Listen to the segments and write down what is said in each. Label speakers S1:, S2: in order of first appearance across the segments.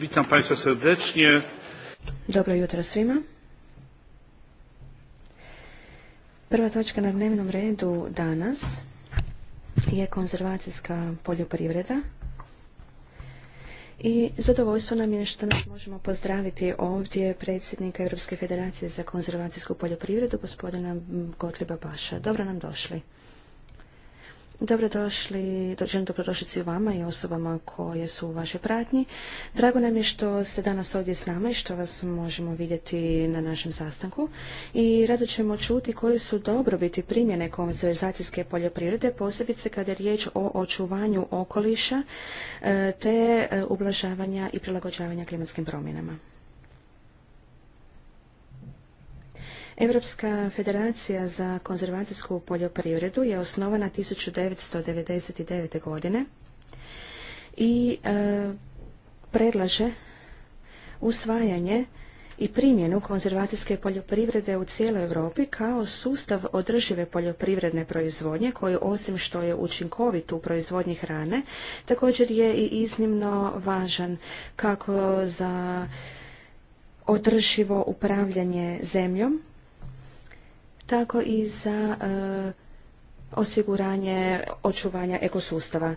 S1: Witam Państwa serdecznie.
S2: Dobro jutro svima. Prva točka na dnevnom redu danas je konzervacijska poljoprivreda. I zadovoljstvo nam je što nas možemo pozdraviti ovdje predsjednika Europske federacije za konzervacijsku poljoprivredu, gospodina kotliba Baša. Dobro nam došli. Dobrodošli, želim dobrodošlici vama i osobama koje su u vašoj pratnji. Drago nam je što ste danas ovdje s nama i što vas možemo vidjeti na našem sastanku. I rado ćemo čuti koji su dobrobiti primjene konzervizacijske poljoprivrede, posebice kada je riječ o očuvanju okoliša e, te e, ublažavanja i prilagođavanja klimatskim promjenama. Europska federacija za konzervacijsku poljoprivredu je osnovana 1999. godine i e, predlaže usvajanje i primjenu konzervacijske poljoprivrede u cijeloj Europi kao sustav održive poljoprivredne proizvodnje koji osim što je učinkovit u proizvodnji hrane, također je i iznimno važan kako za održivo upravljanje zemljom, tako i za e, osiguranje očuvanja ekosustava.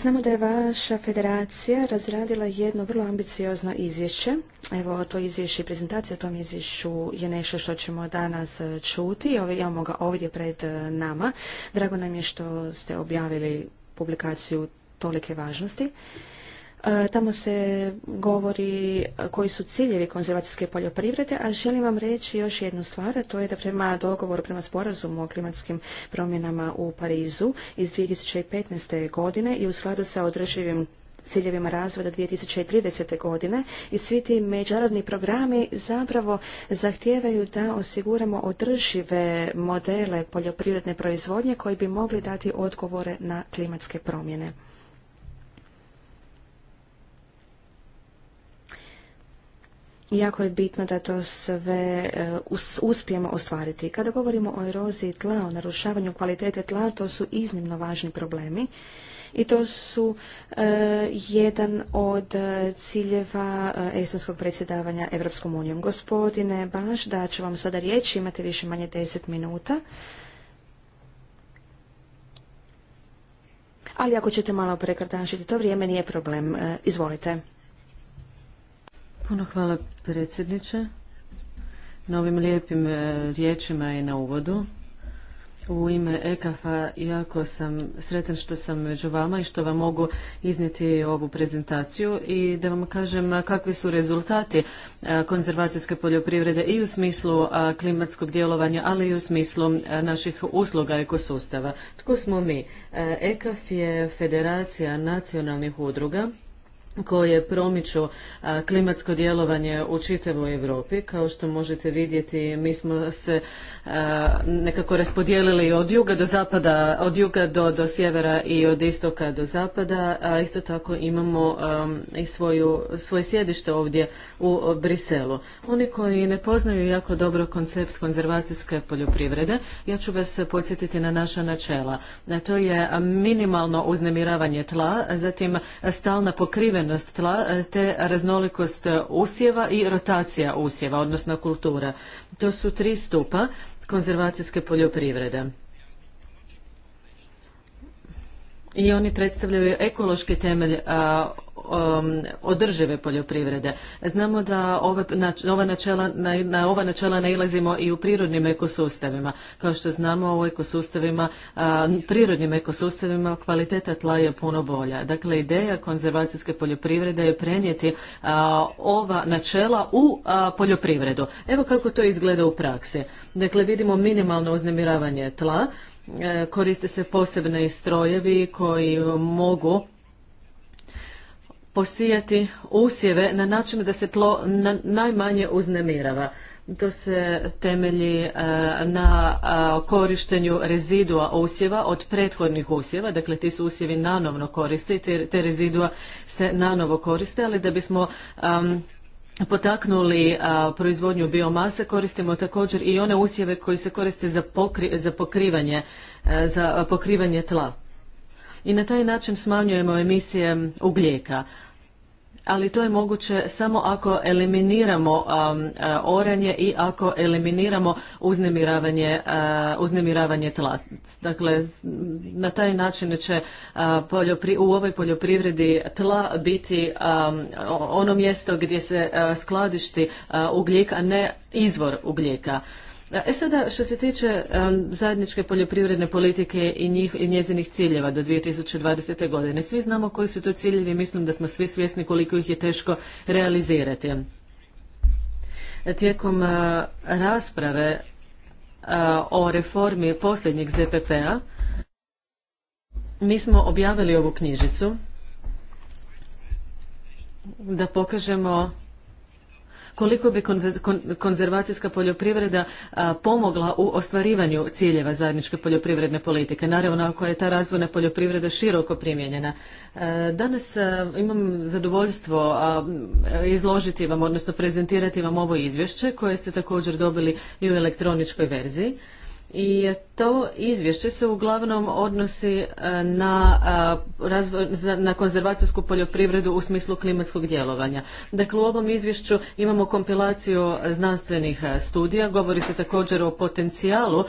S2: Znamo da je vaša federacija razradila jedno vrlo ambiciozno izvješće. Evo, to izvješće i prezentacija o tom izvješću je nešto što ćemo danas e, čuti. Ovo, imamo ga ovdje pred e, nama. Drago nam je što ste objavili publikaciju tolike važnosti. E, tamo se govori koji su ciljevi konzervacijske poljoprivrede, a želim vam reći još jednu stvar, a to je da prema dogovoru, prema sporazumu o klimatskim promjenama u Parizu iz 2015. godine i u skladu sa održivim ciljevima razvoja do 2030. godine i svi ti međunarodni programi zapravo zahtijevaju da osiguramo održive modele poljoprivredne proizvodnje koji bi mogli dati odgovore na klimatske promjene. jako je bitno da to sve e, uspijemo ostvariti. Kada govorimo o eroziji tla, o narušavanju kvalitete tla, to su iznimno važni problemi i to su e, jedan od e, ciljeva estonskog predsjedavanja Europskom unijom. Gospodine Baš, da ću vam sada riječ, imate više manje 10 minuta. Ali ako ćete malo prekratašiti to vrijeme, nije problem.
S3: izvolite hvala predsjedniče na ovim lijepim e, riječima i na uvodu. U ime EKAF-a jako sam sretan što sam među vama i što vam mogu iznijeti ovu prezentaciju i da vam kažem kakvi su rezultati e, konzervacijske poljoprivrede i u smislu e, klimatskog djelovanja, ali i u smislu naših usluga ekosustava. Tko smo mi? EKAF je federacija nacionalnih udruga koje promiču klimatsko djelovanje u čitavoj Europi. Kao što možete vidjeti, mi smo se nekako raspodijelili od juga do zapada, od juga do, do sjevera i od istoka do zapada, a isto tako imamo i svoju, svoje sjedište ovdje u Briselu. Oni koji ne poznaju jako dobro koncept konzervacijske poljoprivrede, ja ću vas podsjetiti na naša načela. To je minimalno uznemiravanje tla, zatim stalna pokrivena E, te raznolikost usjeva i rotacija usjeva, odnosno kultura. To su tri stupa konzervacijske poljoprivrede. I oni predstavljaju ekološki temelj Um, održive poljoprivrede. Znamo da na, ova načela, na, ova načela nailazimo i u prirodnim ekosustavima. Kao što znamo u ekosustavima, prirodnim ekosustavima kvaliteta tla je puno bolja. Dakle, ideja konzervacijske poljoprivrede je prenijeti ova načela u poljoprivredu. Evo kako to izgleda u praksi. Dakle, vidimo minimalno uznemiravanje tla, e, koriste se posebne strojevi koji mogu posijati usjeve na način da se tlo najmanje uznemirava. To se temelji e, na korištenju rezidua usjeva od prethodnih usjeva, dakle ti su usjevi nanovno koriste i te, rezidua se nanovo koriste, ali da bismo potaknuli proizvodnju biomase koristimo također i one usjeve koji se koriste za, za pokrivanje e, za pokrivanje tla i na taj način smanjujemo emisije ugljika. Ali to je moguće samo ako eliminiramo um, uh, oranje i ako eliminiramo uh, uznemiravanje, tla. Dakle, na taj način će uh, u ovoj poljoprivredi tla biti um, ono mjesto gdje se skladišti ugljik, a ne izvor ugljika. E, e sada, što se tiče zajedničke poljoprivredne politike i, njih, i njezinih ciljeva do 2020. godine, svi znamo koji su to ciljevi mislim da smo svi svjesni koliko ih je teško realizirati. E, tijekom e, rasprave o reformi posljednjeg ZPP-a, mi smo objavili ovu knjižicu da pokažemo koliko bi konzervacijska poljoprivreda pomogla u ostvarivanju ciljeva zajedničke poljoprivredne politike, naravno ako je ta razvojna poljoprivreda široko primijenjena. E, danas e, imam zadovoljstvo izložiti vam, odnosno prezentirati vam ovo izvješće koje ste također dobili i u elektroničkoj verziji i to izvješće se uglavnom odnosi e, na, e, na konzervacijsku poljoprivredu u smislu klimatskog djelovanja. Dakle, u ovom izvješću imamo kompilaciju znanstvenih e, studija, govori se također o potencijalu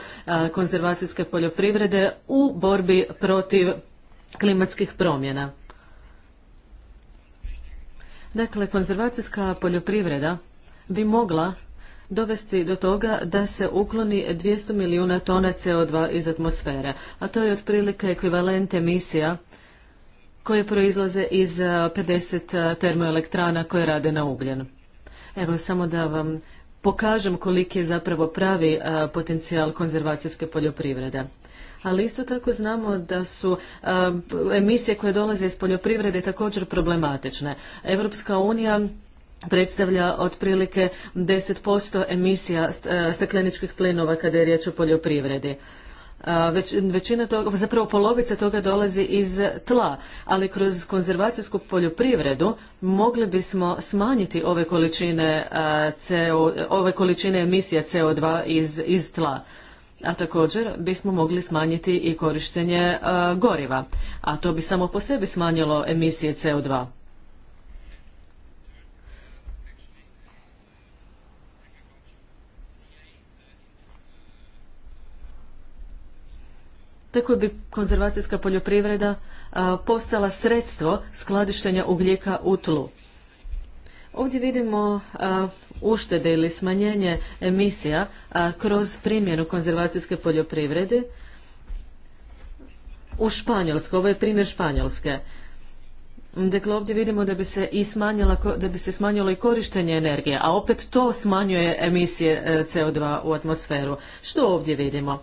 S3: konzervacijske poljoprivrede u borbi protiv klimatskih promjena. Dakle, konzervacijska poljoprivreda bi mogla dovesti do toga da se ukloni 200 milijuna tona CO2 iz atmosfere, a to je otprilike ekvivalent emisija koje proizlaze iz 50 termoelektrana koje rade na ugljen. Evo samo da vam pokažem koliki je zapravo pravi potencijal konzervacijske poljoprivrede. Ali isto tako znamo da su emisije koje dolaze iz poljoprivrede također problematične. Europska unija predstavlja otprilike 10% emisija e, stakleničkih plinova kada je riječ o poljoprivredi. E, većina toga, zapravo polovica toga dolazi iz tla, ali kroz konzervacijsku poljoprivredu mogli bismo smanjiti ove količine, e, CO, ove količine emisija CO2 iz, iz tla. A također bismo mogli smanjiti i korištenje goriva, a to bi samo po sebi smanjilo emisije CO2. tako bi konzervacijska poljoprivreda postala sredstvo skladištenja ugljika u tlu. Ovdje vidimo uštede ili smanjenje emisija kroz primjenu konzervacijske poljoprivrede u Španjolskoj. Ovo je primjer Španjolske. Dakle, ovdje vidimo da bi se i da bi se smanjilo i korištenje energije, a opet to smanjuje emisije e, CO2 u atmosferu. Što ovdje vidimo?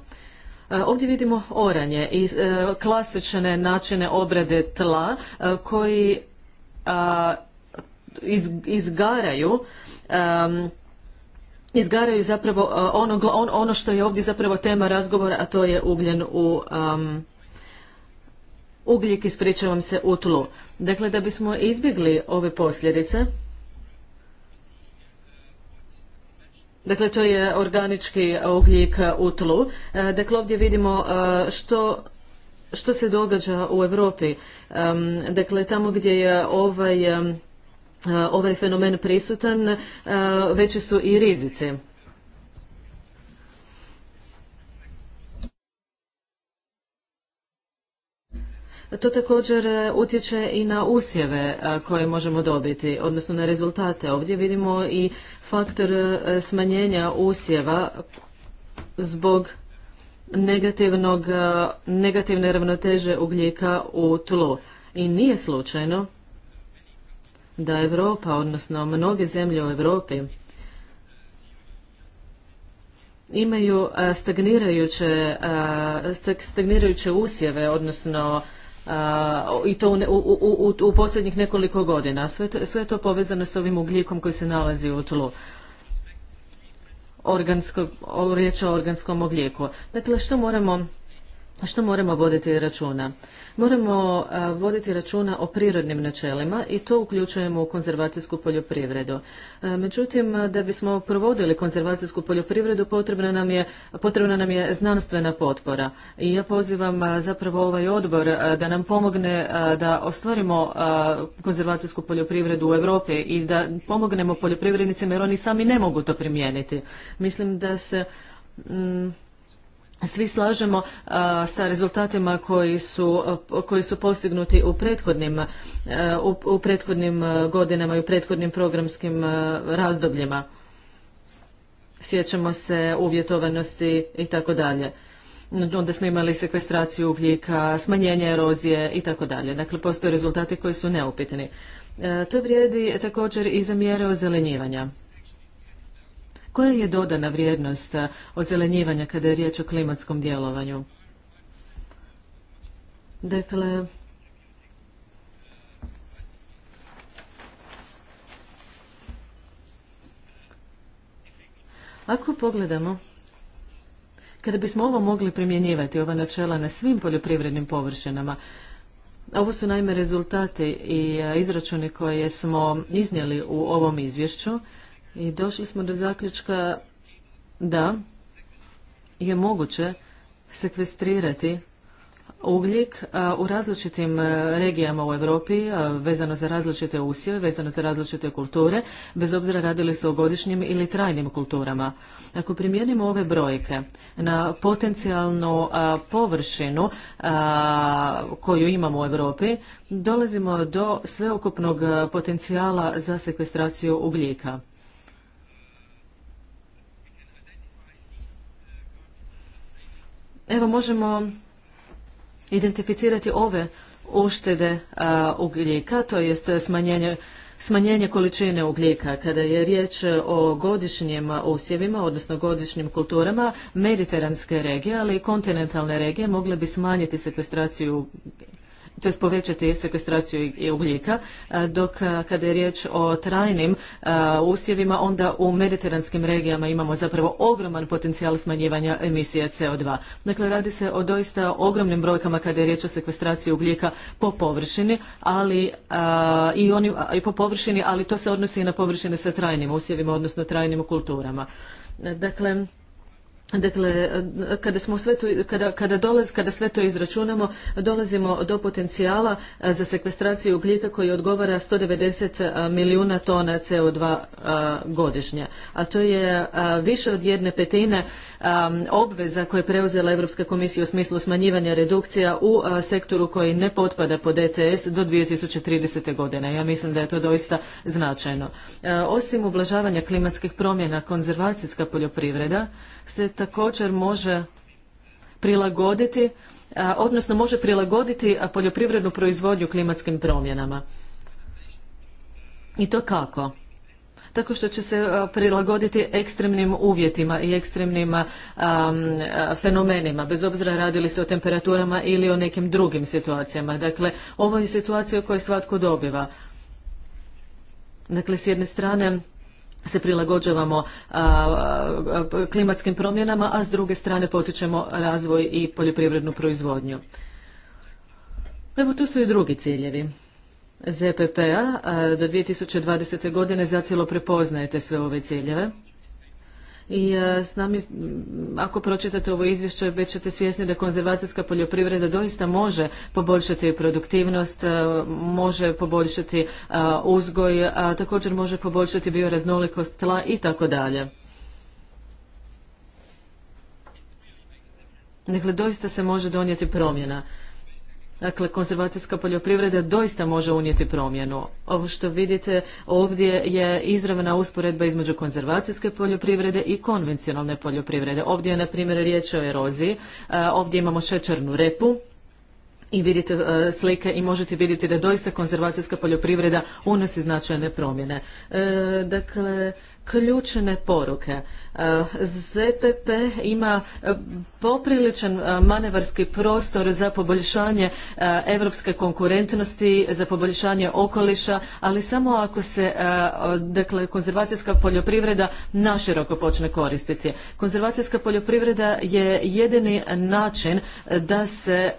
S3: E, ovdje vidimo oranje i e, klasične načine obrade tla e, koji izgaraju izgaraju zapravo ono, ono što je ovdje zapravo tema razgovora, a to je ugljen u ugljik, ispričavam se, u tlu. Dakle, da bismo izbjegli ove posljedice, Dakle, to je organički ugljik u tlu. E, dakle, ovdje vidimo e, što što se događa u Europi. E, dakle, tamo gdje je ovaj, ovaj fenomen prisutan, veći su i rizici. To također e, utječe i na usjeve e, koje možemo dobiti, odnosno na rezultate. Ovdje vidimo i faktor e, smanjenja usjeva zbog negativne ravnoteže ugljika u tlu. I nije slučajno da Europa, odnosno mnoge zemlje u Europi, imaju stagnirajuće, stagnirajuće usjeve, odnosno i to u, posljednjih nekoliko godina. Sve je to povezano s ovim ugljikom koji se nalazi u tlu. Organsko, riječ o organskom ugljiku. Dakle, što moramo pa što moramo voditi računa? Moramo e, voditi računa o prirodnim načelima i to uključujemo u konzervacijsku poljoprivredu. E, međutim, da bismo provodili konzervacijsku poljoprivredu potrebna nam je, potrebna nam je znanstvena potpora. I ja pozivam e, zapravo ovaj odbor da nam pomogne da ostvarimo konzervacijsku poljoprivredu u Europi i da pomognemo poljoprivrednicima jer oni sami ne mogu to primijeniti. Mislim da se mm, svi slažemo e, sa rezultatima e, koji su, postignuti u prethodnim, e, u, prethodnim godinama i u prethodnim programskim razdobljima. Sjećamo se uvjetovanosti i tako dalje. Onda smo imali sekvestraciju ugljika, smanjenje erozije i tako dalje. Dakle, postoje rezultati koji su neupitni. To vrijedi također i za mjere ozelenjivanja. Koja je dodana vrijednost eh, ozelenjivanja kada je riječ o klimatskom djelovanju? Dakle, ako pogledamo kada bismo ovo mogli primjenjivati, ova načela na svim poljoprivrednim površinama, ovo su naime rezultati i eh, izračuni koje smo iznijeli u ovom izvješću, i došli smo do zaključka da je moguće sekvestrirati ugljik u različitim e, regijama u Europi vezano za različite usjeve, vezano za različite kulture, bez obzira radili se o godišnjim ili trajnim kulturama. Ako primijenimo ove brojke na potencijalnu površinu koju imamo u Europi, dolazimo do sveukupnog potencijala za sekvestraciju ugljika. Evo možemo identificirati ove uštede ugljika, to jest smanjenje Smanjenje količine ugljika, kada je riječ o godišnjim usjevima, odnosno godišnjim kulturama, mediteranske regije, ali i kontinentalne regije mogle bi smanjiti sekvestraciju tj. povećati sekvestraciju ugljika, dok kada je riječ o trajnim usjevima, onda u mediteranskim regijama imamo zapravo ogroman potencijal smanjivanja emisije CO2. Dakle, radi se o doista ogromnim brojkama kada je riječ o sekvestraciji ugljika po površini, ali i, oni, i po površini, ali to se odnosi i na površine sa trajnim usjevima, odnosno trajnim kulturama. Dakle, Dakle, kada smo sve to, kada, kada, dolaz, kada sve to izračunamo, dolazimo do potencijala eh, za sekvestraciju ugljika koji odgovara 190 eh, milijuna tona CO2 eh, godišnje. A to je više od jedne petine obveza koje je preuzela Europska komisija u smislu smanjivanja redukcija u sektoru koji ne potpada pod ETS do 2030. godine. Ja mislim da je to doista značajno. Osim ublažavanja klimatskih promjena, konzervacijska poljoprivreda se također može prilagoditi, odnosno može prilagoditi poljoprivrednu proizvodnju klimatskim promjenama. I to kako? Tako što će se prilagoditi ekstremnim uvjetima i ekstremnim fenomenima, bez obzira radili se o temperaturama ili o nekim drugim situacijama. Dakle, ovo je situacija koju svatko dobiva. Dakle, s jedne strane se prilagođavamo klimatskim promjenama, a s druge strane potičemo razvoj i poljoprivrednu proizvodnju. Evo tu su i drugi ciljevi. ZPP-a do 2020. godine zacijelo prepoznajete sve ove ciljeve i e, s nami, ako pročitate ovo izvješće, bit ćete svjesni da konzervacijska poljoprivreda doista može poboljšati produktivnost, e, može poboljšati e, uzgoj, a također može poboljšati bioraznolikost tla i tako dalje. Dakle, doista se može donijeti promjena. Dakle, konzervacijska poljoprivreda doista može unijeti promjenu. Ovo što vidite ovdje je izravna usporedba između konzervacijske poljoprivrede i konvencionalne poljoprivrede. Ovdje je, na primjer, riječ o eroziji. E, ovdje imamo šećernu repu i vidite e, slike i možete vidjeti da doista konzervacijska poljoprivreda unosi značajne promjene. E, dakle, ključne poruke. E, ZPP ima e, popriličan e, manevarski prostor za poboljšanje europske konkurentnosti, za poboljšanje okoliša, ali samo ako se dakle, konzervacijska poljoprivreda naširoko počne koristiti. Konzervacijska poljoprivreda je jedini način da se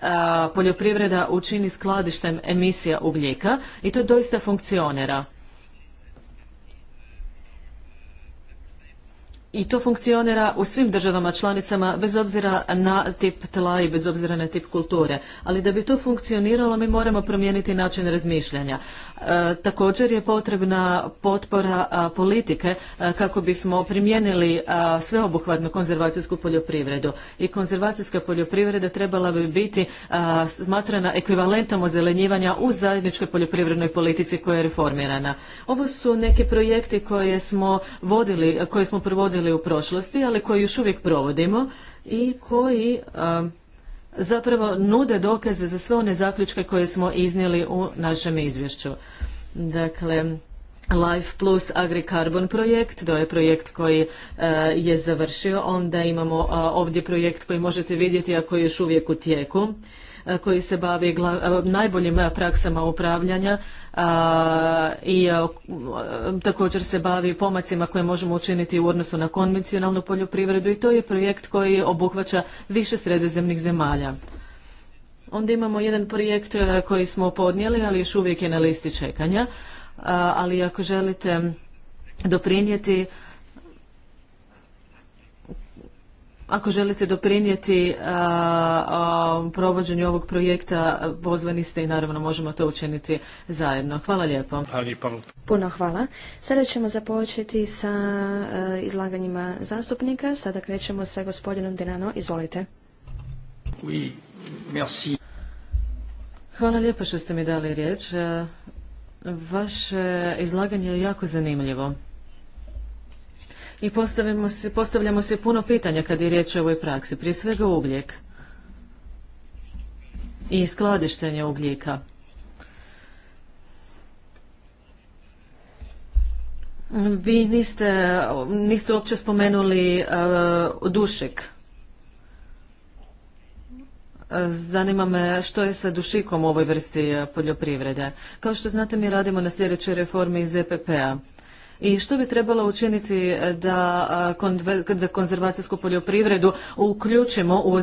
S3: poljoprivreda učini skladištem emisija ugljika i to doista funkcionira. i to funkcionira u svim državama članicama bez obzira na tip tla i bez obzira na tip kulture. Ali da bi to funkcioniralo mi moramo promijeniti način razmišljanja. E, također je potrebna potpora politike e, kako bismo primijenili e, sveobuhvatnu konzervacijsku poljoprivredu. I konzervacijska poljoprivreda trebala bi biti smatrana ekvivalentom ozelenjivanja u zajedničkoj poljoprivrednoj politici koja je reformirana. Ovo su neki projekti koje smo vodili, koje smo provodili provodili u prošlosti, ali koji još uvijek provodimo i koji zapravo nude dokaze za sve one zaključke koje smo iznijeli u našem izvješću. Dakle, Life plus AgriCarbon projekt, to je projekt koji je završio. Onda imamo ovdje projekt koji možete vidjeti, a koji je još uvijek u tijeku. E, koji se bavi e, najboljim e, praksama upravljanja i također se bavi pomacima koje možemo učiniti u odnosu na konvencionalnu poljoprivredu i to je projekt koji obuhvaća više sredozemnih zemalja. Onda imamo jedan projekt koji smo podnijeli, ali još uvijek je na listi čekanja, ali ako želite doprinijeti Ako želite doprinijeti e, provođenju ovog projekta, pozvani ste i naravno možemo to učiniti zajedno. Hvala lijepo.
S2: Puno hvala. Sada ćemo započeti sa e, izlaganjima zastupnika.
S3: Sada krećemo sa gospodinom Dinano. Izvolite. Hvala lijepo što ste mi dali riječ. E, vaše izlaganje je jako zanimljivo i postavljamo se, puno pitanja kad je riječ o ovoj praksi. Prije svega ugljek i skladištenje ugljika. Vi niste, uopće spomenuli e, dušik. Zanima me što je sa dušikom u ovoj vrsti e, poljoprivrede. Kao što znate mi radimo na sljedećoj reformi iz EPP-a i što bi trebalo učiniti eh, eh, da, konzervacijsku poljoprivredu uključimo u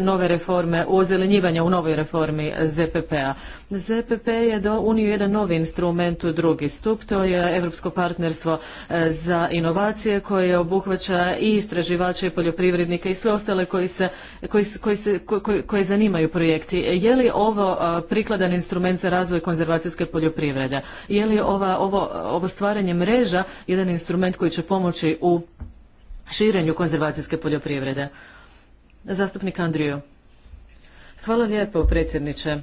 S3: nove reforme, u ozelenjivanje u novoj reformi eh, ZPP-a. ZPP je do, unio jedan novi instrument u drugi stup, to je Europsko partnerstvo e, za inovacije koje obuhvaća i istraživače i poljoprivrednike i sve ostale koji zanimaju projekti. Je li ovo e, prikladan instrument za razvoj konzervacijske poljoprivrede? Je li ovo stvaranje mreža jedan instrument koji će pomoći u širenju konzervacijske poljoprivrede? Zastupnik Andriju. Hvala lijepo, predsjedniče.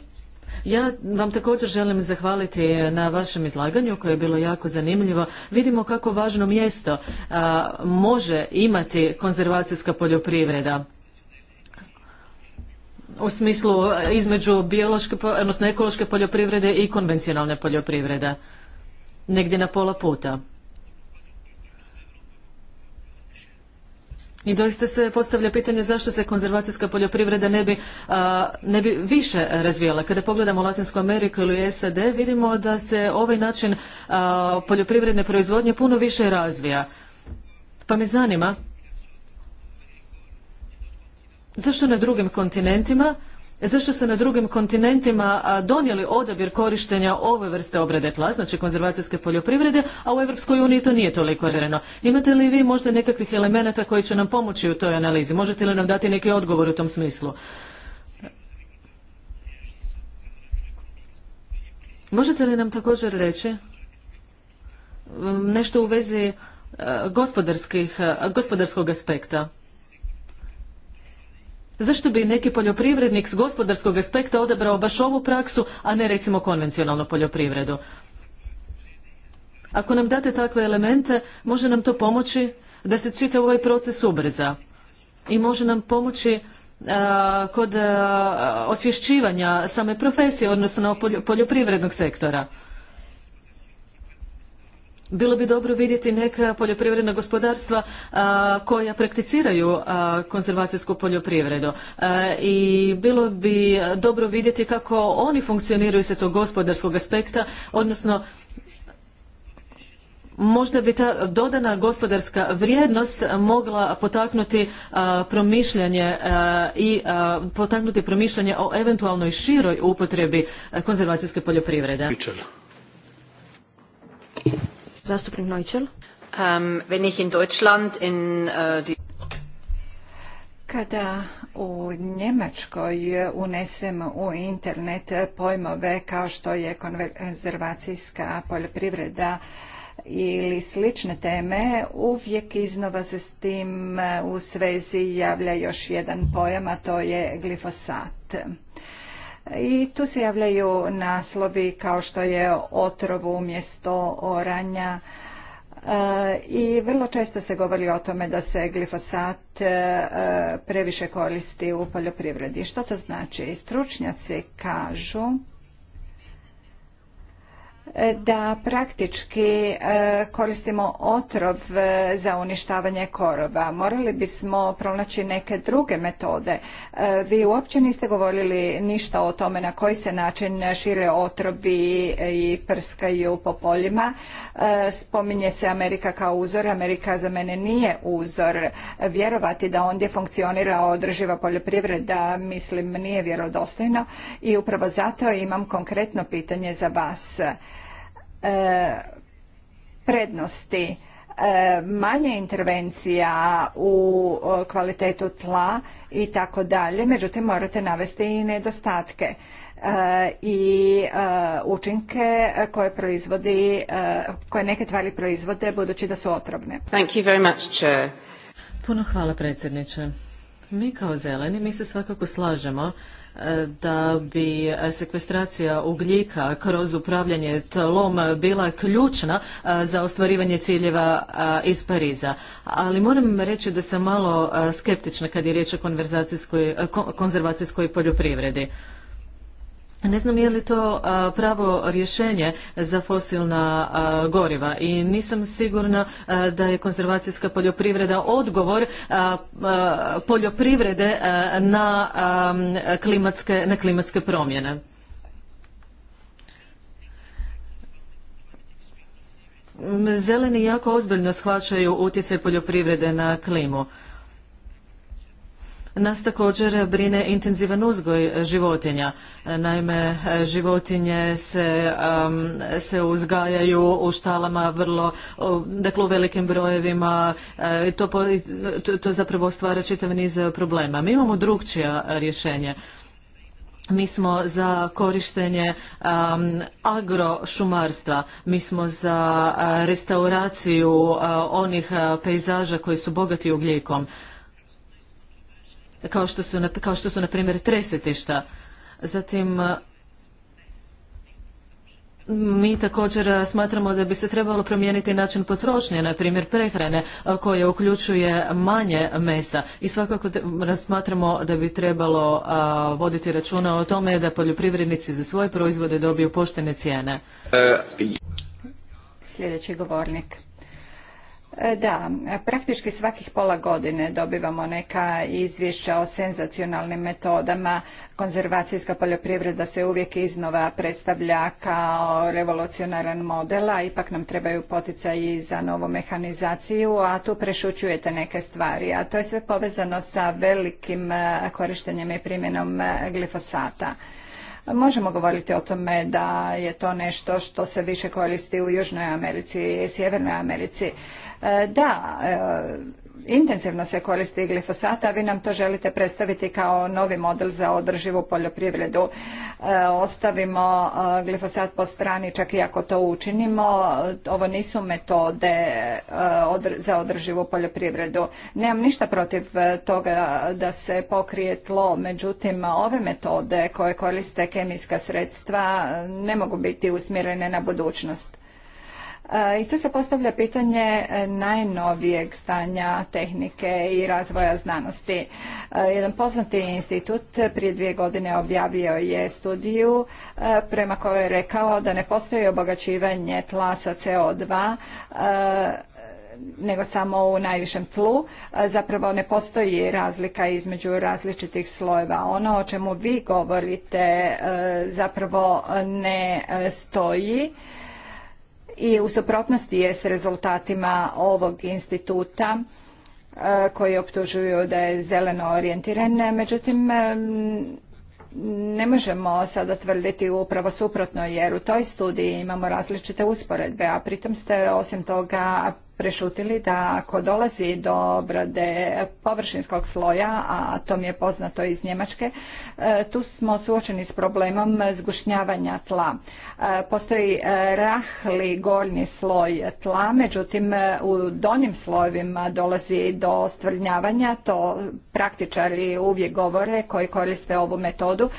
S3: Ja vam također želim zahvaliti na vašem izlaganju koje je bilo jako zanimljivo. Vidimo kako važno mjesto može imati konzervacijska poljoprivreda u smislu e, između biološke, odnosno ekološke poljoprivrede i konvencionalne poljoprivrede, negdje na pola puta. I doista se postavlja pitanje zašto se konzervacijska poljoprivreda ne bi, ne bi više razvijala. Kada pogledamo Latinsku Ameriku ili SAD vidimo da se ovaj način poljoprivredne proizvodnje puno više razvija. Pa me zanima zašto na drugim kontinentima zašto se na drugim kontinentima donijeli odabir korištenja ove vrste obrade tla, znači konzervacijske poljoprivrede, a u Europskoj uniji to nije toliko žereno. Imate li vi možda nekakvih elemenata koji će nam pomoći u toj analizi? Možete li nam dati neki odgovor u tom smislu? Možete li nam također reći nešto u vezi e, gospodarskih, e, gospodarskog aspekta? Zašto bi neki poljoprivrednik s gospodarskog aspekta odabrao baš ovu praksu, a ne recimo konvencionalnu poljoprivredu? Ako nam date takve elemente, može nam to pomoći da se čitav ovaj proces ubrza i može nam pomoći kod osvješćivanja same profesije, odnosno poljoprivrednog sektora bilo bi dobro vidjeti neka poljoprivredna gospodarstva koja prakticiraju konzervacijsku poljoprivredu i bilo bi dobro vidjeti kako oni funkcioniraju sa tog gospodarskog aspekta, odnosno možda bi ta dodana gospodarska vrijednost mogla potaknuti promišljanje i potaknuti promišljanje o eventualnoj široj upotrebi konzervacijske poljoprivrede. Um, uh,
S4: kada u Njemačkoj unesem u internet pojmove kao što je konzervacijska poljoprivreda ili slične teme, uvijek iznova se s tim u svezi javlja još jedan pojam, a to je glifosat i tu se javljaju naslovi kao što je otrov umjesto oranja e, i vrlo često se govori o tome da se glifosat e, previše koristi u poljoprivredi. Što to znači? Stručnjaci kažu da praktički e, koristimo otrov e, za uništavanje korova. Morali bismo pronaći neke druge metode. E, vi uopće niste govorili ništa o tome na koji se način šire otrovi i prskaju po poljima. Spominje se Amerika kao uzor. Amerika za mene nije uzor. Vjerovati da ondje funkcionira održiva poljoprivreda mislim nije vjerodostojno i upravo zato imam konkretno pitanje za vas. E, prednosti e, manje intervencija u kvalitetu tla i tako dalje, međutim morate navesti i nedostatke e, i učinke koje proizvodi, koje neke tvari proizvode budući da su otrovne.
S3: Puno hvala predsjedniče. Mi kao zeleni, mi se svakako slažemo da bi sekvestracija ugljika kroz upravljanje tlom bila ključna za ostvarivanje ciljeva iz Pariza. Ali moram reći da sam malo skeptična kad je riječ o konzervacijskoj poljoprivredi. Ne znam je li to pravo rješenje za fosilna goriva i nisam sigurna da je konzervacijska poljoprivreda odgovor poljoprivrede na klimatske, promjene. Zeleni jako ozbiljno shvaćaju utjecaj poljoprivrede na klimu. Nas također brine intenzivan uzgoj životinja. Naime, životinje se, se uzgajaju u štalama vrlo, dakle u velikim brojevima e, to, to, zapravo stvara čitav niz problema. Mi imamo drugčija rješenje. Mi smo za korištenje um, agrošumarstva, mi smo za restauraciju onih pejzaža koji su bogati ugljikom kao što su, su na primjer tresetišta. Zatim, e, mi također e, smatramo da bi se trebalo promijeniti način potrošnje, na primjer prehrane e, koje uključuje manje mesa i svakako smatramo da bi trebalo voditi računa o tome da poljoprivrednici za svoje proizvode dobiju poštene cijene. Sljedeći govornik. E, da, praktički svakih pola
S4: godine dobivamo neka izvješća o senzacionalnim metodama. Konzervacijska poljoprivreda se uvijek iznova predstavlja kao revolucionaran model, a ipak nam trebaju poticaji za novu mehanizaciju, a tu prešućujete neke stvari. A to je sve povezano sa velikim e, korištenjem i primjenom e, glifosata. Možemo govoriti o tome da je to nešto što se više koristi u Južnoj Americi i Sjevernoj Americi E, da, e, intenzivno se koristi glifosat, a vi nam to želite predstaviti kao novi model za održivu poljoprivredu. E, ostavimo glifosat po strani, čak i ako to učinimo. Ovo nisu metode za održivu poljoprivredu. Nemam ništa protiv toga da se pokrije tlo, međutim ove metode koje koriste kemijska sredstva ne mogu biti usmjerene na budućnost. E, I tu se postavlja pitanje e, najnovijeg stanja tehnike i razvoja znanosti. E, jedan poznati institut prije dvije godine objavio je studiju prema kojoj je rekao da ne postoji obogaćivanje tla sa CO2 nego samo u najvišem tlu. Zapravo ne postoji razlika između različitih slojeva. Ono o čemu vi govorite zapravo ne stoji i u suprotnosti je s rezultatima ovog instituta e, koji optužuju da je zeleno orijentiran. Međutim, e, ne možemo sada tvrditi upravo suprotno jer u toj studiji imamo različite usporedbe, a pritom ste osim toga prešutili da ako dolazi do obrade površinskog sloja, a to mi je poznato iz Njemačke, e, tu smo suočeni s problemom zgušnjavanja tla. E, postoji e, rahli gornji sloj tla, međutim u donjim slojevima dolazi do stvrnjavanja, to praktičari uvijek govore koji koriste ovu metodu,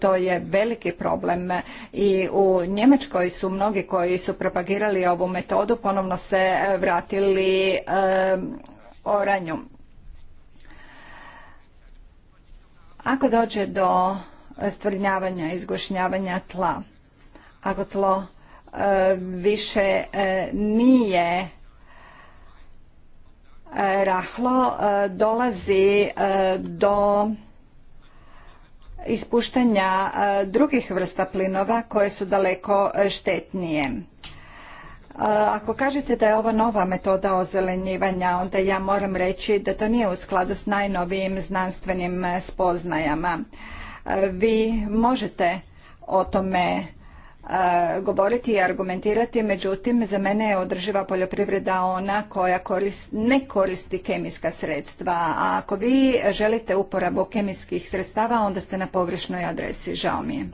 S4: to je veliki problem i u Njemačkoj su mnogi koji su propagirali ovu metodu ponovno se vratili oranju. Ako dođe do stvrnjavanja izgošnjavanja tla, ako tlo više nije rahlo, dolazi do ispuštanja drugih vrsta plinova koje su daleko štetnije. Ako kažete da je ova nova metoda ozelenjivanja, onda ja moram reći da to nije u skladu s najnovijim znanstvenim spoznajama. Vi možete o tome govoriti i argumentirati, međutim za mene je održiva poljoprivreda ona koja ne koristi kemijska sredstva, a ako vi želite uporabu kemijskih sredstava onda ste na pogrešnoj adresi,
S3: žao mi je.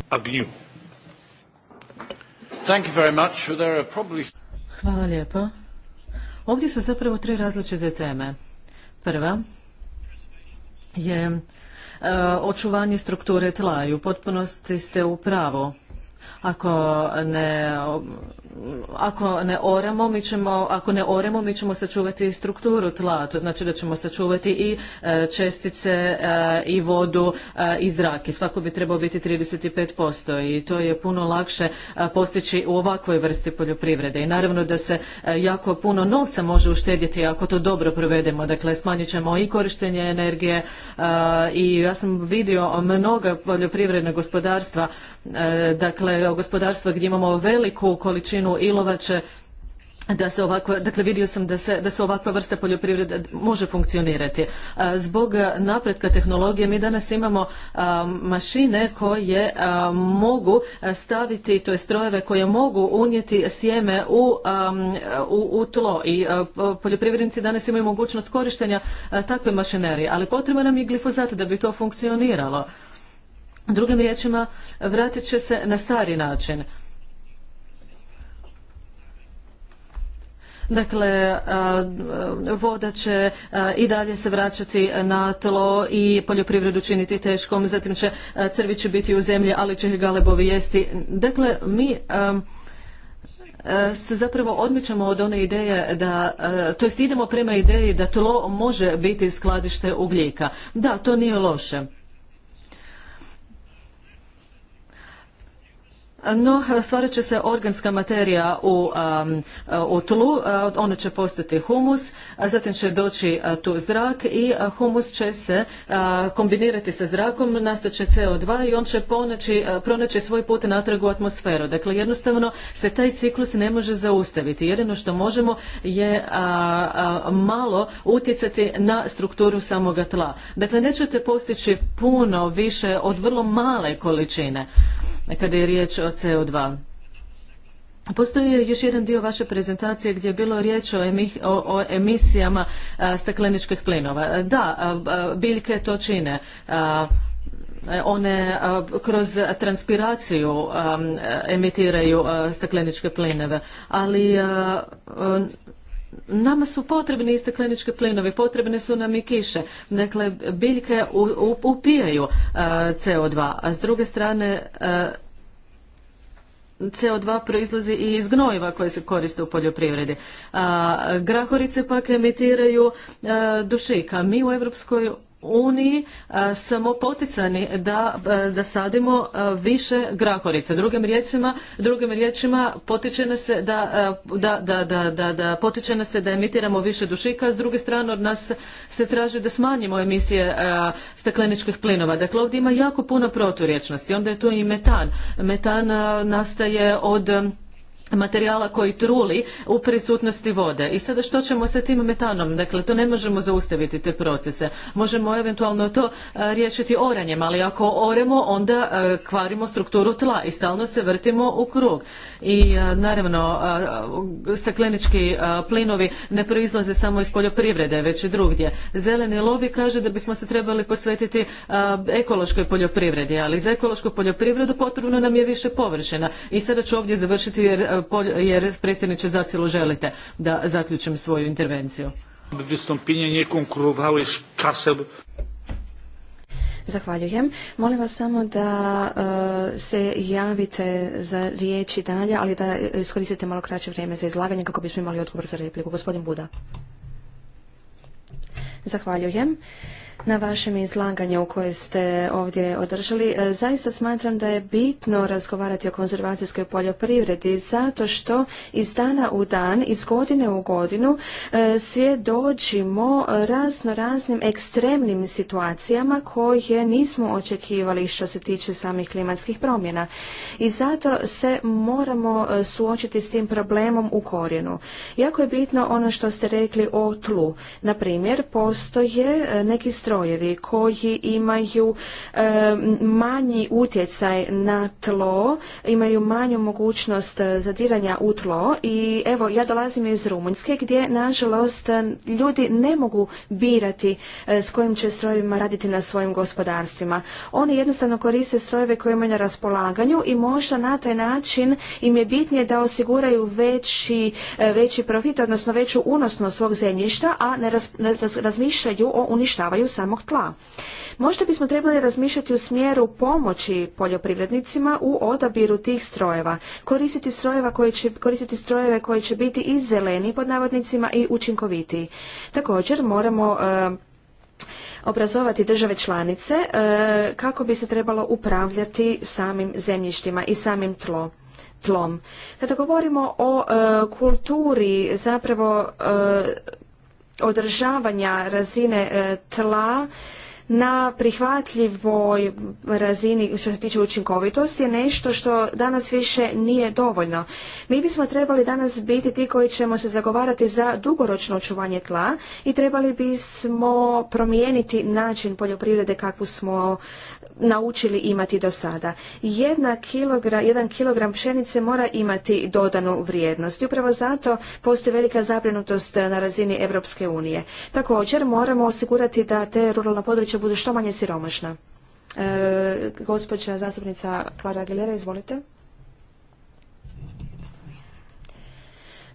S3: Hvala lijepo. Ovdje su zapravo tri različite teme. Prva je e, očuvanje strukture tla i u potpunosti ste u pravu. Ako ne, ako ne oremo, mi ćemo, ako ne oremo, mi ćemo sačuvati strukturu tla, to znači da ćemo sačuvati i e, čestice e, i vodu e, i zrak. I svako bi trebao biti 35% i to je puno lakše postići u ovakvoj vrsti poljoprivrede. I naravno da se jako puno novca može uštedjeti ako to dobro provedemo. Dakle, smanjit ćemo i korištenje energije i ja sam vidio mnoga poljoprivredna gospodarstva E, dakle gospodarstva gdje imamo veliku količinu ilovače da se ovakva, dakle vidio sam da se, da se ovakva vrsta poljoprivrede može funkcionirati. E, zbog napretka tehnologije mi danas imamo e, mašine koje mogu staviti, to strojeve koje mogu unijeti sjeme u, tlo i poljoprivrednici danas imaju mogućnost korištenja takve mašinerije, ali potreba nam je glifozat da bi to funkcioniralo. Drugim riječima, vratit će se na stari način. Dakle, voda će i dalje se vraćati na tlo i poljoprivredu činiti teškom, zatim će crvići biti u zemlji, ali će ih galebovi jesti. Dakle, mi se zapravo odmičemo od one ideje da, to jest idemo prema ideji da tlo može biti skladište ugljika. Da, to nije loše. No, stvarat će se organska materija u, um, tlu, uh, ona će postati humus, a zatim će doći uh, tu zrak i uh, humus će se kombinirati sa zrakom, nastaće CO2 i on će pronaći svoj put natrag u atmosferu. Dakle, jednostavno se taj ciklus ne može zaustaviti. Jedino što možemo je malo utjecati na strukturu samoga tla. Dakle, nećete postići puno više od vrlo male količine kada je riječ o CO2. Postoji još jedan dio vaše prezentacije gdje je bilo riječ o, emisijama stakleničkih plinova. Da, biljke to čine. E, one kroz transpiraciju emitiraju stakleničke plinove, ali Nama su potrebni iste kliničke plinovi, potrebne su nam i kiše. Dakle, biljke upijaju e, CO2, a s druge strane e, CO2 proizlazi i iz gnojiva koje se koriste u poljoprivredi. grahorice pak emitiraju e, dušika. mi u Europskoj uniji e, smo poticani da, e, da sadimo e, više grakorica. Drugim riječima, drugim potiče se da, potiče se da emitiramo više dušika, s druge strane od nas se traži da smanjimo emisije stakleničkih plinova. Dakle ovdje ima jako puno proturječnosti. Onda je tu i metan. Metan nastaje od materijala koji truli u prisutnosti vode. I sada što ćemo sa tim metanom? Dakle, to ne možemo zaustaviti te procese. Možemo eventualno to e, riješiti oranjem, ali ako oremo onda e, kvarimo strukturu tla i stalno se vrtimo u krug. I e, naravno staklenički plinovi ne proizlaze samo iz poljoprivrede, već i drugdje. Zeleni lobby kaže da bismo se trebali posvetiti ekološkoj poljoprivredi, ali za ekološku poljoprivredu potrebno nam je više površina. I sada ću ovdje završiti jer jer predsjedniče zacijelo želite da zaključim svoju intervenciju. Zahvaljujem. Molim vas samo da
S2: e, se javite za riječ dalje, ali da e, iskoristite malo kraće vrijeme za izlaganje kako bismo imali odgovor za repliku. Gospodin Buda. Zahvaljujem na vašem izlaganju koje ste ovdje održali. E, zaista smatram da je bitno razgovarati o konzervacijskoj poljoprivredi zato što iz dana u dan, iz godine u godinu e, svjedočimo razno raznim ekstremnim situacijama koje nismo očekivali što se tiče samih klimatskih promjena. I zato se moramo e, suočiti s tim problemom u korijenu. Jako je bitno ono što ste rekli o tlu. Na primjer, postoje neki stroj strojevi koji imaju manji utjecaj na tlo, imaju manju mogućnost eh, zadiranja u tlo i evo ja dolazim iz Rumunjske gdje nažalost ljudi ne mogu birati eh, s kojim će strojevima raditi na svojim gospodarstvima. Oni jednostavno koriste strojeve koje imaju na raspolaganju i možda na taj način im je bitnije da osiguraju veći, eh, veći profit, odnosno veću unosnost svog zemljišta, a ne razmišljaju o uništavanju samog tla. Možda bismo trebali razmišljati u smjeru pomoći poljoprivrednicima u odabiru tih strojeva, koristiti strojeva će, koristiti strojeve koji će biti i zeleni pod navodnicima i učinkovitiji. Također moramo e, obrazovati države članice e, kako bi se trebalo upravljati samim zemljištima i samim tlom tlom. Kada govorimo o e, kulturi, zapravo održavanja razine e, tla na prihvatljivoj razini što se tiče učinkovitosti je nešto što danas više nije dovoljno. Mi bismo trebali danas biti ti koji ćemo se zagovarati za dugoročno očuvanje tla i trebali bismo promijeniti način poljoprivrede kakvu smo naučili imati do sada. jedan kilogram pšenice mora imati dodanu vrijednost. I upravo zato postoji velika zabrinutost na razini Europske unije. Također moramo osigurati da te ruralna područja budu što manje siromašna. E, zastupnica Klara Aguilera, izvolite.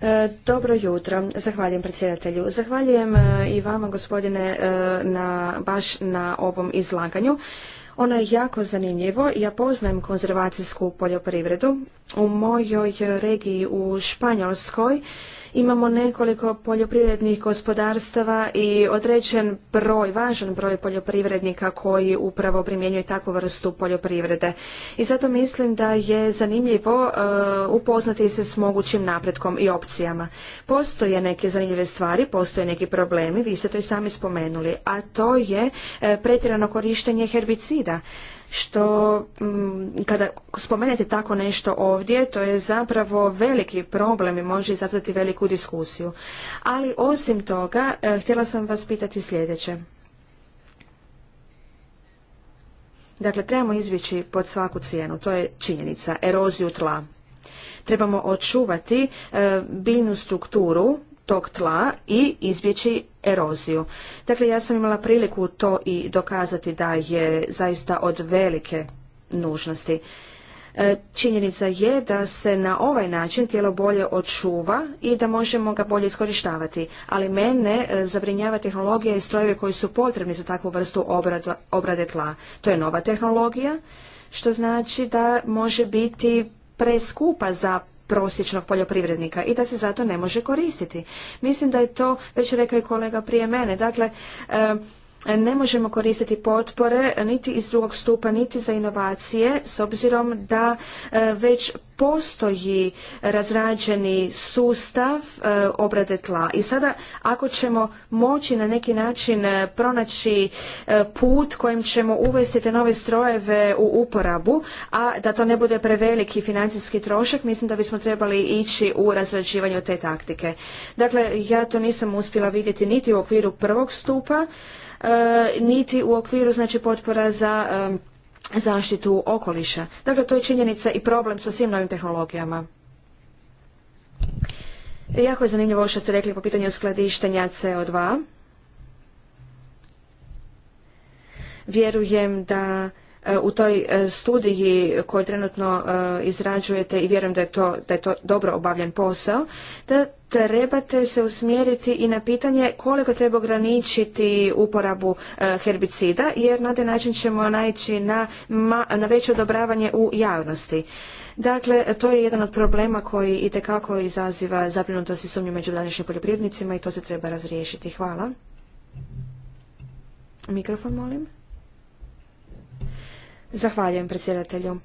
S2: E, dobro jutro. Zahvaljujem predsjedatelju. Zahvaljujem e, i vama gospodine e, na, baš na ovom izlaganju. Ono je jako zanimljivo. Ja poznajem konzervacijsku poljoprivredu. U mojoj regiji u Španjolskoj Imamo nekoliko poljoprivrednih gospodarstava i određen broj, važan broj poljoprivrednika koji upravo primjenjuje takvu vrstu poljoprivrede. I zato mislim da je zanimljivo e, upoznati se s mogućim napretkom i opcijama. Postoje neke zanimljive stvari, postoje neki problemi, vi ste to i sami spomenuli, a to je e, pretjerano korištenje herbicida što mm, kada spomenete tako nešto ovdje, to je zapravo veliki problem i može izazvati veliku diskusiju. Ali osim toga, e, htjela sam vas pitati sljedeće. Dakle, trebamo izvići pod svaku cijenu, to je činjenica, eroziju tla. Trebamo očuvati e, biljnu strukturu tog tla i izbjeći eroziju. Dakle, ja sam imala priliku to i dokazati da je zaista od velike nužnosti. E, činjenica je da se na ovaj način tijelo bolje očuva i da možemo ga bolje iskorištavati, ali mene e, zabrinjava tehnologija i strojevi koji su potrebni za takvu vrstu obrade tla. To je nova tehnologija, što znači da može biti preskupa za prosječnog poljoprivrednika i da se zato ne može koristiti. Mislim da je to već rekao i kolega prije mene. Dakle, ne možemo koristiti potpore niti iz drugog stupa, niti za inovacije, s obzirom da e, već postoji razrađeni sustav e, obrade tla. I sada ako ćemo moći na neki način e, pronaći put kojim ćemo uvesti te nove strojeve u uporabu, a da to ne bude preveliki financijski trošak, mislim da bismo trebali ići u razrađivanju te taktike. Dakle, ja to nisam uspjela vidjeti niti u okviru prvog stupa, E, niti u okviru znači potpora za e, zaštitu okoliša. Dakle, to je činjenica i problem sa svim novim tehnologijama. Jako je zanimljivo što ste rekli po pitanju skladištenja CO2. Vjerujem da e, u toj studiji koju trenutno izrađujete i vjerujem da je to, da je to dobro obavljen posao, da trebate se usmjeriti i na pitanje koliko treba ograničiti uporabu e, herbicida jer na taj način ćemo naići na, veće odobravanje u javnosti. Dakle, to je jedan od problema koji itekako izaziva zabrinutost i sumnju među današnjim poljoprivrednicima i to se treba razriješiti. Hvala. Mikrofon, molim. Zahvaljujem predsjedatelju.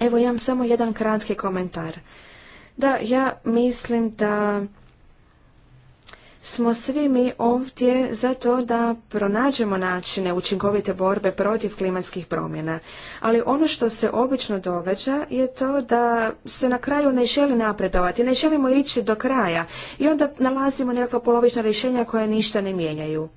S2: Evo, imam samo jedan kratki komentar. Da, ja mislim da smo svi mi ovdje za to da pronađemo načine učinkovite borbe protiv klimatskih promjena. Ali ono što se obično događa je to da se na kraju ne želi napredovati, ne želimo ići do kraja i onda nalazimo nekakva polovična rješenja koja ništa ne mijenjaju.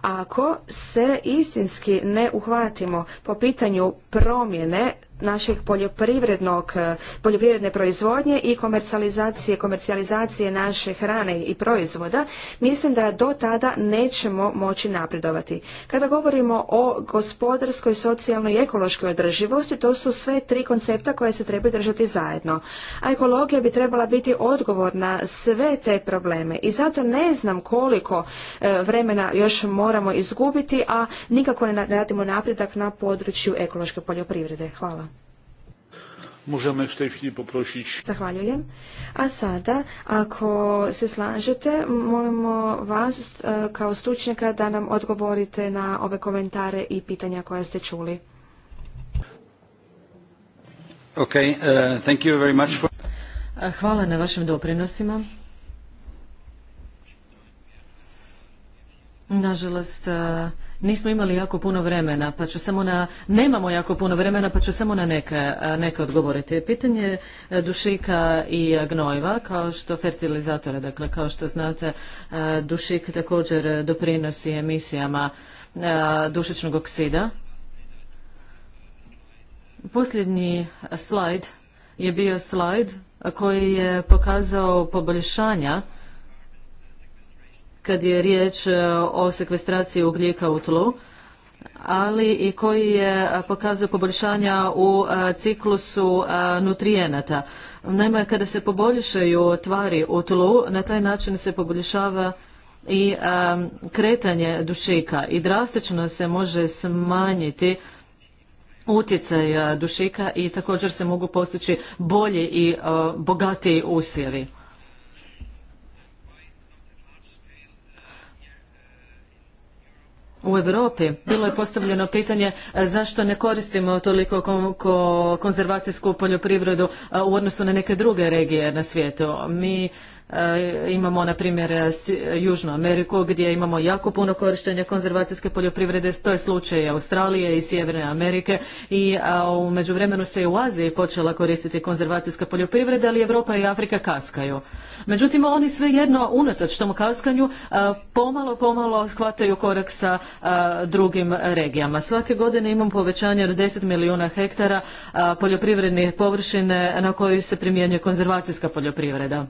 S2: Ako se istinski ne uhvatimo po pitanju promjene našeg poljoprivrednog, e, poljoprivredne proizvodnje i komercijalizacije, komercijalizacije naše hrane i proizvoda, mislim da do tada nećemo moći napredovati. Kada govorimo o gospodarskoj, socijalnoj i ekološkoj održivosti, to su sve tri koncepta koje se trebaju držati zajedno. A ekologija bi trebala biti odgovor na sve te probleme i zato ne znam koliko e, vremena još moramo izgubiti, a nikako ne radimo napredak na području ekološke poljoprivrede. Hvala.
S1: Možemo w tej chwili poprosić.
S2: Zahvaljujem. A sada, ako se slažete, molimo vas e, kao stručnjaka da nam odgovorite na ove komentare i pitanja koje ste čuli.
S5: Okay, uh, thank you very much
S3: Hvala na vašim doprinosima. Nažalost, e, Nismo imali jako puno vremena, pa ću samo na, nemamo jako puno vremena, pa ću samo na neke, neke odgovoriti. Pitanje e, dušika i e, gnojiva, kao što fertilizatore, dakle, kao što znate, e, dušik također doprinosi emisijama dušičnog oksida. Posljednji slajd je bio slajd koji je pokazao poboljšanja kad je riječ e, o sekvestraciji ugljika u tlu, ali i koji je e, pokazao poboljšanja u e, ciklusu nutrijenata. Naime, kada se poboljšaju tvari u tlu, na taj način se poboljšava i kretanje dušika i drastično se može smanjiti utjecaj dušika i također se mogu postići bolji i bogatiji usjevi. u Europi. Bilo je postavljeno pitanje e, zašto ne koristimo toliko konzervacijsku poljoprivredu e, u odnosu na neke druge regije na svijetu. Mi E, imamo, na primjer, e, e, Južnu Ameriku gdje imamo jako puno korištenja konzervacijske poljoprivrede. To je slučaj Australije i Sjeverne Amerike. I u međuvremenu se i u Aziji počela koristiti konzervacijska poljoprivreda, ali Europa i Afrika kaskaju. Međutim, oni svejedno, unatoč tom kaskanju, pomalo, pomalo shvataju korak sa drugim regijama. Svake godine imam povećanje od 10 milijuna hektara poljoprivredne površine na kojoj se primjenjuje konzervacijska poljoprivreda.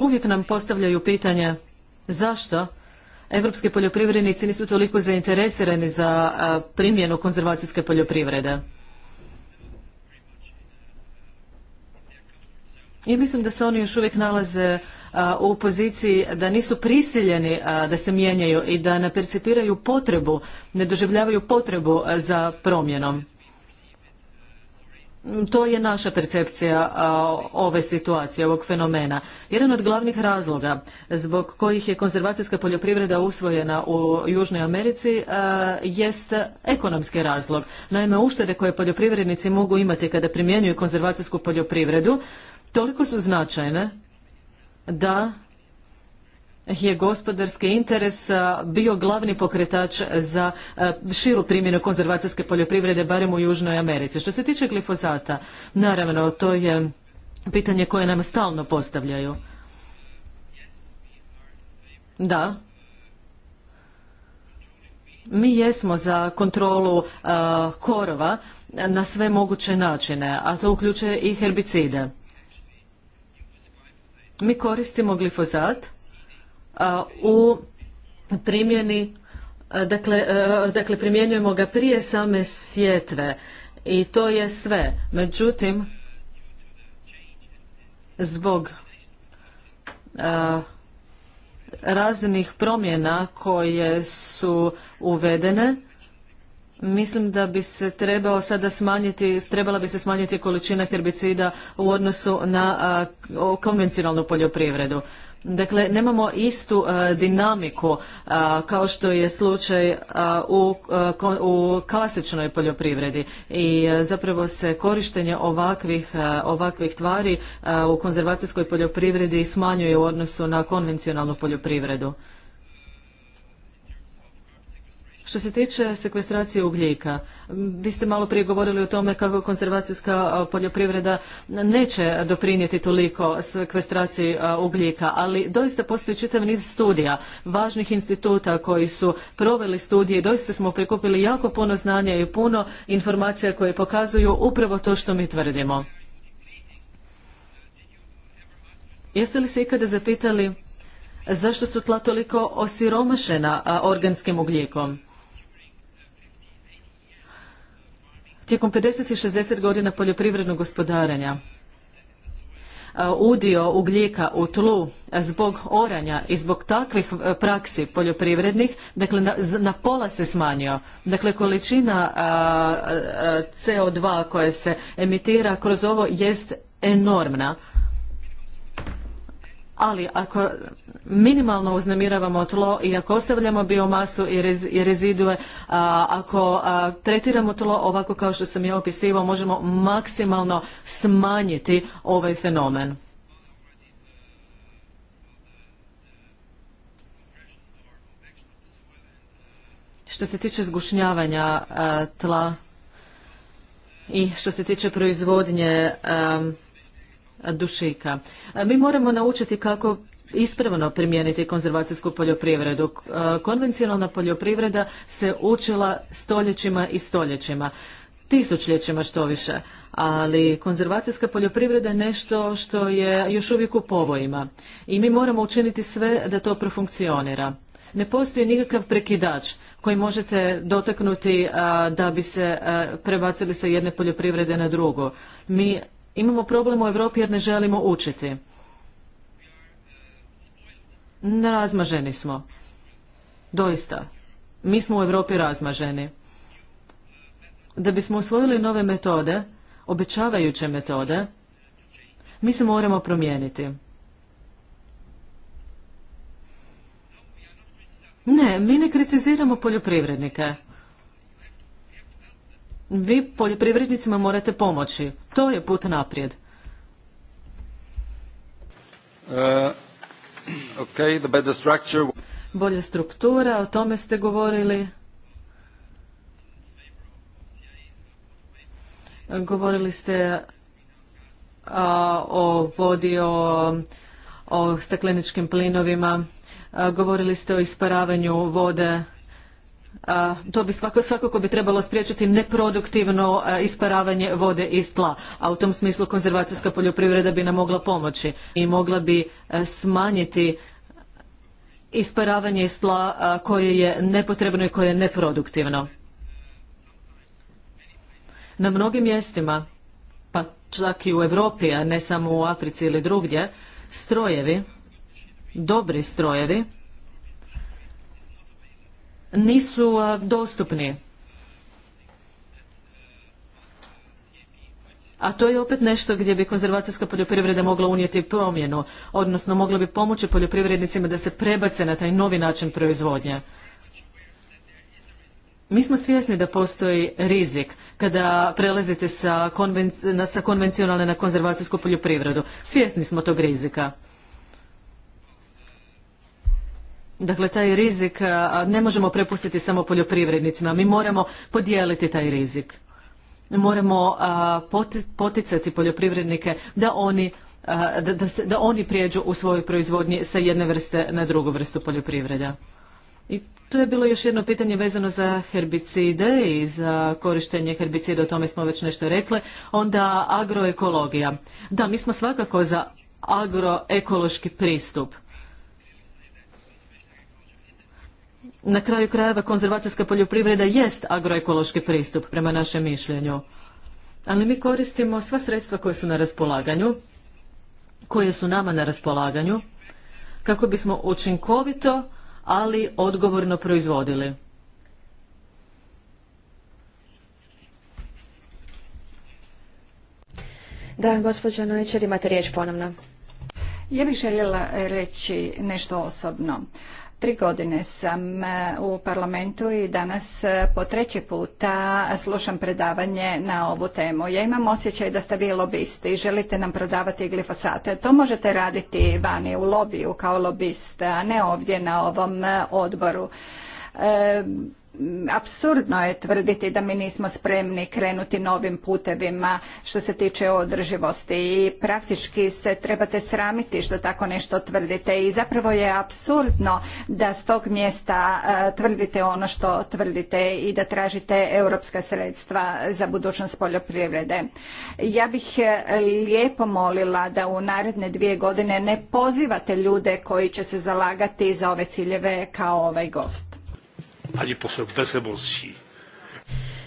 S3: Uvijek nam postavljaju pitanja zašto evropski poljoprivrednici nisu toliko zainteresirani za primjenu konzervacijske poljoprivrede. I mislim da se oni još uvijek nalaze u poziciji da nisu prisiljeni da se mijenjaju i da ne percipiraju potrebu, ne doživljavaju potrebu za promjenom. Mm, to je naša percepcija ove situacije, ovog fenomena. Jedan od glavnih razloga zbog kojih je konzervacijska poljoprivreda usvojena u Južnoj Americi jest ekonomski razlog. Naime, uštede koje poljoprivrednici mogu imati kada primjenjuju konzervacijsku poljoprivredu toliko su značajne da je gospodarski interes bio glavni pokretač za e, širu primjenu konzervacijske poljoprivrede, barem u Južnoj Americi. Što se tiče glifosata, naravno, to je pitanje koje nam stalno postavljaju. Da. Mi jesmo za kontrolu e, korova na sve moguće načine, a to uključuje i herbicide. Mi koristimo glifosat Eh, u primjeni, eh, dakle, eh, dakle primjenjujemo ga prije same sjetve i to je sve. Međutim, zbog raznih promjena koje su uvedene, Mislim da bi se trebao sada smanjiti, trebala bi se smanjiti količina herbicida u odnosu na konvencionalnu poljoprivredu. Dakle, nemamo istu e, dinamiku e, kao što je slučaj e, u, klasičnoj poljoprivredi i zapravo se korištenje ovakvih, ovakvih tvari u konzervacijskoj poljoprivredi smanjuje u odnosu na konvencionalnu poljoprivredu. Što se tiče sekvestracije ugljika, vi ste malo prije govorili o tome kako konzervacijska poljoprivreda neće doprinijeti toliko sekvestraciji ugljika, ali doista postoji čitav niz studija, važnih instituta koji su proveli studije i doista smo prikupili jako puno znanja i puno informacija koje pokazuju upravo to što mi tvrdimo. Jeste li se ikada zapitali zašto su tla toliko osiromašena organskim ugljikom? Tijekom 50 i 60 godina poljoprivrednog gospodarenja udio ugljika u tlu zbog oranja i zbog takvih praksi poljoprivrednih, dakle na, pola se smanjio. Dakle, količina CO2 koja se emitira kroz ovo jest enormna ali ako minimalno uznemiravamo tlo i ako ostavljamo biomasu i rezidue, ako tretiramo tlo ovako kao što sam ja opisivao, možemo maksimalno smanjiti ovaj fenomen. Što se tiče zgušnjavanja tla i što se tiče proizvodnje dušika. Mi moramo naučiti kako ispravno primijeniti konzervacijsku poljoprivredu. Konvencionalna poljoprivreda se učila stoljećima i stoljećima tisućljećima što više, ali konzervacijska poljoprivreda je nešto što je još uvijek u povojima i mi moramo učiniti sve da to profunkcionira. Ne postoji nikakav prekidač koji možete dotaknuti da bi se prebacili sa jedne poljoprivrede na drugu. Mi Imamo problem u Europi jer ne želimo učiti. Razmaženi smo. Doista. Mi smo u Europi razmaženi. Da bismo usvojili nove metode, obećavajuće metode, mi se moramo promijeniti. Ne, mi ne kritiziramo poljoprivrednike vi poljoprivrednicima morate pomoći. To je put naprijed.
S1: Uh,
S6: okay,
S3: Bolja struktura, o tome ste govorili. Govorili ste o vodi, o, stakleničkim plinovima. govorili ste o isparavanju vode to bi svakako bi trebalo spriječiti neproduktivno isparavanje vode iz tla, a u tom smislu konzervacijska poljoprivreda bi nam mogla pomoći i mogla bi smanjiti isparavanje iz tla koje je nepotrebno i koje je neproduktivno. Na mnogim mjestima, pa čak i u Europi, a ne samo u Africi ili drugdje, strojevi, dobri strojevi, nisu e, dostupni. A to je opet nešto gdje bi konzervacijska poljoprivreda mogla unijeti promjenu, odnosno mogla bi pomoći poljoprivrednicima da se prebace na taj novi način proizvodnje. Mi smo svjesni da postoji rizik kada prelazite sa, sa konvencionalne na konzervacijsku poljoprivredu. Svjesni smo tog rizika. Dakle, taj rizik ne možemo prepustiti samo poljoprivrednicima. Mi moramo podijeliti taj rizik. Moramo poticati poljoprivrednike da oni da, da oni prijeđu u svojoj proizvodnji sa jedne vrste na drugu vrstu poljoprivreda. I tu je bilo još jedno pitanje vezano za herbicide i za korištenje herbicida, o tome smo već nešto rekli. Onda agroekologija. Da, mi smo svakako za agroekološki pristup. Na kraju krajeva konzervacijska poljoprivreda jest agroekološki pristup prema našem mišljenju. Ali mi koristimo sva sredstva koja su na raspolaganju, koje su nama na raspolaganju, kako bismo učinkovito, ali odgovorno proizvodili.
S4: Da, gospođa Nojčer, imate riječ ponovno. Ja bih željela reći nešto osobno. Tri godine sam e, u parlamentu i danas e, po treći puta slušam predavanje na ovu temu. Ja imam osjećaj da ste vi lobisti i želite nam prodavati glifosate. To možete raditi vani u lobiju kao lobist, a ne ovdje na ovom e, odboru. Apsurdno je tvrditi da mi nismo spremni krenuti novim putevima što se tiče održivosti i praktički se trebate sramiti što tako nešto tvrdite i zapravo je apsurdno da s tog mjesta e, tvrdite ono što tvrdite i da tražite europska sredstva za budućnost poljoprivrede. Ja bih e, lijepo molila da u naredne dvije godine ne pozivate ljude koji će se zalagati za ove ciljeve kao ovaj gost.
S1: Pani poseł, bez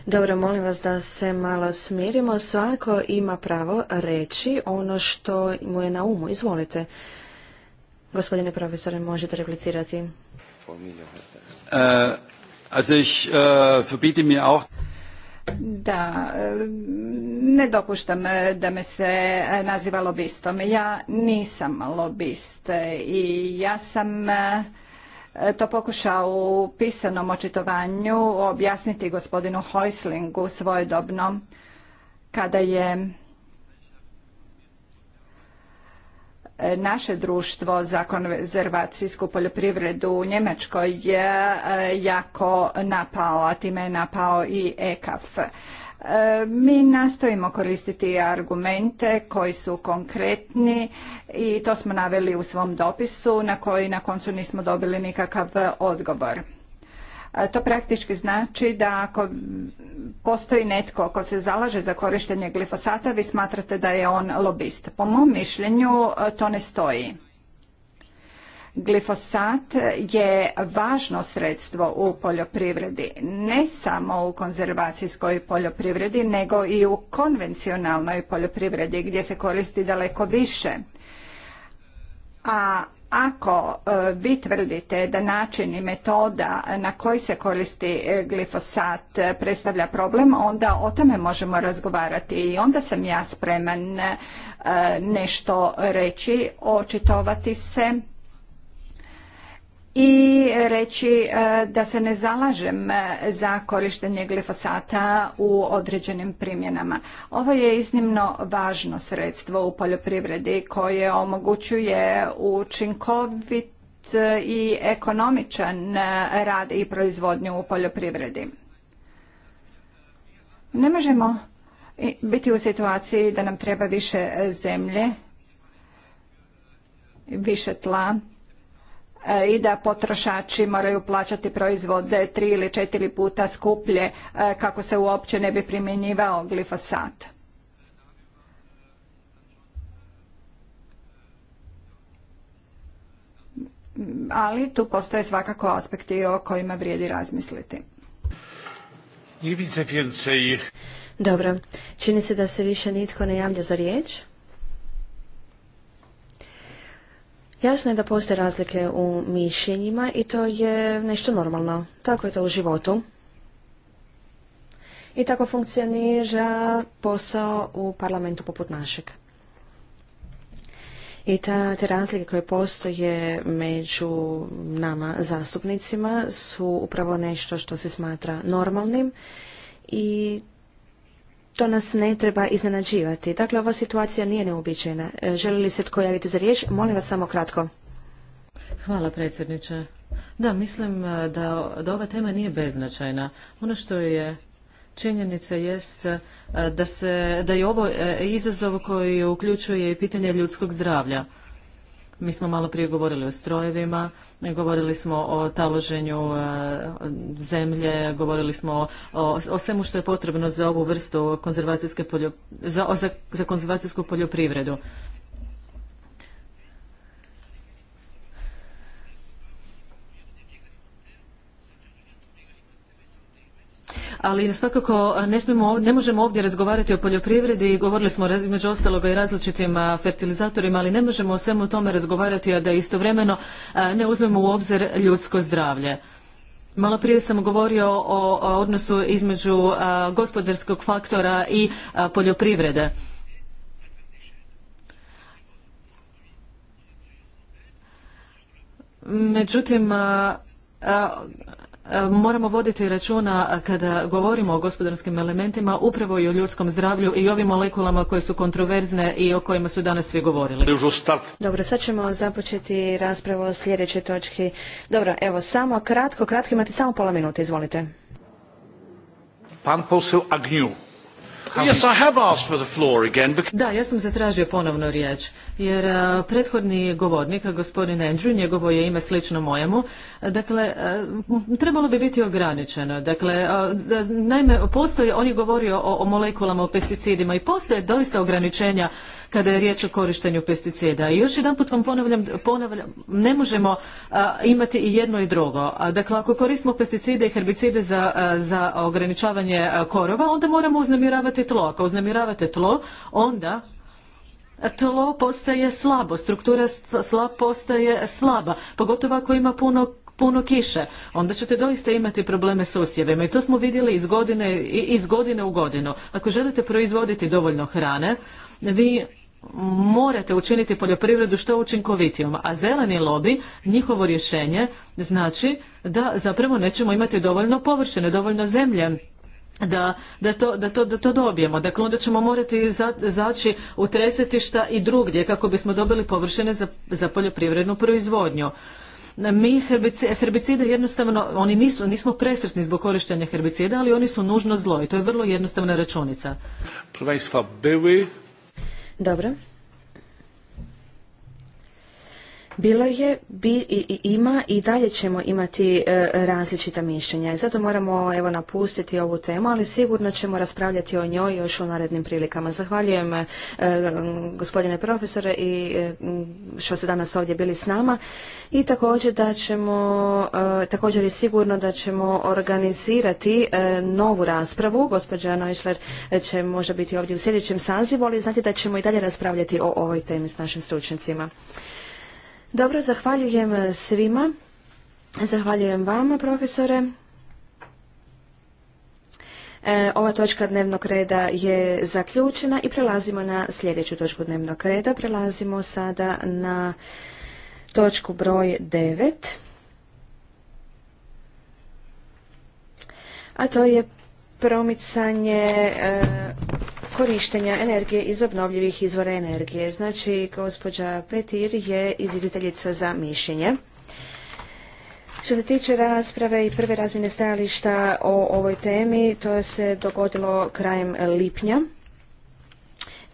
S2: Dobro, molim vas da se malo smirimo. Svako ima pravo reći ono što mu je na umu. Izvolite. Gospodine profesore,
S4: možete replicirati.
S5: Uh, also ich e,
S4: da, e, ne dopuštam da me se naziva lobistom. Ja nisam lobist i ja sam E, to pokušao u pisanom očitovanju objasniti gospodinu Häuslingu svojedobno kada je e, naše društvo za konzervacijsku poljoprivredu u Njemačkoj e, jako napao, a time je napao i EKF. E, mi nastojimo koristiti argumente koji su konkretni i to smo naveli u svom dopisu na koji na koncu nismo dobili nikakav odgovor. E, to praktički znači da ako postoji netko ko se zalaže za korištenje glifosata, vi smatrate da je on lobist. Po mom mišljenju e, to ne stoji. Glifosat je važno sredstvo u poljoprivredi, ne samo u konzervacijskoj poljoprivredi, nego i u konvencionalnoj poljoprivredi gdje se koristi daleko više. A ako e, vi tvrdite da način i metoda na koji se koristi e, glifosat e, predstavlja problem, onda o tome možemo razgovarati i onda sam ja spreman nešto reći, očitovati se i reći e, da se ne zalažem e, za korištenje glifosata u određenim primjenama. Ovo je iznimno važno sredstvo u poljoprivredi koje omogućuje učinkovit e, i ekonomičan rad i proizvodnju u poljoprivredi. Ne možemo biti u situaciji da nam treba više zemlje, više tla, E, i da potrošači moraju plaćati proizvode tri ili četiri puta skuplje e, kako se uopće ne bi primjenjivao glifosat. Ali tu postoje svakako aspekti o kojima vrijedi razmisliti. Dobro, čini se da se više nitko ne javlja za riječ.
S2: Jasno je da postoje razlike u mišljenjima i to je nešto normalno. Tako je to u životu. I tako funkcionira posao u parlamentu poput našeg. I te razlike koje postoje među nama zastupnicima su upravo nešto što se smatra normalnim i to nas ne treba iznenađivati. Dakle, ova situacija nije neobičajna. E, želi li se tko javiti za riječ? Molim vas samo kratko.
S3: Hvala predsjedniče. Da, mislim e, da, da ova tema nije beznačajna. Ono što je činjenica jest e, da, se, da je ovo izazov koji uključuje i pitanje ljudskog zdravlja. Mi smo malo prije govorili o strojevima, govorili smo o taloženju e, zemlje, govorili smo o, svemu što je potrebno za ovu vrstu za konzervacijsku poljoprivredu. ali svakako eh, ne, ne možemo ovdje razgovarati o poljoprivredi, govorili smo između ostaloga i različitim eh, fertilizatorima, ali ne možemo o svemu tome razgovarati, a da istovremeno eh, ne uzmemo u obzir ljudsko zdravlje. Malo prije sam govorio o odnosu između gospodarskog faktora i poljoprivrede. Međutim, E, moramo voditi računa kada govorimo o gospodarskim elementima upravo i o ljudskom zdravlju i ovim molekulama koje su kontroverzne i o kojima su danas svi govorili.
S2: Dobro, sad ćemo započeti raspravu o sljedećoj točki. Dobro, evo, samo kratko, kratko imate samo pola minute, izvolite.
S1: Pan
S3: da, ja sam zatražio ponovno riječ, jer prethodni govornik, gospodin Andrew, njegovo je ime slično mojemu, dakle, trebalo bi biti ograničeno. Dakle, naime, postoje, on je govorio o, o molekulama, o pesticidima i postoje doista ograničenja kada je riječ o korištenju pesticida. I još jedan put vam ponavljam, ponavljam ne možemo imati i jedno i drugo. dakle, ako koristimo pesticide i herbicide za, za ograničavanje korova, onda moramo uznemiravati tlo. Ako uznemiravate tlo, onda tlo postaje slabo, struktura sla postaje slaba, pogotovo ako ima puno puno kiše, onda ćete doista imati probleme s usjevima i to smo vidjeli iz godine, iz godine u godinu. Ako želite proizvoditi dovoljno hrane, vi morate učiniti poljoprivredu što učinkovitijom, a zeleni lobi, njihovo rješenje znači da zapravo nećemo imati dovoljno površine, dovoljno zemlje da, da, to, da, to, da to dobijemo. Dakle, onda ćemo morati zaći u tresetišta i drugdje kako bismo dobili površine za, za poljoprivrednu proizvodnju. Mi herbicide jednostavno, oni nisu, nismo presretni zbog korištenja herbicida, ali oni su nužno zlo i to je vrlo jednostavna računica. Dobro. Bilo je, bi, i,
S2: ima i dalje ćemo imati e, različita mišljenja i zato moramo evo napustiti ovu temu, ali sigurno ćemo raspravljati o njoj još u narednim prilikama. Zahvaljujem e, gospodine profesore i e, što ste danas ovdje bili s nama i također da ćemo, također je sigurno da ćemo organizirati novu raspravu. Gospođa Neusler će možda biti ovdje u sljedećem sazivu, ali znate da ćemo i dalje raspravljati o ovoj temi s našim stručnicima. Dobro, zahvaljujem e, svima. Zahvaljujem vama, profesore. E, ova točka dnevnog reda je zaključena i prelazimo na sljedeću točku dnevnog reda. Prelazimo sada na točku broj 9. A to je promicanje e, korištenja energije iz obnovljivih izvora energije. Znači, gospođa Petir je izvjetiteljica za mišljenje. Što se tiče rasprave i prve razmjene stajališta o ovoj temi, to se dogodilo krajem lipnja.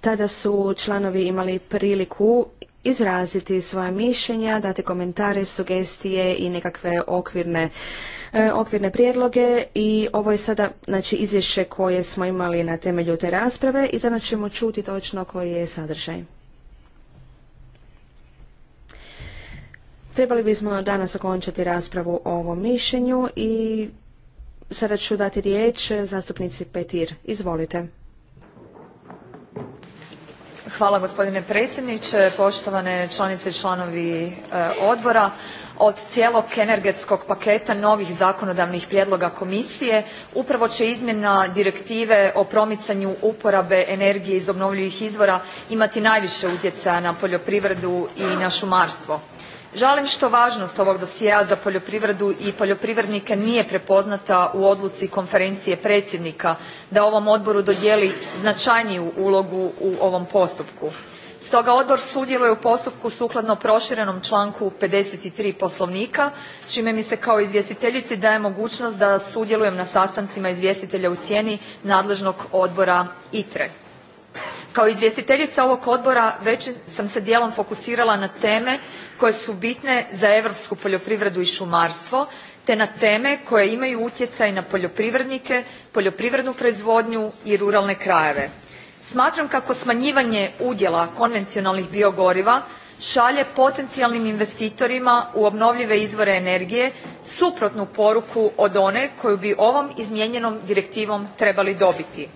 S2: Tada su članovi imali priliku izraziti svoje mišljenja, dati komentare, sugestije i nekakve okvirne E, okvirne prijedloge i ovo je sada znači, izvješće koje smo imali na temelju te rasprave i sada ćemo čuti točno koji je sadržaj. Trebali bismo danas okončati raspravu o ovom mišljenju i sada ću dati riječ
S7: zastupnici Petir. Izvolite. Hvala gospodine predsjedniče, poštovane članice i članovi e, odbora od cijelog energetskog paketa novih zakonodavnih prijedloga komisije upravo će izmjena direktive o promicanju uporabe energije iz obnovljivih izvora imati najviše utjecaja na poljoprivredu i na šumarstvo. Žalim što važnost ovog dosjea za poljoprivredu i poljoprivrednike nije prepoznata u odluci konferencije predsjednika da ovom odboru dodijeli značajniju ulogu u ovom postupku. Stoga odbor sudjeluje u postupku sukladno proširenom članku 53. Poslovnika čime mi se kao izvjestiteljici daje mogućnost da sudjelujem na sastancima izvjestitelja u sjeni nadležnog odbora ITRE. Kao izvjestiteljica ovog odbora već sam se dijelom fokusirala na teme koje su bitne za europsku poljoprivredu i šumarstvo te na teme koje imaju utjecaj na poljoprivrednike, poljoprivrednu proizvodnju i ruralne krajeve. Smatram kako smanjivanje udjela konvencionalnih biogoriva šalje potencijalnim investitorima u obnovljive izvore energije suprotnu poruku od one koju bi ovom izmijenjenom direktivom trebali dobiti.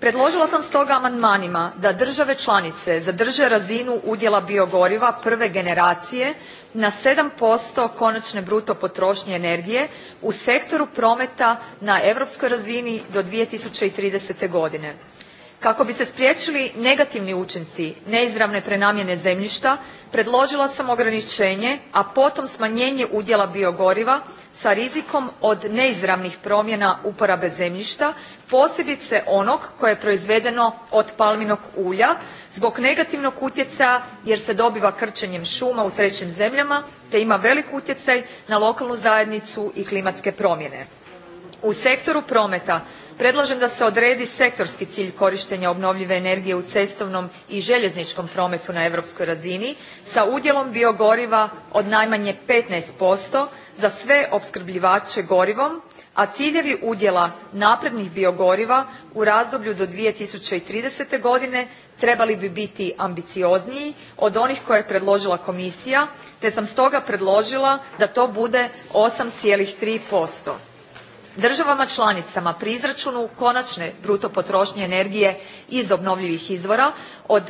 S7: Predložila sam stoga amandmanima da države članice zadrže razinu udjela biogoriva prve generacije na 7% konačne bruto potrošnje energije u sektoru prometa na europskoj razini do 2030. godine. Kako bi se spriječili negativni učinci neizravne prenamjene zemljišta predložila sam ograničenje, a potom smanjenje udjela biogoriva sa rizikom od neizravnih promjena uporabe zemljišta posebice onog koje je proizvedeno od palminog ulja zbog negativnog utjecaja jer se dobiva krčenjem šuma u trećim zemljama te ima velik utjecaj na lokalnu zajednicu i klimatske promjene. U sektoru prometa Predlažem da se odredi sektorski cilj korištenja obnovljive energije u cestovnom i željezničkom prometu na europskoj razini sa udjelom biogoriva od najmanje 15% za sve opskrbljivače gorivom, a ciljevi udjela naprednih biogoriva u razdoblju do 2030. godine trebali bi biti ambiciozniji od onih koje je predložila komisija te sam stoga predložila da to bude 8,3%. Državama članicama pri izračunu konačne bruto potrošnje energije iz obnovljivih izvora od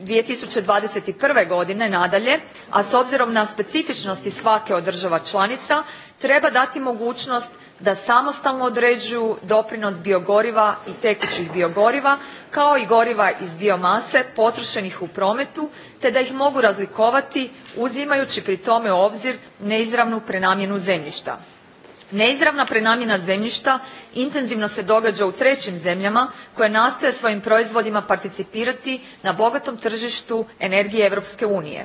S7: 2021. E, godine nadalje, a s obzirom na specifičnosti svake od država članica treba dati mogućnost da samostalno određuju doprinos biogoriva i tekućih biogoriva kao i goriva iz biomase potrošenih u prometu te da ih mogu razlikovati uzimajući pri tome u obzir neizravnu prenamjenu zemljišta. Neizravna prenamjena zemljišta intenzivno se događa u trećim zemljama koje nastoje svojim proizvodima participirati na bogatom tržištu energije Europske unije.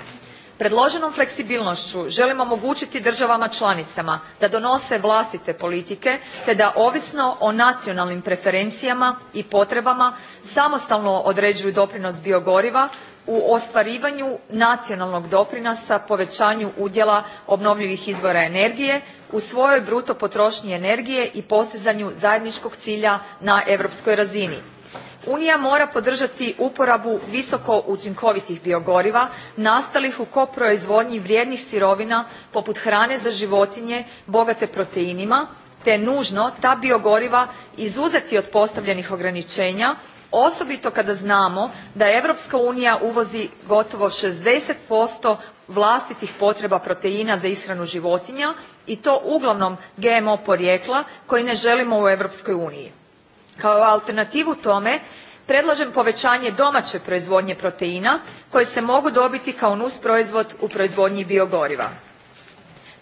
S7: Predloženom fleksibilnošću želimo omogućiti državama članicama da donose vlastite politike te da ovisno o nacionalnim preferencijama i potrebama samostalno određuju doprinos biogoriva u ostvarivanju nacionalnog doprinosa povećanju udjela obnovljivih izvora energije u svojoj bruto potrošnji energije i postizanju zajedničkog cilja na europskoj razini. Unija mora podržati uporabu visoko učinkovitih biogoriva nastalih u koproizvodnji vrijednih sirovina poput hrane za životinje bogate proteinima te je nužno ta biogoriva izuzeti od postavljenih ograničenja osobito kada znamo da Europska unija uvozi gotovo 60% vlastitih potreba proteina za ishranu životinja i to uglavnom GMO porijekla koji ne želimo u Europskoj uniji. Kao alternativu tome predlažem povećanje domaće proizvodnje proteina koje se mogu dobiti kao nusproizvod u proizvodnji biogoriva.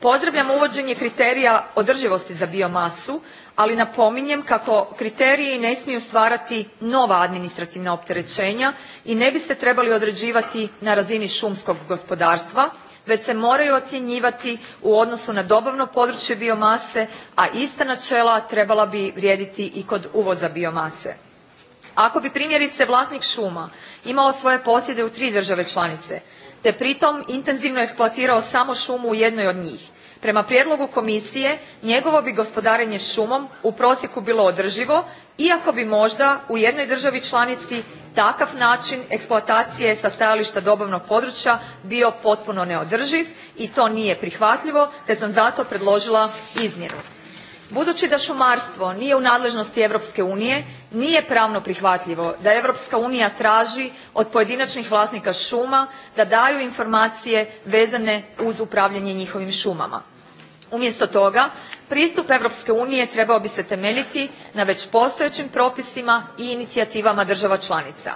S7: Pozdravljam uvođenje kriterija održivosti za biomasu, ali napominjem kako kriteriji ne smiju stvarati nova administrativna opterećenja i ne bi se trebali određivati na razini šumskog gospodarstva već se moraju ocjenjivati u odnosu na dobavno područje biomase a ista načela trebala bi vrijediti i kod uvoza biomase. Ako bi primjerice vlasnik šuma imao svoje posjede u tri države članice te pritom intenzivno eksploatirao samo šumu u jednoj od njih Prema prijedlogu komisije njegovo bi gospodarenje šumom u prosjeku bilo održivo iako bi možda u jednoj državi članici takav način eksploatacije sa stajališta dobavnog područja bio potpuno neodrživ i to nije prihvatljivo te sam zato predložila izmjenu. Budući da šumarstvo nije u nadležnosti Europske unije nije pravno prihvatljivo da Europska unija traži od pojedinačnih vlasnika šuma da daju informacije vezane uz upravljanje njihovim šumama. Umjesto toga pristup Europske unije trebao bi se temeljiti na već postojećim propisima i inicijativama država članica.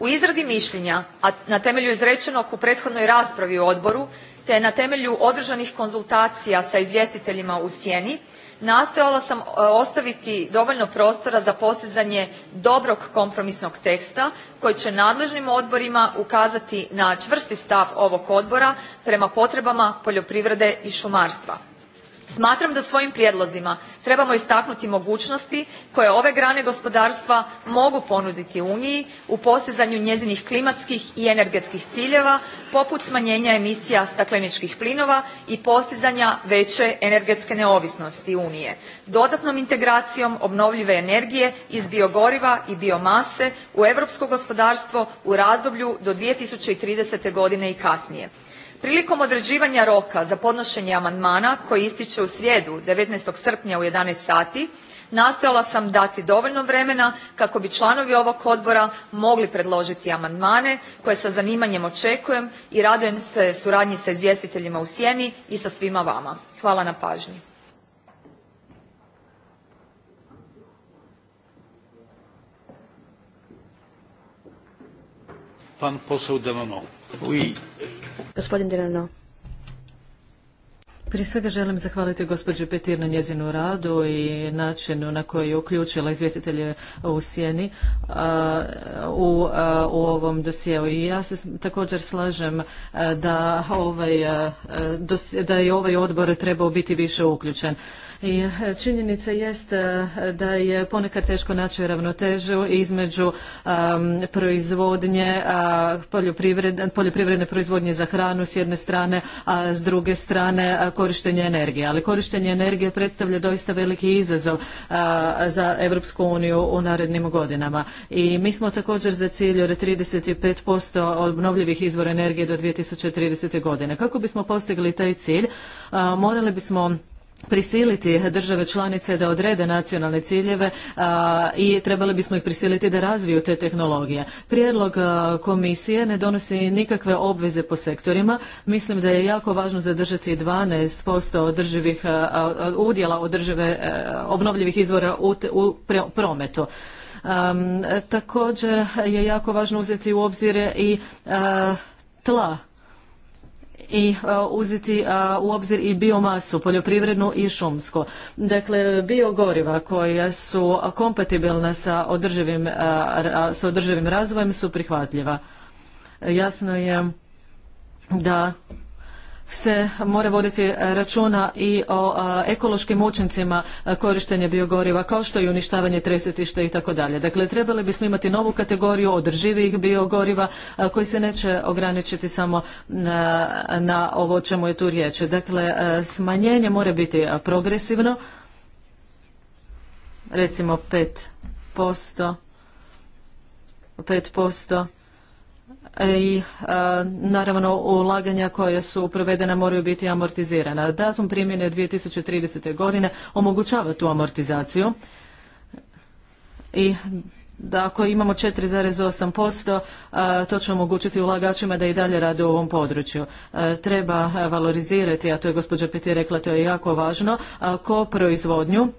S7: U izradi mišljenja, a na temelju izrečenog u prethodnoj raspravi u odboru te na temelju održanih konzultacija sa izvjestiteljima u sjeni Nastojala sam e, ostaviti dovoljno prostora za postizanje dobrog kompromisnog teksta koji će nadležnim odborima ukazati na čvrsti stav ovog odbora prema potrebama poljoprivrede i šumarstva. Smatram da svojim prijedlozima trebamo istaknuti mogućnosti koje ove grane gospodarstva mogu ponuditi Uniji u postizanju njezinih klimatskih i energetskih ciljeva poput smanjenja emisija stakleničkih plinova i postizanja veće energetske neovisnosti Unije. Dodatnom integracijom obnovljive energije iz biogoriva i biomase u europsko gospodarstvo u razdoblju do 2030. godine i kasnije. Prilikom određivanja roka za podnošenje amandmana koji ističe u srijedu 19. srpnja u 11 sati nastojala sam dati dovoljno vremena kako bi članovi ovog odbora mogli predložiti amandmane koje sa zanimanjem očekujem i radujem se suradnji sa izvjestiteljima u sjeni i sa svima vama. Hvala na pažnji.
S3: Prije svega želim zahvaliti gospođu Petir na njezinu radu i načinu na koji je uključila izvjestitelje u sjeni u, u ovom dosjeu. I ja se također slažem da, ovaj, da je ovaj odbor trebao biti više uključen. I e, činjenica jest e, da je ponekad teško naći ravnotežu između proizvodnje, poljoprivredne, proizvodnje za hranu s jedne strane, a s druge strane korištenje energije. Ali korištenje energije predstavlja doista veliki izazov za Europsku uniju u narednim godinama. I mi smo također za cilj od 35% obnovljivih izvora energije do 2030. godine. Kako bismo postigli taj cilj, morali bismo prisiliti države članice da odrede nacionalne ciljeve i trebali bismo ih prisiliti da razviju te tehnologije. Prijedlog komisije ne donosi nikakve obveze po sektorima. Mislim da je jako važno zadržati 12% održivih udjela održive e, obnovljivih izvora u, prometu. Također je jako važno uzeti u obzir i tla i e, uzeti e, u obzir i biomasu, poljoprivrednu i šumsku. Dakle, biogoriva koja su kompatibilna sa održivim, e, sa održivim razvojem su prihvatljiva. Jasno je da se mora voditi računa i o ekološkim učincima korištenja biogoriva kao što je uništavanje tresetišta i tako dalje. Dakle, trebali bismo imati novu kategoriju održivijih biogoriva koji se neće ograničiti samo na, ovo čemu je tu riječ. Dakle, smanjenje mora biti progresivno, recimo 5%, 5% E, i e, naravno ulaganja koje su provedena moraju biti amortizirana. Datum primjene 2030. godine omogućava tu amortizaciju i da ako imamo 4,8%, e, to će omogućiti ulagačima da i dalje rade u ovom području. Treba valorizirati, a to je gospođa Peti rekla, to je jako važno, ko proizvodnju,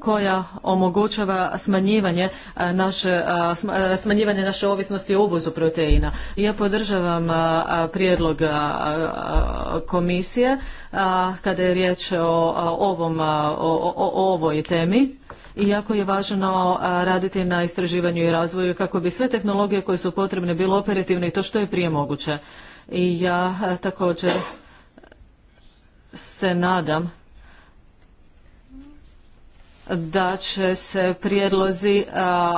S3: koja omogućava smanjivanje e, naše, e, e, naše ovisnosti o uvozu proteina. Ja podržavam prijedlog komisije kada je riječ o, o, ovoj temi i jako je važno raditi na istraživanju i razvoju kako bi sve tehnologije koje su potrebne bile operativne i to što je prije moguće. I ja također se nadam da će se prijedlozi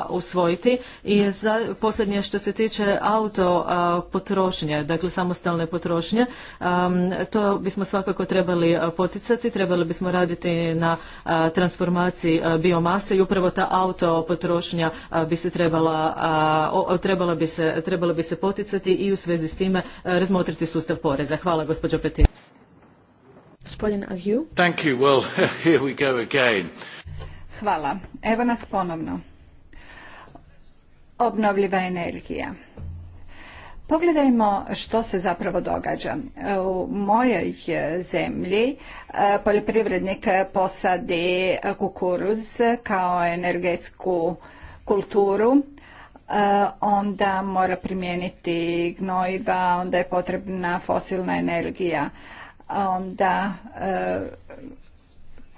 S3: usvojiti i za, posljednje što se tiče auto potrošnje, dakle samostalne potrošnje, to bismo svakako trebali poticati, trebali bismo raditi na transformaciji biomase i upravo ta auto potrošnja bi se trebala, trebala, bi se, poticati i u svezi s time razmotriti sustav poreza. Hvala gospođo Petir. Gospodin
S4: Hvala. Evo nas ponovno. Obnovljiva energija. Pogledajmo što se zapravo događa. U mojoj zemlji e, poljoprivrednik posadi kukuruz kao energetsku kulturu, e, onda mora primijeniti gnojiva, onda je potrebna fosilna energija, onda e,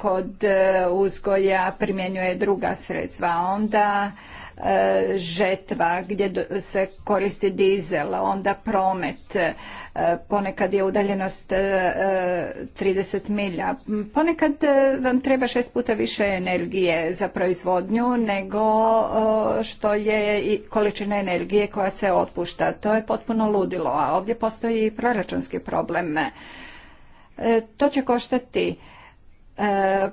S4: kod e, uzgoja primjenjuje druga sredstva, onda e, žetva gdje se koristi dizel, onda promet, e, ponekad je udaljenost 30 milja. Ponekad vam treba šest puta više energije za proizvodnju nego što je i količina energije koja se otpušta. To je potpuno ludilo, a ovdje postoji i proračunski problem. To će koštati E,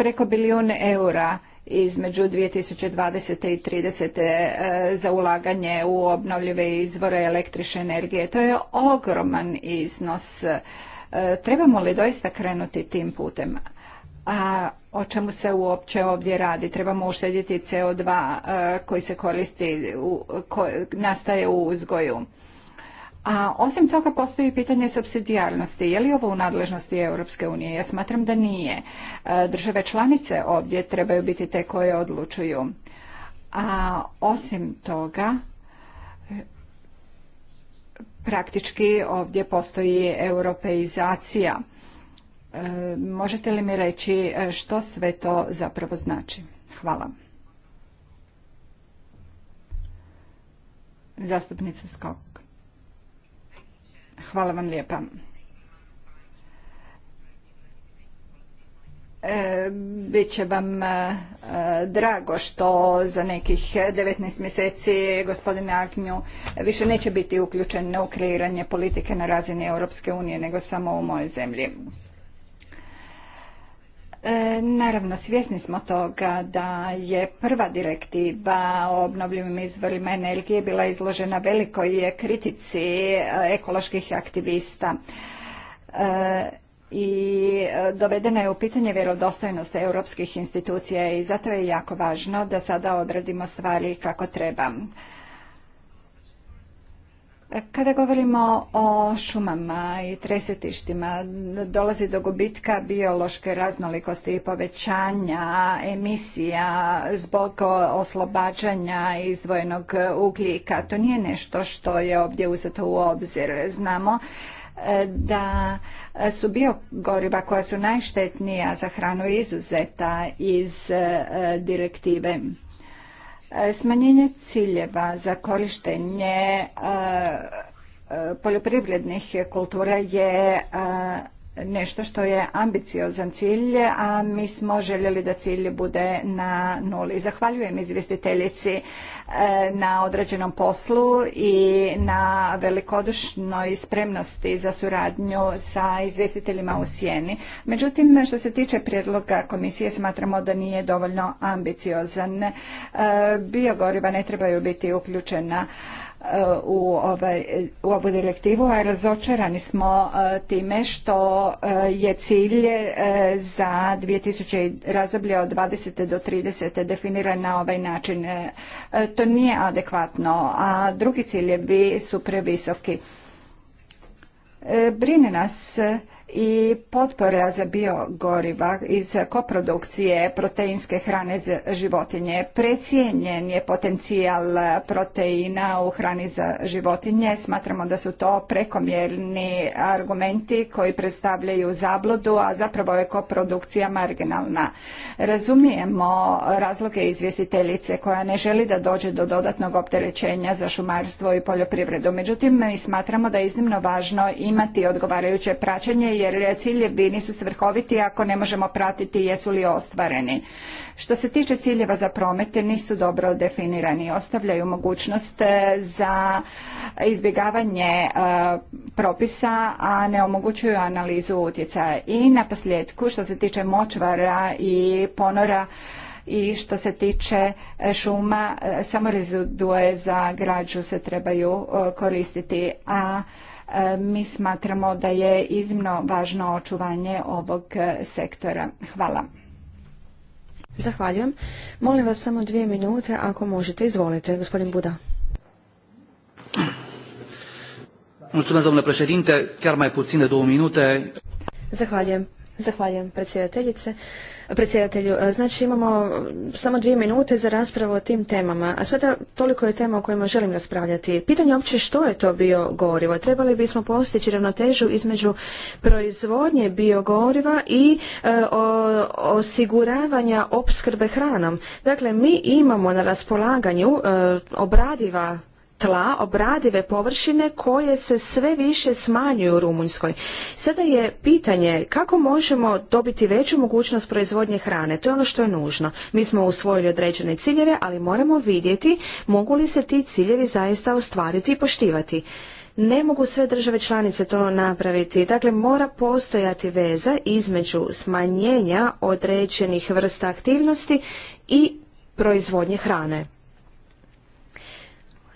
S4: preko bilijun eura između 2020. i 2030. E, za ulaganje u obnovljive izvore električne energije. To je ogroman iznos. E, trebamo li doista krenuti tim putem? A o čemu se uopće ovdje radi? Trebamo uštedjeti CO2 koji se koristi, nastaje u uzgoju. A osim toga postoji pitanje subsidijarnosti. Je li ovo u nadležnosti Europske unije? Ja smatram da nije. E, države članice ovdje trebaju biti te koje odlučuju. A osim toga, praktički ovdje postoji europeizacija. E, možete li mi reći e, što sve to zapravo znači? Hvala. Zastupnica Skok. Hvala vam lijepa. E, bit će vam e, drago što za nekih 19 mjeseci gospodine Agnju više neće biti uključen u kreiranje politike na razini Europske unije nego samo u mojoj zemlji. E, naravno, svjesni smo toga da je prva direktiva o obnovljivim izvorima energije bila izložena velikoj kritici e, ekoloških aktivista e, i dovedena je u pitanje vjerodostojnost europskih institucija i zato je jako važno da sada odradimo stvari kako treba. Kada govorimo o šumama i tresetištima, dolazi do gubitka biološke raznolikosti i povećanja emisija zbog oslobađanja izdvojenog ugljika. To nije nešto što je ovdje uzeto u obzir. Znamo e, da su biogoriva koja su najštetnija za hranu izuzeta iz e, direktive E, smanjenje ciljeva za korištenje e, e, poljoprivrednih kultura je nešto što je ambiciozan cilj, a mi smo željeli da cilj bude na nuli. Zahvaljujem izvjestiteljici e, na odrađenom poslu i na velikodušnoj spremnosti za suradnju sa izvjestiteljima u sjeni. Međutim, što se tiče prijedloga komisije, smatramo da nije dovoljno ambiciozan. E, biogoriva ne trebaju biti uključena u, ovaj, u ovu direktivu, a razočarani smo e, time što e, je cilj e, za 2000, razdoblje od 20. do 30. definiran na ovaj način. To nije adekvatno, a drugi ciljevi su previsoki. Brine nas i potpora za biogoriva iz koprodukcije proteinske hrane za životinje. Precijenjen je potencijal proteina u hrani za životinje. Smatramo da su to prekomjerni argumenti koji predstavljaju zabludu, a zapravo je koprodukcija marginalna. Razumijemo razloge izvjestiteljice koja ne želi da dođe do dodatnog opterećenja za šumarstvo i poljoprivredu. Međutim, mi smatramo da je iznimno važno imati odgovarajuće praćenje jer ciljevi nisu svrhoviti ako ne možemo pratiti jesu li ostvareni. Što se tiče ciljeva za promete nisu dobro definirani, ostavljaju mogućnost e, za izbjegavanje e, propisa, a ne omogućuju analizu utjecaja. I na posljedku što se tiče močvara i ponora i što se tiče e, šuma, samo rezidue za građu se trebaju koristiti, a mi smatramo da je iznimno važno očuvanje ovog e, sektora. Hvala. Zahvaljujem.
S2: Molim vas samo dvije minute, ako možete. Izvolite, gospodin Buda.
S1: Mulțumesc, domnule președinte. Chiar mai puțin de două minute.
S2: Zahvaljujem. Zahvaljujem, predsjedateljice predsjedatelju. E, znači imamo samo dvije minute za raspravu o tim temama, a sada toliko je tema o kojima želim raspravljati. Pitanje opće što je to biogorivo? Trebali bismo postići ravnotežu između proizvodnje biogoriva i e, osiguravanja opskrbe hranom. Dakle, mi imamo na raspolaganju e, obradiva tla, obradive površine koje se sve više smanjuju u Rumunjskoj. Sada je pitanje kako možemo dobiti veću mogućnost proizvodnje hrane. To je ono što je nužno. Mi smo usvojili određene ciljeve, ali moramo vidjeti mogu li se ti ciljevi zaista ostvariti i poštivati. Ne mogu sve države članice to napraviti. Dakle, mora postojati veza između smanjenja određenih vrsta aktivnosti i proizvodnje hrane.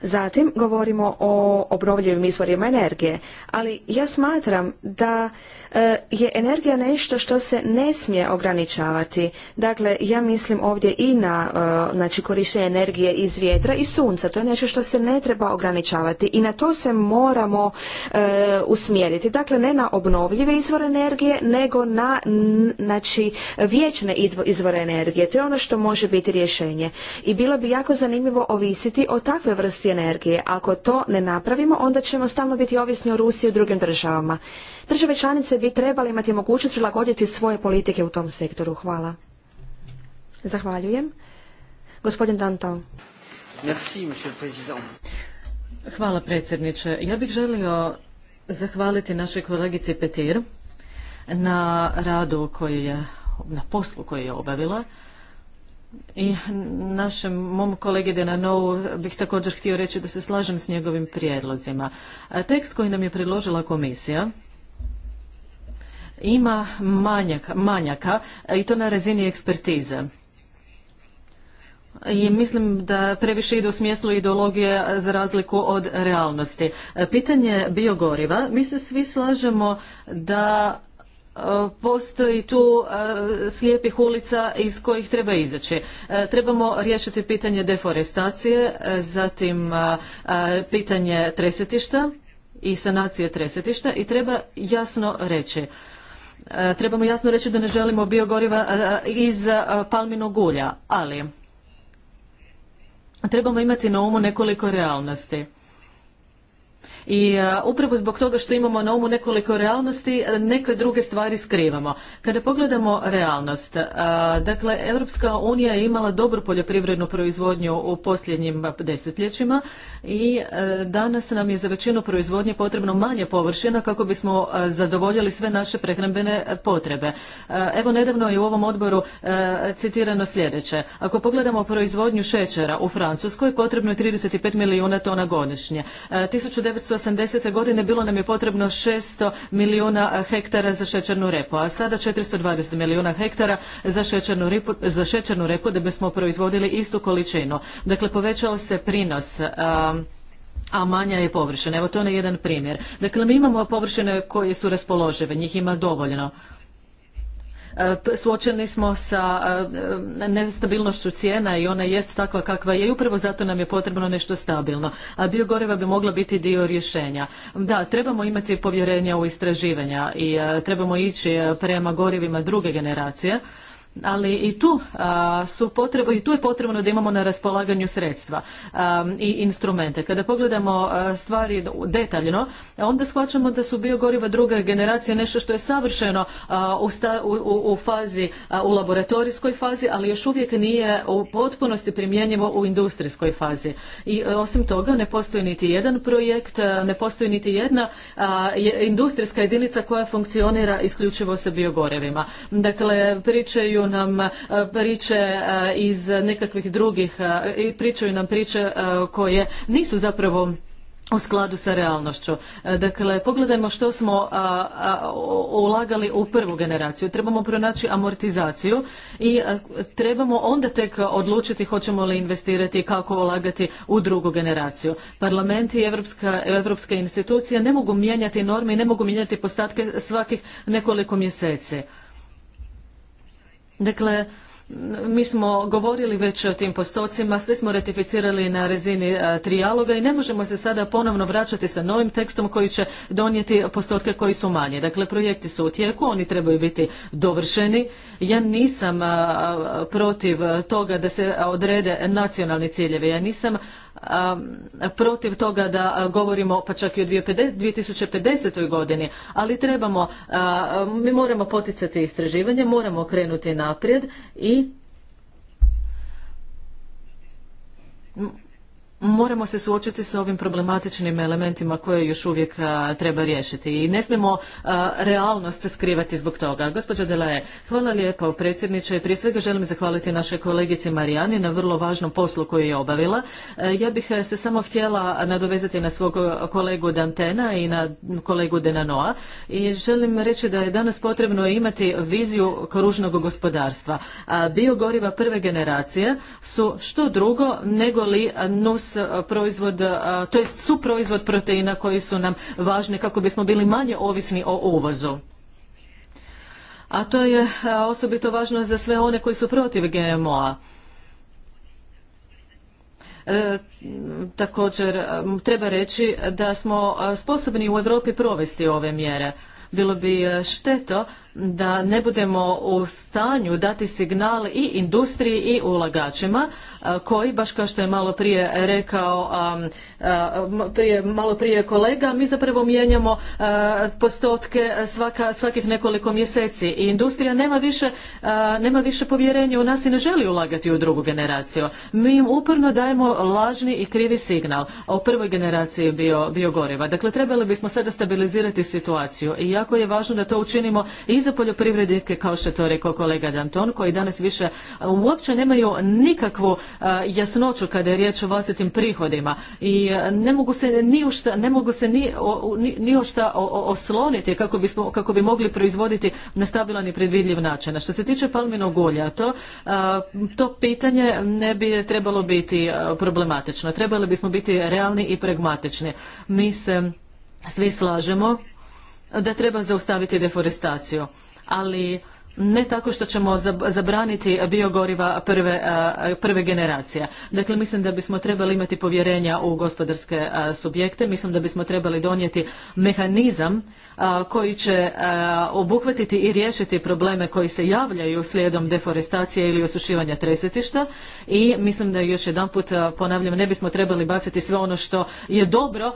S2: Zatim govorimo o obnovljivim izvorima energije, ali ja smatram da e, je energija nešto što se ne smije ograničavati. Dakle, ja mislim ovdje i na e, znači, korištenje energije iz vjetra i sunca. To je nešto što se ne treba ograničavati i na to se moramo e, usmjeriti. Dakle, ne na obnovljive izvore energije, nego na znači, vječne izvore energije. To je ono što može biti rješenje. I bilo bi jako zanimljivo ovisiti o takve vrsti energije. Ako to ne napravimo, onda ćemo stalno biti ovisni o Rusiji i drugim državama. Države članice bi trebale imati mogućnost prilagoditi svoje politike u tom sektoru. Hvala. Zahvaljujem.
S3: Gospodin Danton. Merci, Hvala predsjedniče. Ja bih želio zahvaliti našoj kolegici Petir na radu koji je, na poslu koji je obavila i našem mom kolegi Denanovu bih također htio reći da se slažem s njegovim prijedlozima. Tekst koji nam je predložila komisija ima manjaka, manjaka i to na razini ekspertize. I mislim da previše ide u smjeslu ideologije za razliku od realnosti. Pitanje biogoriva, mi se svi slažemo da postoji tu e, slijepih ulica iz kojih treba izaći. E, trebamo riješiti pitanje deforestacije, e, zatim pitanje tresetišta i sanacije tresetišta i treba jasno reći trebamo jasno reći da ne želimo biogoriva iz palminog ulja, ali trebamo imati na umu nekoliko realnosti. I e, upravo zbog toga što imamo na umu nekoliko realnosti, e, neke druge stvari skrivamo. Kada pogledamo realnost, e, dakle, Europska unija je imala dobru poljoprivrednu proizvodnju u posljednjim desetljećima i danas nam je za većinu proizvodnje potrebno manje površina kako bismo zadovoljili sve naše prehrambene potrebe. Evo, nedavno je u ovom odboru citirano sljedeće. Ako pogledamo proizvodnju šećera u Francuskoj, potrebno je 35 milijuna tona godišnje. devetsto 1980. godine bilo nam je potrebno 600 milijuna eh, hektara za šećernu repu, a sada 420 milijuna hektara za šećernu, za šećernu repu da bismo proizvodili istu količinu. Dakle, povećao se prinos ehm, a, manja je površina. Evo to je jedan primjer. Dakle, mi imamo površine koje su raspoložive, njih ima dovoljno. Suočeni smo sa e, e, nestabilnošću cijena i ona jest takva kakva je i upravo zato nam je potrebno nešto stabilno. A biogoriva bi mogla biti dio rješenja. Da, trebamo imati povjerenja u istraživanja i e, trebamo ići prema gorivima druge generacije ali i tu su potrebo, i tu je potrebno da imamo na raspolaganju sredstva i instrumente. Kada pogledamo stvari detaljno, onda shvaćamo da su biogoriva druga generacija nešto što je savršeno u, fazi, u laboratorijskoj fazi, ali još uvijek nije u potpunosti primjenjivo u industrijskoj fazi. I e, osim toga ne postoji niti jedan projekt, e, ne postoji niti jedna industrijska jedinica koja funkcionira isključivo sa biogorevima. Dakle, pričaju nam e, priče e, iz nekakvih drugih, e, pričaju nam priče koje nisu zapravo u skladu sa realnošću. Dakle, pogledajmo što smo ulagali u prvu generaciju. Trebamo pronaći amortizaciju i trebamo onda tek odlučiti hoćemo li investirati i kako ulagati u drugu generaciju. Parlamenti i europske institucije ne mogu mijenjati norme i ne mogu mijenjati postatke svakih nekoliko mjeseci. Dakle, mi smo govorili već o tim postocima, sve smo ratificirali na razini e, trijaloga i ne možemo se sada ponovno vraćati sa novim tekstom koji će donijeti postotke koji su manje. Dakle, projekti su u tijeku, oni trebaju biti dovršeni. Ja nisam e, protiv toga da se odrede nacionalni ciljevi, ja nisam Um, protiv toga da govorimo pa čak i o 2050. godini, ali trebamo, mi moramo poticati istraživanje, moramo krenuti naprijed i moramo se suočiti sa ovim problematičnim elementima koje još uvijek treba riješiti i ne smijemo realnost skrivati zbog toga. Gospođo Delaje, hvala lijepo, predsjedniče. Prije svega želim zahvaliti našoj kolegici Marijani na vrlo važnom poslu koju je obavila. E, ja bih e, se samo htjela nadovezati na svog kolegu Dantena i na kolegu Denanoa i želim reći da je danas potrebno imati viziju kružnog gospodarstva. Biogoriva prve generacije su što drugo nego li nus E, proizvod, e, to jest suproizvod proteina koji su nam važni kako bismo bili manje ovisni o uvozu. A to je e, osobito važno za sve one koji su protiv GMO-a. također treba reći da smo sposobni u Europi provesti ove mjere. Bilo bi šteto da ne budemo u stanju dati signal i industriji i ulagačima koji, baš kao što je malo prije rekao prije, malo prije kolega, mi zapravo mijenjamo postotke svaka, svakih nekoliko mjeseci i industrija nema više, nema više povjerenja u nas i ne želi ulagati u drugu generaciju. Mi im uporno dajemo lažni i krivi signal o prvoj generaciji biogoriva. Bio dakle, trebali bismo sada stabilizirati situaciju i jako je važno da to učinimo i za poljoprivrednike, kao što je to rekao kolega Danton, koji danas više uopće nemaju nikakvu jasnoću kada je riječ o vlastitim prihodima i ne mogu se ni ne mogu se ni, o, ni, osloniti kako, bismo, kako bi mogli proizvoditi na stabilan i predvidljiv način. A što se tiče palminog ulja, to, to pitanje ne bi trebalo biti problematično. Trebali bismo biti realni i pragmatični. Mi se svi slažemo da treba zaustaviti deforestaciju, ali ne tako što ćemo zabraniti biogoriva prve, prve generacije. Dakle, mislim da bismo trebali imati povjerenja u gospodarske subjekte, mislim da bismo trebali donijeti mehanizam koji će obuhvatiti i riješiti probleme koji se javljaju slijedom deforestacije ili osušivanja tresetišta i mislim da još jedanput ponavljam ne bismo trebali baciti sve ono što je dobro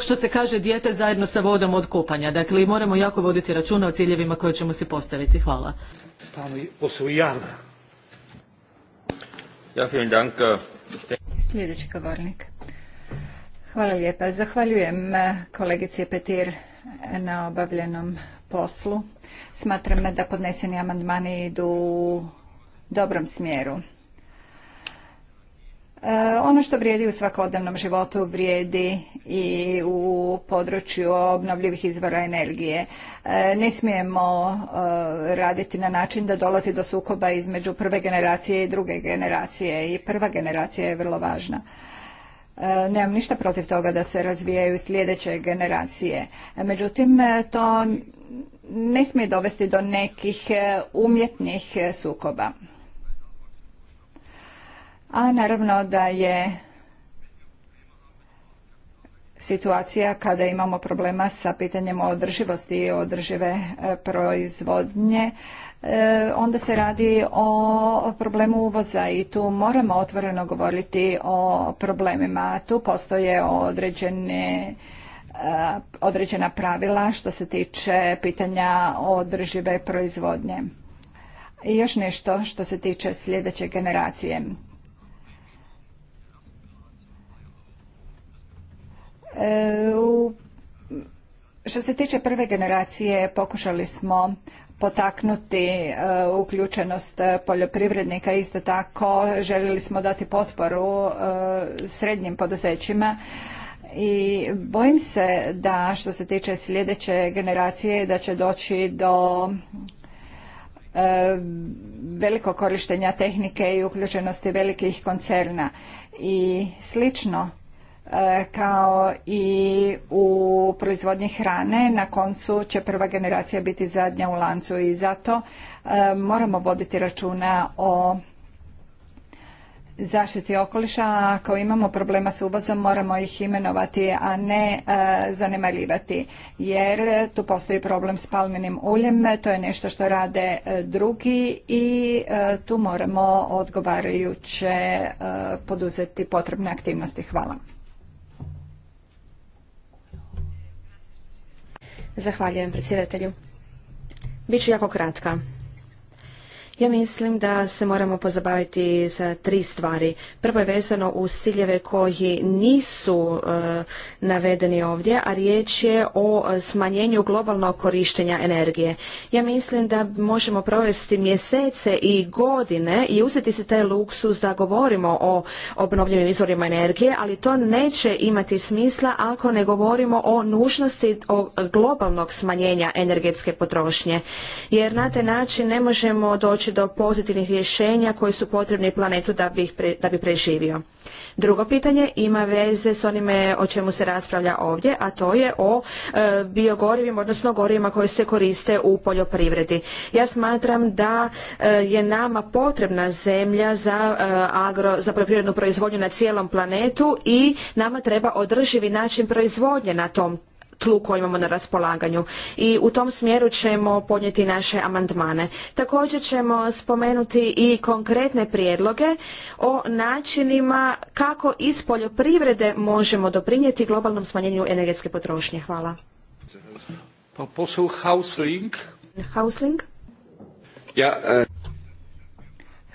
S3: što se kaže dijete zajedno sa vodom od kupanja. Dakle moramo jako voditi računa o ciljevima koje ćemo si postaviti. Hvala. Sljedeći govornik. Hvala
S4: lijepa. Zahvaljujem kolegici Petir na obavljenom poslu. Smatram da podneseni amandmani idu u dobrom smjeru. E, ono što vrijedi u svakodnevnom životu vrijedi i u području obnovljivih izvora energije. E, ne smijemo e, raditi na način da dolazi do sukoba između prve generacije i druge generacije i prva generacija je vrlo važna. E, nemam ništa protiv toga da se razvijaju sljedeće generacije. E, međutim, e, to ne smije dovesti do nekih umjetnih sukoba. A naravno da je situacija kada imamo problema sa pitanjem održivosti i održive proizvodnje E, onda se radi o problemu uvoza i tu moramo otvoreno govoriti o problemima. Tu postoje određene e, određena pravila što se tiče pitanja održive proizvodnje. I još nešto što se tiče sljedeće generacije. E, što se tiče prve generacije, pokušali smo potaknuti e, uključenost poljoprivrednika. Isto tako željeli smo dati potporu e, srednjim poduzećima i bojim se da što se tiče sljedeće generacije da će doći do e, veliko korištenja tehnike i uključenosti velikih koncerna i slično E, kao i u proizvodnji hrane. Na koncu će prva generacija biti zadnja u lancu i zato e, moramo voditi računa o zaštiti okoliša, ako imamo problema s uvozom moramo ih imenovati, a ne e, zanemarivati. Jer tu postoji problem s palmenim uljem, to je nešto što rade drugi i tu moramo odgovarajuće poduzeti potrebne aktivnosti. Hvala. Zahvaljujem predsjedatelju.
S2: Biću jako kratka. Ja mislim da se moramo pozabaviti sa tri stvari. Prvo je vezano uz ciljeve koji nisu eh, navedeni ovdje, a riječ je o smanjenju globalnog korištenja energije. Ja mislim da možemo provesti mjesece i godine i uzeti se taj luksus da govorimo o obnovljivim izvorima energije, ali to neće imati smisla ako ne govorimo o nužnosti globalnog smanjenja energetske potrošnje. Jer na taj način ne možemo doći do pozitivnih rješenja koji su potrebni planetu da bi, da bi preživio. Drugo pitanje ima veze s onime o čemu se raspravlja ovdje, a to je o e, biogorivima, odnosno gorivima koje se koriste u poljoprivredi. Ja smatram da e, je nama potrebna zemlja za, e, agro, za poljoprivrednu proizvodnju na cijelom planetu i nama treba održivi način proizvodnje na tom tlu koje imamo na raspolaganju. I u tom smjeru ćemo podnijeti naše amandmane. Također ćemo spomenuti i konkretne prijedloge o načinima kako iz poljoprivrede možemo doprinijeti globalnom smanjenju energetske potrošnje. Hvala.
S1: Pa Ja, e,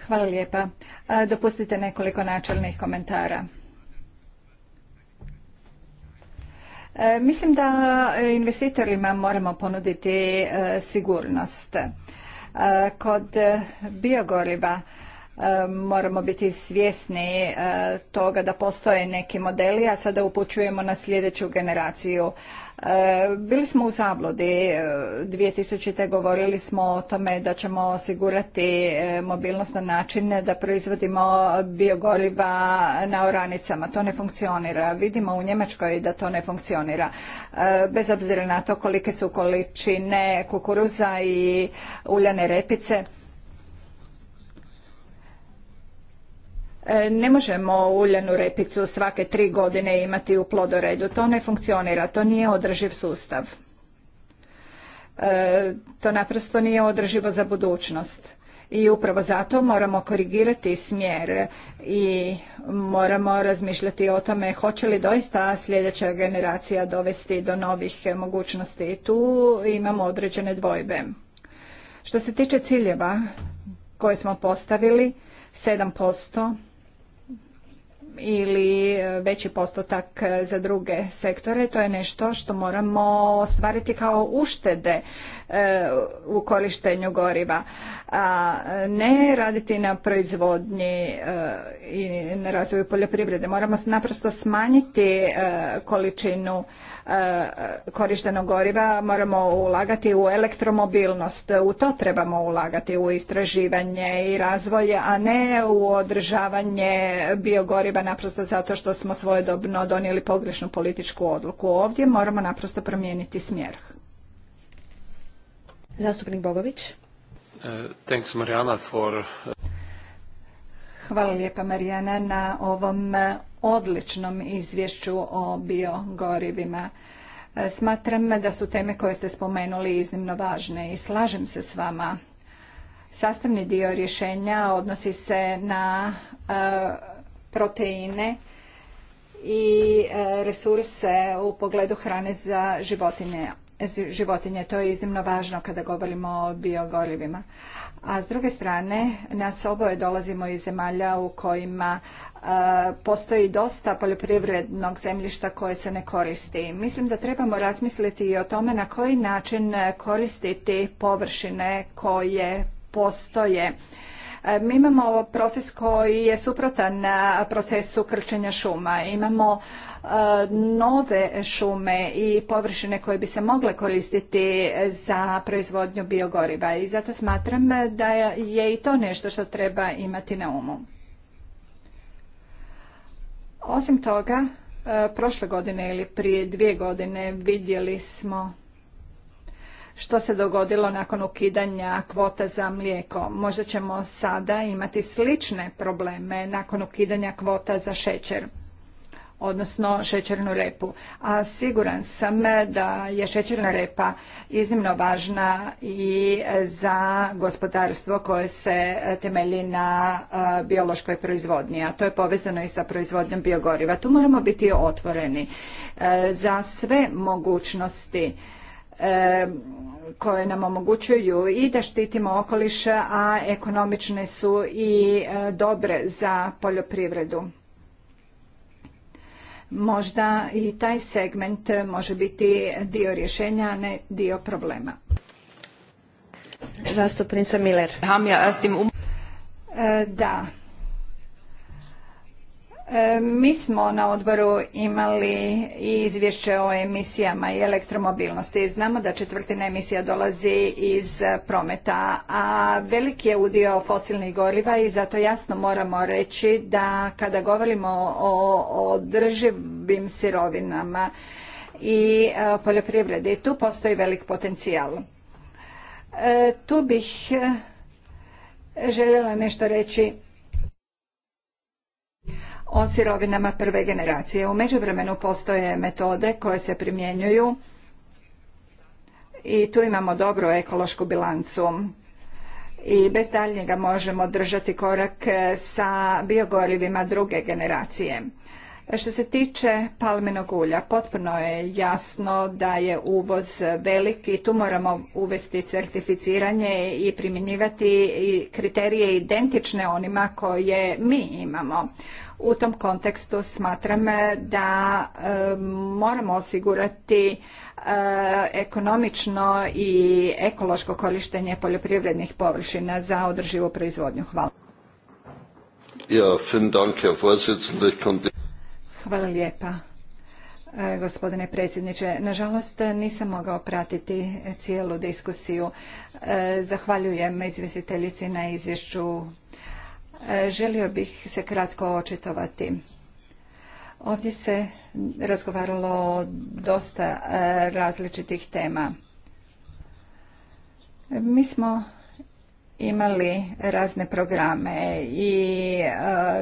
S4: Hvala lijepa. Dopustite nekoliko načelnih komentara. E, mislim da e, investitorima moramo ponuditi e, sigurnost. Kod biogoriva E, moramo biti svjesni e, toga da postoje neki modeli, a sada upućujemo na sljedeću generaciju. E, bili smo u zablodi 2000. govorili smo o tome da ćemo osigurati mobilnost na način da proizvodimo biogoriva na oranicama. To ne funkcionira. Vidimo u Njemačkoj da to ne funkcionira. Bez obzira na to kolike su količine kukuruza i uljane repice E, ne možemo uljanu repicu svake tri godine imati u plodoredu. To ne funkcionira, to nije održiv sustav. E, to naprosto nije održivo za budućnost. I upravo zato moramo korigirati smjer i moramo razmišljati o tome hoće li doista sljedeća generacija dovesti do novih mogućnosti. Tu imamo određene dvojbe. Što se tiče ciljeva koje smo postavili, 7%, ili e, veći postotak e, za druge sektore. To je nešto što moramo ostvariti kao uštede E, u korištenju goriva, a ne raditi na proizvodnji e, i na razvoju poljoprivrede. Moramo naprosto smanjiti e, količinu korištenog goriva, moramo ulagati u elektromobilnost, u to trebamo ulagati, u istraživanje i razvoj, a ne u održavanje biogoriva naprosto zato što smo svojedobno donijeli pogrešnu političku odluku. Ovdje moramo naprosto promijeniti smjer. Zastupnik Bogović.
S1: Eh, thanks Marijana for... Eh,
S4: Hvala lijepa Marijana na ovom eh, odličnom izvješću o biogorivima. Smatram da su teme koje ste spomenuli iznimno važne i slažem se s vama. Sastavni dio rješenja odnosi se na proteine i resurse u pogledu hrane za životinje životinje. To je iznimno važno kada govorimo o biogorivima. A s druge strane, nas oboje dolazimo iz zemalja u kojima e, postoji dosta poljoprivrednog zemljišta koje se ne koristi. Mislim da trebamo razmisliti i o tome na koji način koristiti površine koje postoje. E, mi imamo proces koji je suprotan procesu krčenja šuma. Imamo nove šume i površine koje bi se mogle koristiti za proizvodnju biogoriva i zato smatram da je i to nešto što treba imati na umu. Osim toga, e, prošle godine ili prije dvije godine vidjeli smo što se dogodilo nakon ukidanja kvota za mlijeko. Možda ćemo sada imati slične probleme nakon ukidanja kvota za šećer odnosno šećernu repu. A siguran sam da je šećerna repa iznimno važna i za gospodarstvo koje se temelji na biološkoj proizvodnji, a to je povezano i sa proizvodnjom biogoriva. Tu moramo biti otvoreni e, za sve mogućnosti e, koje nam omogućuju i da štitimo okoliše, a ekonomične su i e, dobre za poljoprivredu. Možda i taj segment može biti dio rješenja, a ne dio problema. Zastupnica Miller. Um- e, da, E, mi smo na odboru imali i izvješće o emisijama i elektromobilnosti. Znamo da četvrtina emisija dolazi iz prometa, a veliki je udio fosilnih goriva i zato jasno moramo reći da kada govorimo o održivim sirovinama i e, poljoprivredi, tu postoji velik potencijal. E, tu bih željela nešto reći o sirovinama prve generacije. U međuvremenu postoje metode koje se primjenjuju i tu imamo dobru ekološku bilancu i bez daljnjega možemo držati korak sa biogorivima druge generacije. Što se tiče palmenog ulja, potpuno je jasno da je uvoz velik i tu moramo uvesti certificiranje i primjenjivati kriterije identične onima koje mi imamo. U tom kontekstu smatram e, da e, moramo osigurati e, ekonomično i ekološko korištenje poljoprivrednih površina za održivu proizvodnju. Hvala. Hvala lijepa gospodine predsjedniče. Nažalost nisam mogao pratiti cijelu diskusiju. Zahvaljujem izvjestiteljici na izvješću E, želio bih se kratko očitovati. Ovdje se razgovaralo o dosta e, različitih tema. Mi smo imali razne programe i e,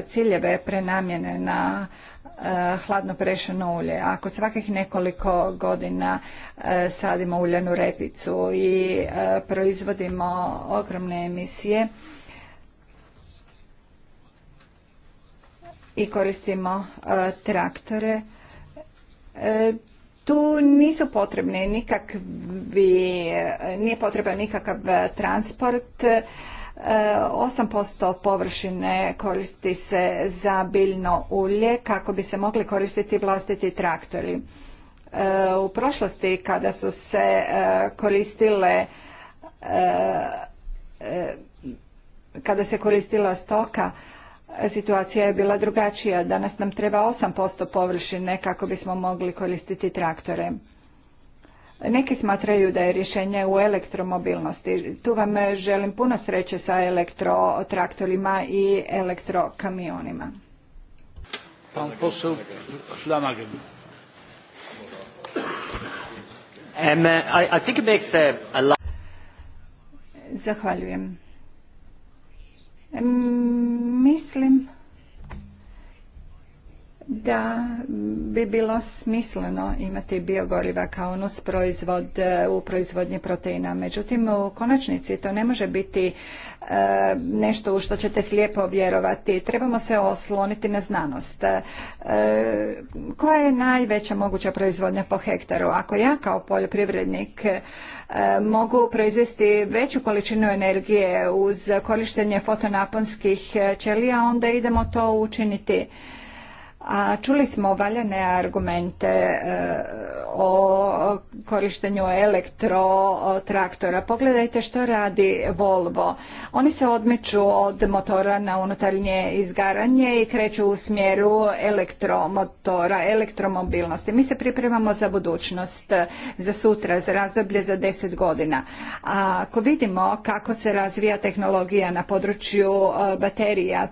S4: ciljeve prenamjene na hladno prešeno ulje. Ako svakih nekoliko godina sadimo uljanu repicu i proizvodimo ogromne emisije, i koristimo e, traktore. E, tu nisu potrebni nikakvi, e, nije potreban nikakav transport. 8% površine koristi se za biljno ulje kako bi se mogli koristiti vlastiti traktori. U prošlosti kada su se koristile kada se koristila stoka situacija je bila drugačija. Danas nam treba 8% površine kako bismo mogli koristiti traktore. Neki smatraju da je rješenje u elektromobilnosti. Tu vam želim puno sreće sa elektrotraktorima i elektrokamionima. Pan Zahvaljujem. Mm, mislim da bi bilo smisleno imati biogoriva kao nus proizvod e, u proizvodnji proteina. Međutim, u konačnici to ne može biti e, nešto u što ćete slijepo vjerovati. Trebamo se osloniti na znanost. E, koja je najveća moguća proizvodnja po hektaru? Ako ja kao poljoprivrednik mogu proizvesti veću količinu energije uz korištenje fotonaponskih ćelija, onda idemo to učiniti a čuli smo valjane argumente e, o korištenju elektrotraktora. Pogledajte što radi Volvo. Oni se odmiču od motora na unutarnje izgaranje i kreću u smjeru elektromotora, elektromobilnosti. Mi se pripremamo za budućnost, za sutra, za razdoblje za deset godina. A ako vidimo kako se razvija tehnologija na području e, baterija,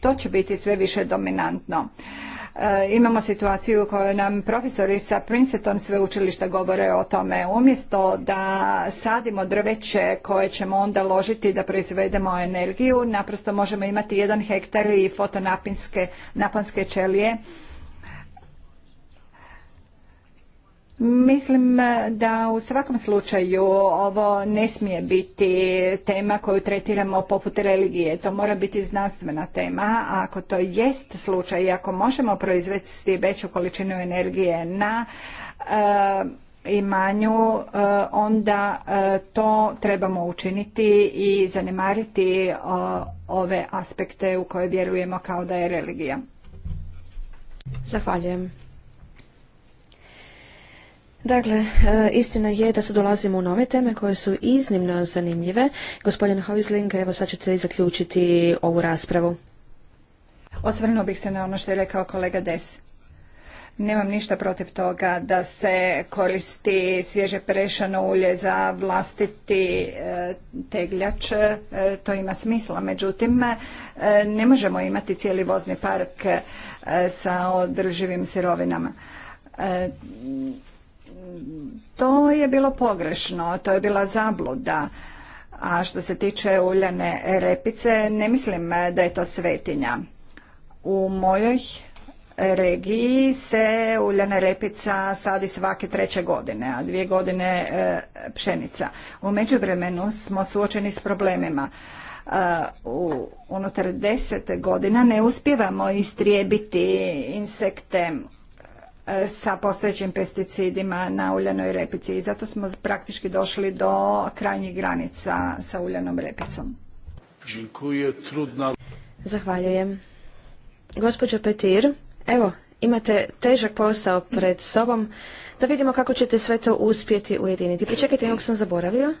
S4: to će biti sve više dominantno. E, imamo situaciju u kojoj nam profesori sa Princeton sveučilišta govore o tome. Umjesto da sadimo drveće koje ćemo onda ložiti da proizvedemo energiju, naprosto možemo imati jedan hektar i fotonapinske naponske čelije Mislim eh, da u svakom slučaju ovo ne smije biti tema koju tretiramo poput religije. To mora biti znanstvena tema. A ako to jest slučaj i ako možemo proizvesti veću količinu energije na e, imanju, eh, onda to trebamo učiniti i zanemariti ove aspekte u koje vjerujemo kao da je religija. Zahvaljujem.
S2: Dakle, e, istina je da se dolazimo u nove teme koje su iznimno zanimljive. Gospodin Hoisling, evo sad ćete i zaključiti ovu raspravu.
S4: Osvrnuo bih se na ono što je rekao kolega Des. Nemam ništa protiv toga da se koristi svježe prešano ulje za vlastiti e, tegljač, e, to ima smisla. Međutim, ne možemo imati cijeli vozni park sa održivim sirovinama. To je bilo pogrešno, to je bila zabluda. A što se tiče uljane repice, ne mislim da je to svetinja. U mojoj regiji se uljana repica sadi svake treće godine, a dvije godine e, pšenica. U međuvremenu smo suočeni s problemima. E, u unutar deset godina ne uspijevamo istrijebiti insekte E, sa postojećim pesticidima na uljanoj repici i zato smo praktički došli do krajnjih granica sa uljanom repicom. Zahvaljujem.
S2: Gospođo Petir, evo, imate težak posao pred sobom da vidimo kako ćete sve to uspjeti ujediniti. Pričekajte, jednog sam zaboravio.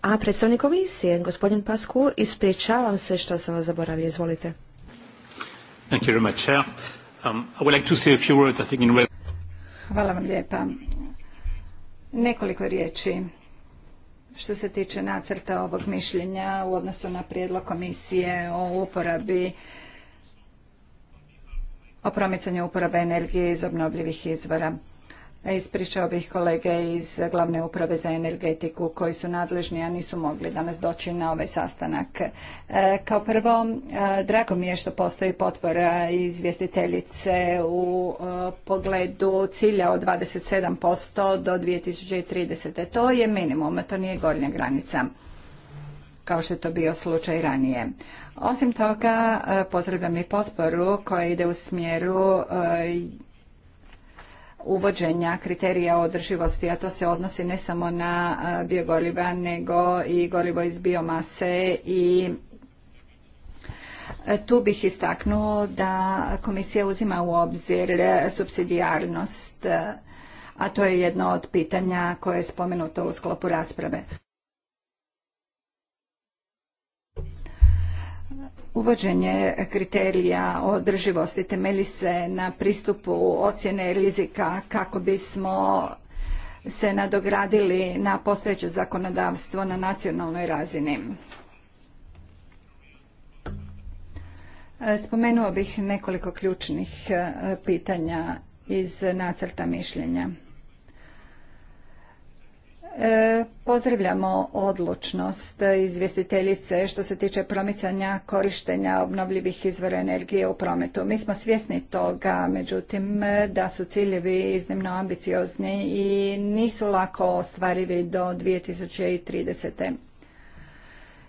S2: A predstavnik komisije, gospodin Pasku, ispričavam se što sam vas zaboravio. Izvolite.
S4: Hvala vam lijepa. Nekoliko riječi što se tiče nacrta ovog mišljenja u odnosu na prijedlog komisije o uporabi o promicanju uporabe energije iz obnovljivih izvora. Ispričao bih kolege iz glavne uprave za energetiku koji su nadležni, a nisu mogli danas doći na ovaj sastanak. E, kao prvo, e, drago mi je što postoji potpora izvjestiteljice u e, pogledu cilja od 27% do 2030. To je minimum, to nije gornja granica kao što je to bio slučaj ranije. Osim toga, pozdravljam i potporu koja ide u smjeru uvođenja kriterija održivosti, a to se odnosi ne samo na biogoriva, nego i gorivo iz biomase i e, tu bih istaknuo da komisija uzima u obzir subsidijarnost, a to je jedno od pitanja koje je spomenuto u sklopu rasprave. Uvođenje kriterija održivosti temelji se na pristupu ocjene rizika kako bismo se nadogradili na postojeće zakonodavstvo na nacionalnoj razini. Spomenuo bih nekoliko ključnih e, pitanja iz nacrta mišljenja. E, pozdravljamo odlučnost izvjestiteljice što se tiče promicanja korištenja obnovljivih izvora energije u prometu. Mi smo svjesni toga, međutim, da su ciljevi iznimno ambiciozni i nisu lako ostvarivi do 2030.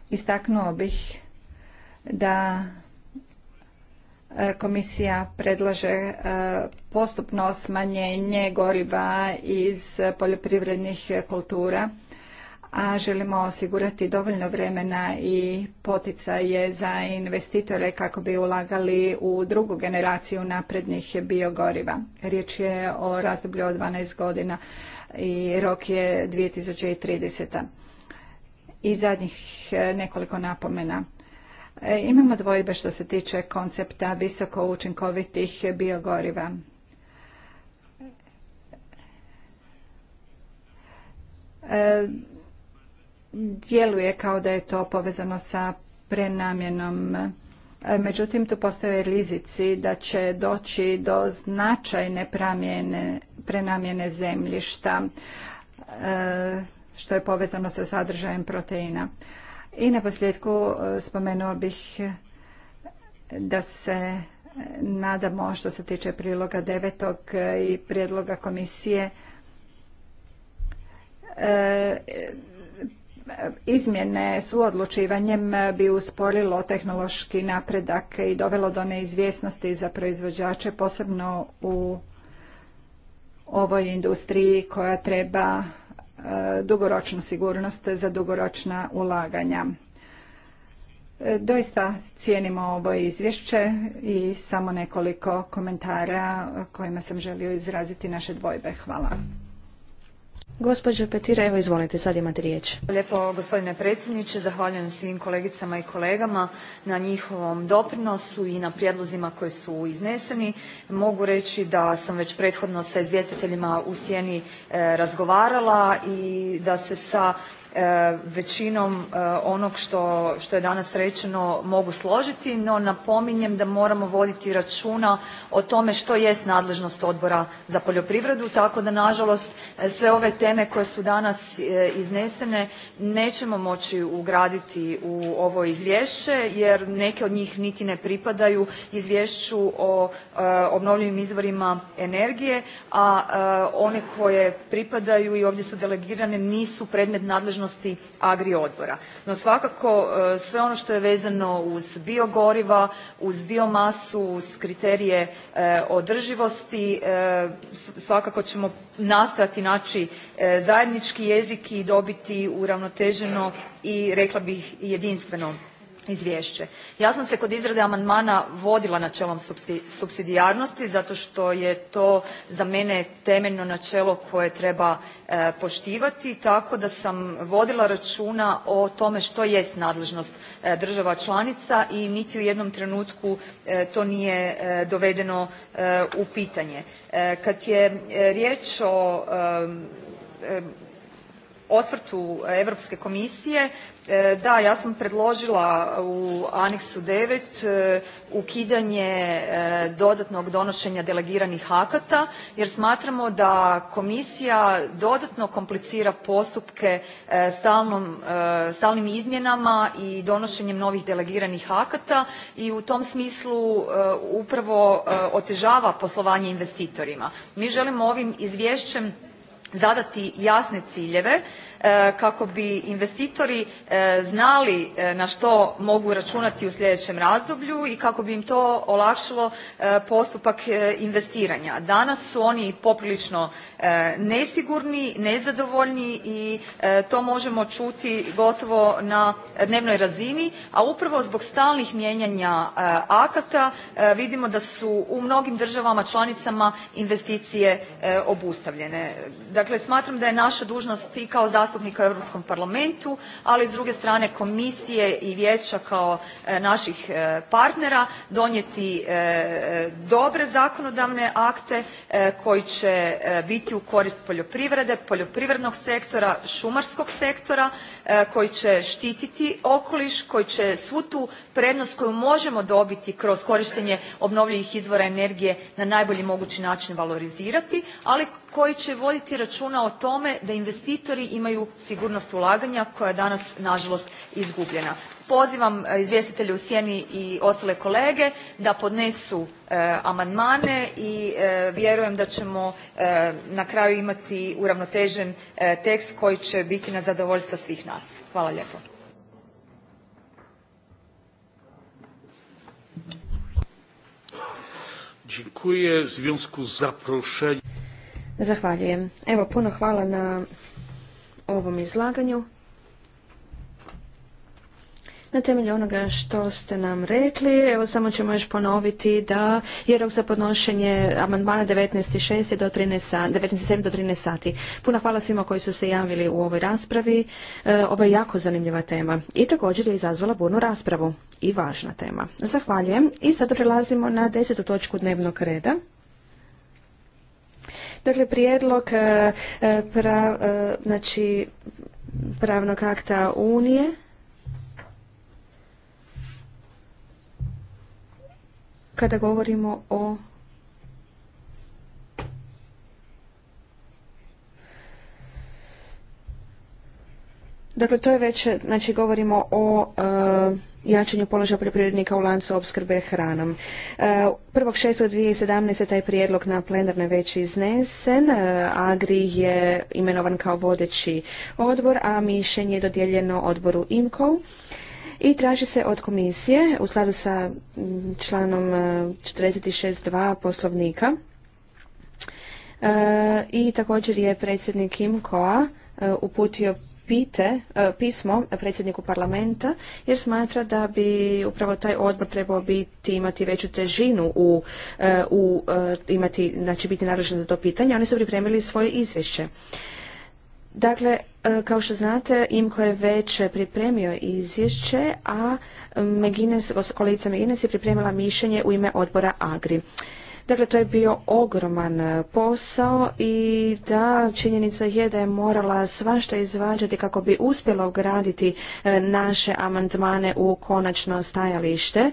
S4: Istaknuo bih da E, komisija predlaže e, postupno smanjenje goriva iz poljoprivrednih kultura, a želimo osigurati dovoljno vremena i poticaje za investitore kako bi ulagali u drugu generaciju naprednih biogoriva. Riječ je o razdoblju od 12 godina i rok je 2030. I zadnjih e, nekoliko napomena. E, imamo dvojbe što se tiče koncepta visoko učinkovitih biogoriva. E, djeluje kao da je to povezano sa prenamjenom e, Međutim, tu postoje rizici da će doći do značajne prenamjene zemljišta, što je povezano sa sadržajem proteina. I na posljedku e, spomenuo bih e, da se e, nadamo što se tiče priloga devetog i prijedloga komisije izmjene su odlučivanjem bi usporilo tehnološki napredak i dovelo do neizvjesnosti za proizvođače, posebno u ovoj industriji koja treba dugoročnu sigurnost za dugoročna ulaganja. E, doista cijenimo ovo izvješće i samo nekoliko komentara kojima sam želio izraziti naše dvojbe. Hvala.
S2: Gospođo Petira, evo izvolite, sad imate riječ.
S7: Lijepo gospodine predsjedniče, zahvaljujem svim kolegicama i kolegama na njihovom doprinosu i na prijedlozima koji su izneseni. Mogu reći da sam već prethodno sa izvjestiteljima u sjeni e, razgovarala i da se sa E, većinom e, onog što, je danas rečeno mogu složiti, no napominjem da moramo voditi računa o tome što jest nadležnost Odbora za poljoprivredu, tako da nažalost sve ove teme koje su danas e, iznesene nećemo moći ugraditi u ovo izvješće jer neke od njih niti ne pripadaju izvješću o obnovljivim izvorima energije, a one koje pripadaju i ovdje su delegirane nisu predmet nadležnosti nadležnosti Agri odbora. No svakako e, sve ono što je vezano uz biogoriva, uz biomasu, uz kriterije e, održivosti e, svakako ćemo nastojati naći zajednički jezik i dobiti uravnoteženo i rekla bih jedinstveno izvješće. Ja sam se kod izrade amandmana vodila načelom supsidijarnosti zato što je to za mene temeljno načelo koje treba e, poštivati tako da sam vodila računa o tome što jest nadležnost e, država članica i niti u jednom trenutku e, to nije dovedeno u pitanje. Kad je riječ o osvrtu Europske komisije E, da, ja sam predložila u aneksu 9 e, ukidanje e, dodatnog donošenja delegiranih akata jer smatramo da komisija dodatno komplicira postupke stalnim izmjenama i donošenjem novih delegiranih akata i u tom smislu upravo otežava poslovanje investitorima. Mi želimo ovim izvješćem zadati jasne ciljeve E, kako bi investitori e, znali e, na što mogu računati u sljedećem razdoblju i kako bi im to olakšalo postupak investiranja. Danas su oni poprilično nesigurni, nezadovoljni i to možemo čuti gotovo na dnevnoj razini, a upravo zbog stalnih mijenjanja akata vidimo da su u mnogim državama članicama investicije obustavljene. Dakle, smatram da je naša dužnost i kao zastupnika u Europskom parlamentu, ali s druge strane komisije i vijeća kao e, naših e, partnera donijeti e, dobre zakonodavne akte koji će biti u korist poljoprivrede, poljoprivrednog sektora, šumarskog sektora, koji će štititi okoliš, koji će svu tu prednost koju možemo dobiti kroz korištenje obnovljivih izvora energije na najbolji mogući način valorizirati, ali koji će voditi računa o tome da investitori imaju sigurnost ulaganja koja je danas nažalost izgubljena. Pozivam e, izvjestitelje u sjeni i ostale kolege da podnesu e, amandmane i e, vjerujem da ćemo na kraju imati uravnotežen tekst koji će biti na zadovoljstvo svih nas. Hvala
S1: lijepo.
S2: Zahvaljujem. Evo, puno hvala na ovom izlaganju. Na temelju onoga što ste nam rekli, evo samo ćemo još ponoviti da je rok za podnošenje amandmana 19.6. do 13, do 13 sati. Puno hvala svima koji su se javili u ovoj raspravi. E, ovo je jako zanimljiva tema i također je izazvala burnu raspravu i važna tema. Zahvaljujem i sada prelazimo na 10. točku dnevnog reda. Dakle, prijedlog e, e, e, znači, pravnog akta Unije kada govorimo o Dakle, to je već, znači govorimo o jačanju položaja poljoprivrednika u lancu opskrbe hranom. 1.6.2017. E, taj prijedlog na plenarne već iznesen. E, Agri je imenovan kao vodeći odbor, a mišljenje je dodijeljeno odboru IMCO i traži se od komisije u skladu sa članom 46.2 e, poslovnika i također je predsjednik imkoa a uputio pite, e, pismo predsjedniku parlamenta jer smatra da bi upravo taj odbor trebao biti imati veću težinu u, e, u e, imati, znači biti nadležan za to pitanje. Oni su pripremili svoje izvješće. Dakle, kao što znate, IMKO je već pripremio izvješće, a Megines, kolegica Megines je pripremila mišljenje u ime odbora AGRI. Dakle, to je bio ogroman e, posao i da, činjenica je da je morala svašta izvađati kako bi uspjela ugraditi e, naše amandmane u konačno stajalište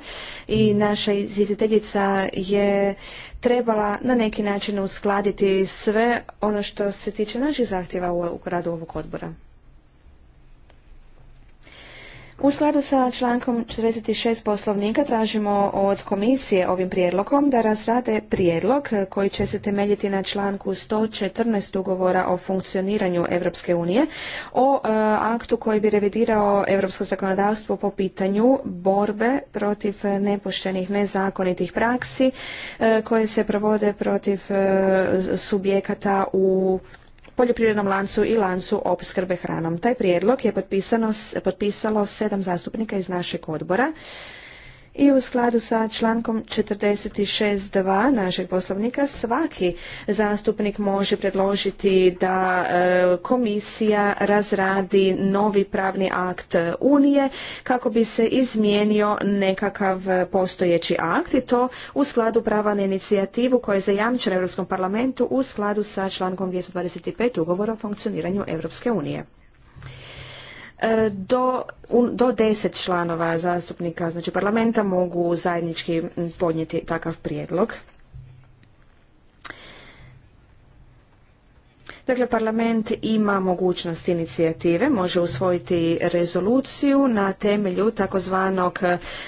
S2: i naša izvjestiteljica je trebala na neki način uskladiti sve ono što se tiče naših zahtjeva u, u radu ovog odbora. U skladu sa člankom 46 poslovnika tražimo od komisije ovim prijedlogom da razrade prijedlog koji će se temeljiti na članku 114 ugovora o funkcioniranju Europske unije o e, aktu koji bi revidirao europsko zakonodavstvo po pitanju borbe protiv nepoštenih nezakonitih praksi e, koje se provode protiv e, subjekata u poljoprivrednom lancu i lancu opskrbe hranom. Taj prijedlog je potpisalo sedam zastupnika iz našeg odbora i u skladu sa člankom 46.2 našeg poslovnika svaki zastupnik može predložiti da e, komisija razradi novi pravni akt Unije kako bi se izmijenio nekakav postojeći akt i to u skladu prava na inicijativu koja je zajamčena Europskom parlamentu u skladu sa člankom 225 ugovora o funkcioniranju Europske unije. E, do, deset članova zastupnika znači parlamenta mogu zajednički podnijeti takav prijedlog. Dakle, parlament ima mogućnost inicijative, može usvojiti rezoluciju na temelju takozvanog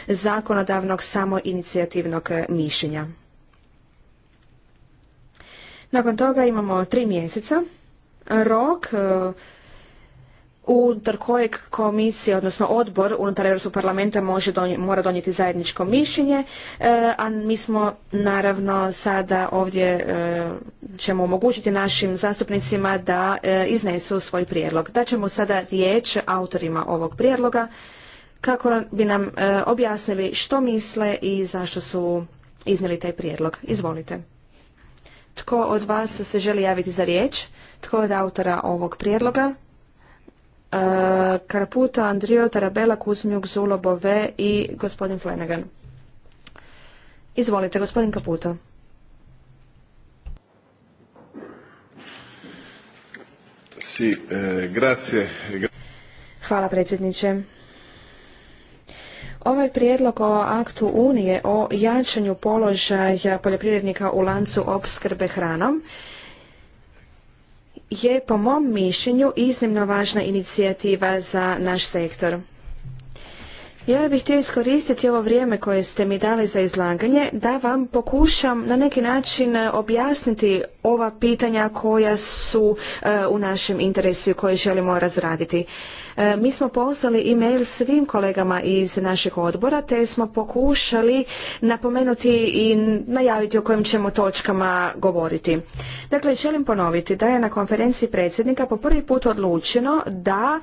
S2: zakonodavnog samoinicijativnog mišljenja. Nakon toga imamo tri mjeseca rok e, unutar kojeg komisija, odnosno odbor unutar Europskog parlamenta može mora donijeti zajedničko mišljenje, e, a mi smo naravno sada ovdje e, ćemo omogućiti našim zastupnicima da e, iznesu svoj prijedlog. Da ćemo sada riječ autorima ovog prijedloga kako bi nam objasnili što misle i zašto su iznijeli taj prijedlog. Izvolite. Tko od vas se želi javiti za riječ? Tko od autora ovog prijedloga? E, Karputo, Andrio, Tarabela, Kuzmjuk, Zulo, Bove i gospodin Flanagan. Izvolite, gospodin Kaputo.
S3: E, grazie.
S2: Hvala predsjedniče. Ovaj prijedlog o aktu Unije o jačanju položaja poljoprivrednika u lancu opskrbe hranom je po mom mišljenju iznimno važna inicijativa za naš sektor. Ja bih htio iskoristiti ovo vrijeme koje ste mi dali za izlaganje da vam pokušam na neki način e, objasniti ova pitanja koja su e, u našem interesu i koje želimo razraditi. E, mi smo poslali e-mail svim kolegama iz našeg odbora te smo pokušali napomenuti i najaviti o kojim ćemo točkama govoriti. Dakle, želim ponoviti da je na konferenciji predsjednika po prvi put odlučeno da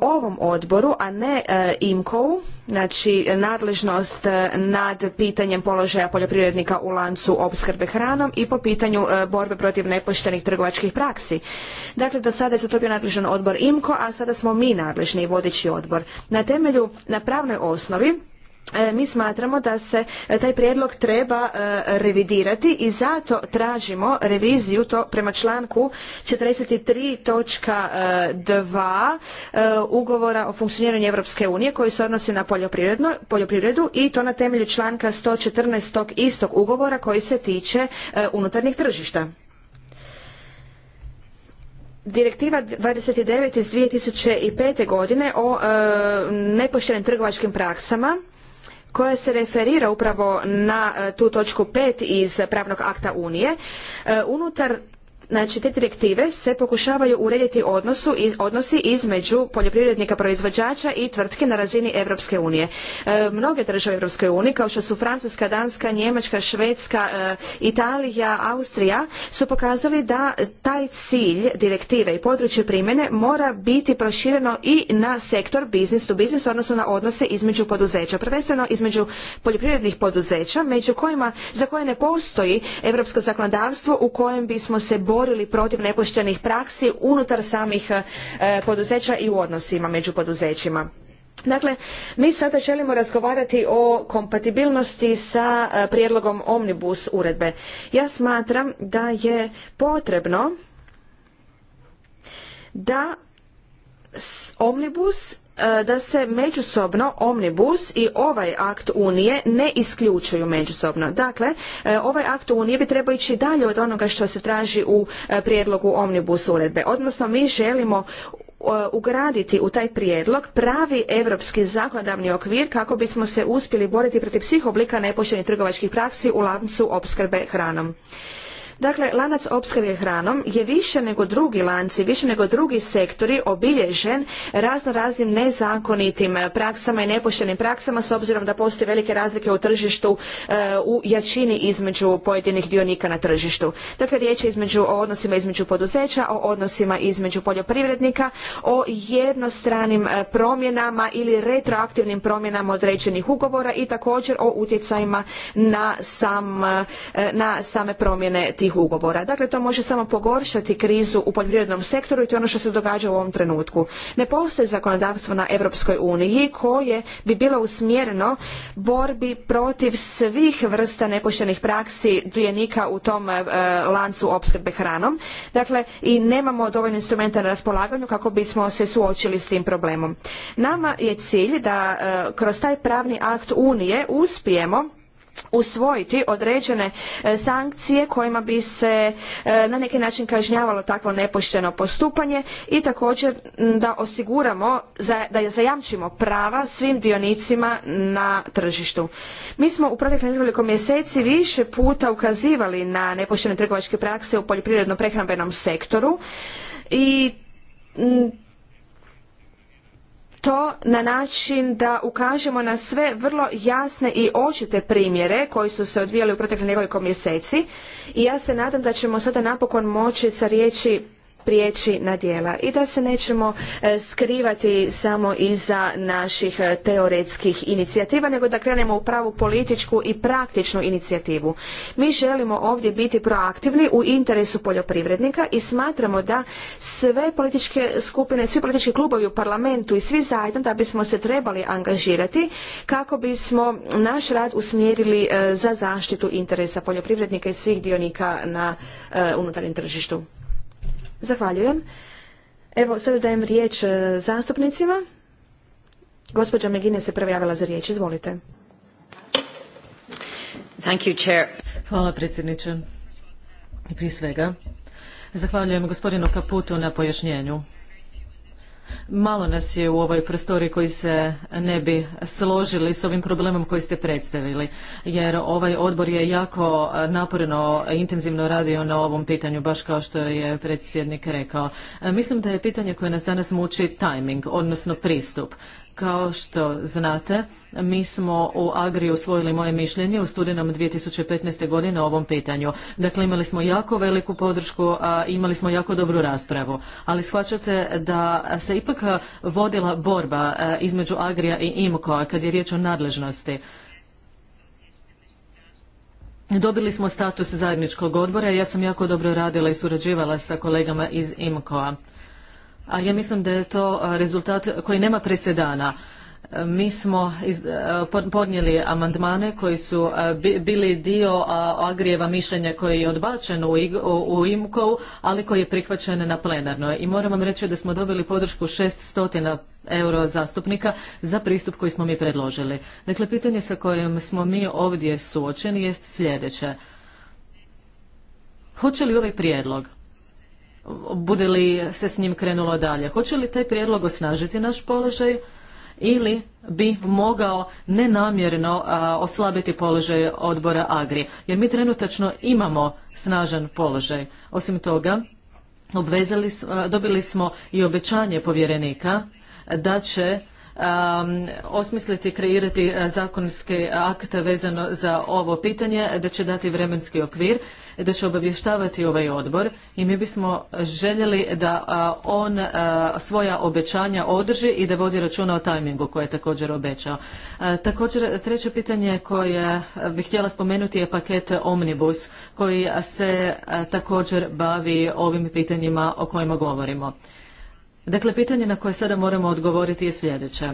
S2: ovom odboru, a ne imco znači nadležnost nad pitanjem položaja poljoprivrednika u lancu opskrbe hranom i po pitanju e, borbe protiv nepoštenih trgovačkih praksi. Dakle, do sada je za to bio nadležan odbor IMKO, a sada smo mi nadležni vodeći odbor. Na temelju, na pravnoj osnovi, E, mi smatramo da se e, taj prijedlog treba e, revidirati i zato tražimo reviziju to prema članku 43.2 ugovora o funkcioniranju Europske unije koji se odnosi na poljoprivredu i to na temelju članka 114. istog ugovora koji se tiče unutarnjih tržišta. Direktiva 29 iz 2005. godine o nepoštenim trgovačkim praksama koja se referira upravo na e, tu točku 5 iz pravnog akta Unije. E, unutar Znači, te direktive se pokušavaju urediti odnosu, odnosi između poljoprivrednika proizvođača i tvrtke na razini Europske unije. E, mnoge države Europske unije, kao što su Francuska, Danska, Njemačka, Švedska, e, Italija, Austrija, su pokazali da taj cilj direktive i područje primjene mora biti prošireno i na sektor business to business, odnosno na odnose između poduzeća. Prvenstveno između poljoprivrednih poduzeća, među kojima, za koje ne postoji europsko zakonodavstvo u kojem bismo se borili protiv nepoštenih praksi unutar samih e, poduzeća i u odnosima među poduzećima. Dakle, mi sada želimo razgovarati o kompatibilnosti sa e, prijedlogom Omnibus uredbe. Ja smatram da je potrebno da Omnibus E, da se međusobno omnibus i ovaj akt Unije ne isključuju međusobno. Dakle, e, ovaj akt Unije bi trebao ići dalje od onoga što se traži u e, prijedlogu omnibus uredbe. Odnosno, mi želimo ugraditi u taj prijedlog pravi europski zakonodavni okvir kako bismo se uspjeli boriti protiv svih oblika nepoštenih trgovačkih praksi u lancu opskrbe hranom. Dakle, lanac opskrbe hranom je više nego drugi lanci, više nego drugi sektori obilježen razno nezakonitim praksama i nepoštenim praksama s obzirom da postoje velike razlike u tržištu eh, u jačini između pojedinih dionika na tržištu. Dakle, riječ je između, o odnosima između poduzeća, o odnosima između poljoprivrednika, o jednostranim eh, promjenama ili retroaktivnim promjenama određenih ugovora i također o utjecajima na, eh, na same promjene tih tih ugovora. Dakle, to može samo pogoršati krizu u poljoprivrednom sektoru i to je ono što se događa u ovom trenutku. Ne postoji zakonodavstvo na Europskoj uniji koje bi bilo usmjereno borbi protiv svih vrsta nepoštenih praksi dujenika u tom e, lancu opskrbe hranom. Dakle, i nemamo dovoljno instrumenta na raspolaganju kako bismo se suočili s tim problemom. Nama je cilj da e, kroz taj pravni akt Unije uspijemo usvojiti određene e, sankcije kojima bi se e, na neki način kažnjavalo takvo nepošteno postupanje i također da osiguramo da zajamčimo prava svim dionicima na tržištu. Mi smo u proteklih nekoliko mjeseci više puta ukazivali na nepoštene trgovačke prakse u poljoprivredno prehrambenom sektoru i to na način da ukažemo na sve vrlo jasne i očite primjere koji su se odvijali u proteklih nekoliko mjeseci i ja se nadam da ćemo sada napokon moći sa riječi prijeći na djela i da se nećemo e, skrivati samo iza naših e, teoretskih inicijativa, nego da krenemo u pravu političku i praktičnu inicijativu. Mi želimo ovdje biti proaktivni u interesu poljoprivrednika i smatramo da sve političke skupine, svi politički klubovi u parlamentu i svi zajedno da bismo se trebali angažirati kako bismo naš rad usmjerili e, za zaštitu interesa poljoprivrednika i svih dionika na unutarnjem tržištu. Zahvaljujem. Evo, sada dajem riječ e, zastupnicima. Gospođa Megine se prejavila za riječ. Izvolite.
S3: Hvala predsjedniče. Prije svega, zahvaljujem gospodinu Kaputu na pojašnjenju. Malo nas je u ovoj prostori koji se ne bi složili s ovim problemom koji ste predstavili, jer ovaj odbor je jako e, naporno, intenzivno radio na ovom pitanju, baš kao što je predsjednik rekao. E, mislim da je pitanje koje nas danas muči timing, odnosno pristup. Kao što znate, mi smo u Agri usvojili moje mišljenje u studenom 2015. godine o ovom pitanju. Dakle, imali smo jako veliku podršku, a imali smo jako dobru raspravu. Ali shvaćate da se ipak vodila borba e, između Agrija i imkoa kad je riječ o nadležnosti. Dobili smo status zajedničkog odbora i ja sam jako dobro radila i surađivala sa kolegama iz Imkoa a ja mislim da je to rezultat koji nema presedana. E, mi smo e, podnijeli amandmane koji su e, bili dio Agrijeva mišljenja koji je odbačen u IMKO, ali koji je prihvaćen na plenarnoj. I moram vam reći da smo dobili podršku 600 euro zastupnika za pristup koji smo mi predložili. Dakle, pitanje sa kojim smo mi ovdje suočeni jest sljedeće. Hoće li ovaj prijedlog bude li se s njim krenulo dalje. Hoće li taj prijedlog osnažiti naš položaj ili bi mogao nenamjerno oslabiti položaj odbora Agri? Jer mi trenutačno imamo snažan položaj. Osim toga, obvezali, dobili smo i obećanje povjerenika da će osmisliti kreirati zakonske akte vezano za ovo pitanje, da će dati vremenski okvir da će obavještavati ovaj odbor i mi bismo željeli da on svoja obećanja održi i da vodi računa o tajmingu koje je također obećao. Također treće pitanje koje bih htjela spomenuti je paket Omnibus koji se također bavi ovim pitanjima o kojima govorimo. Dakle, pitanje na koje sada moramo odgovoriti je sljedeće.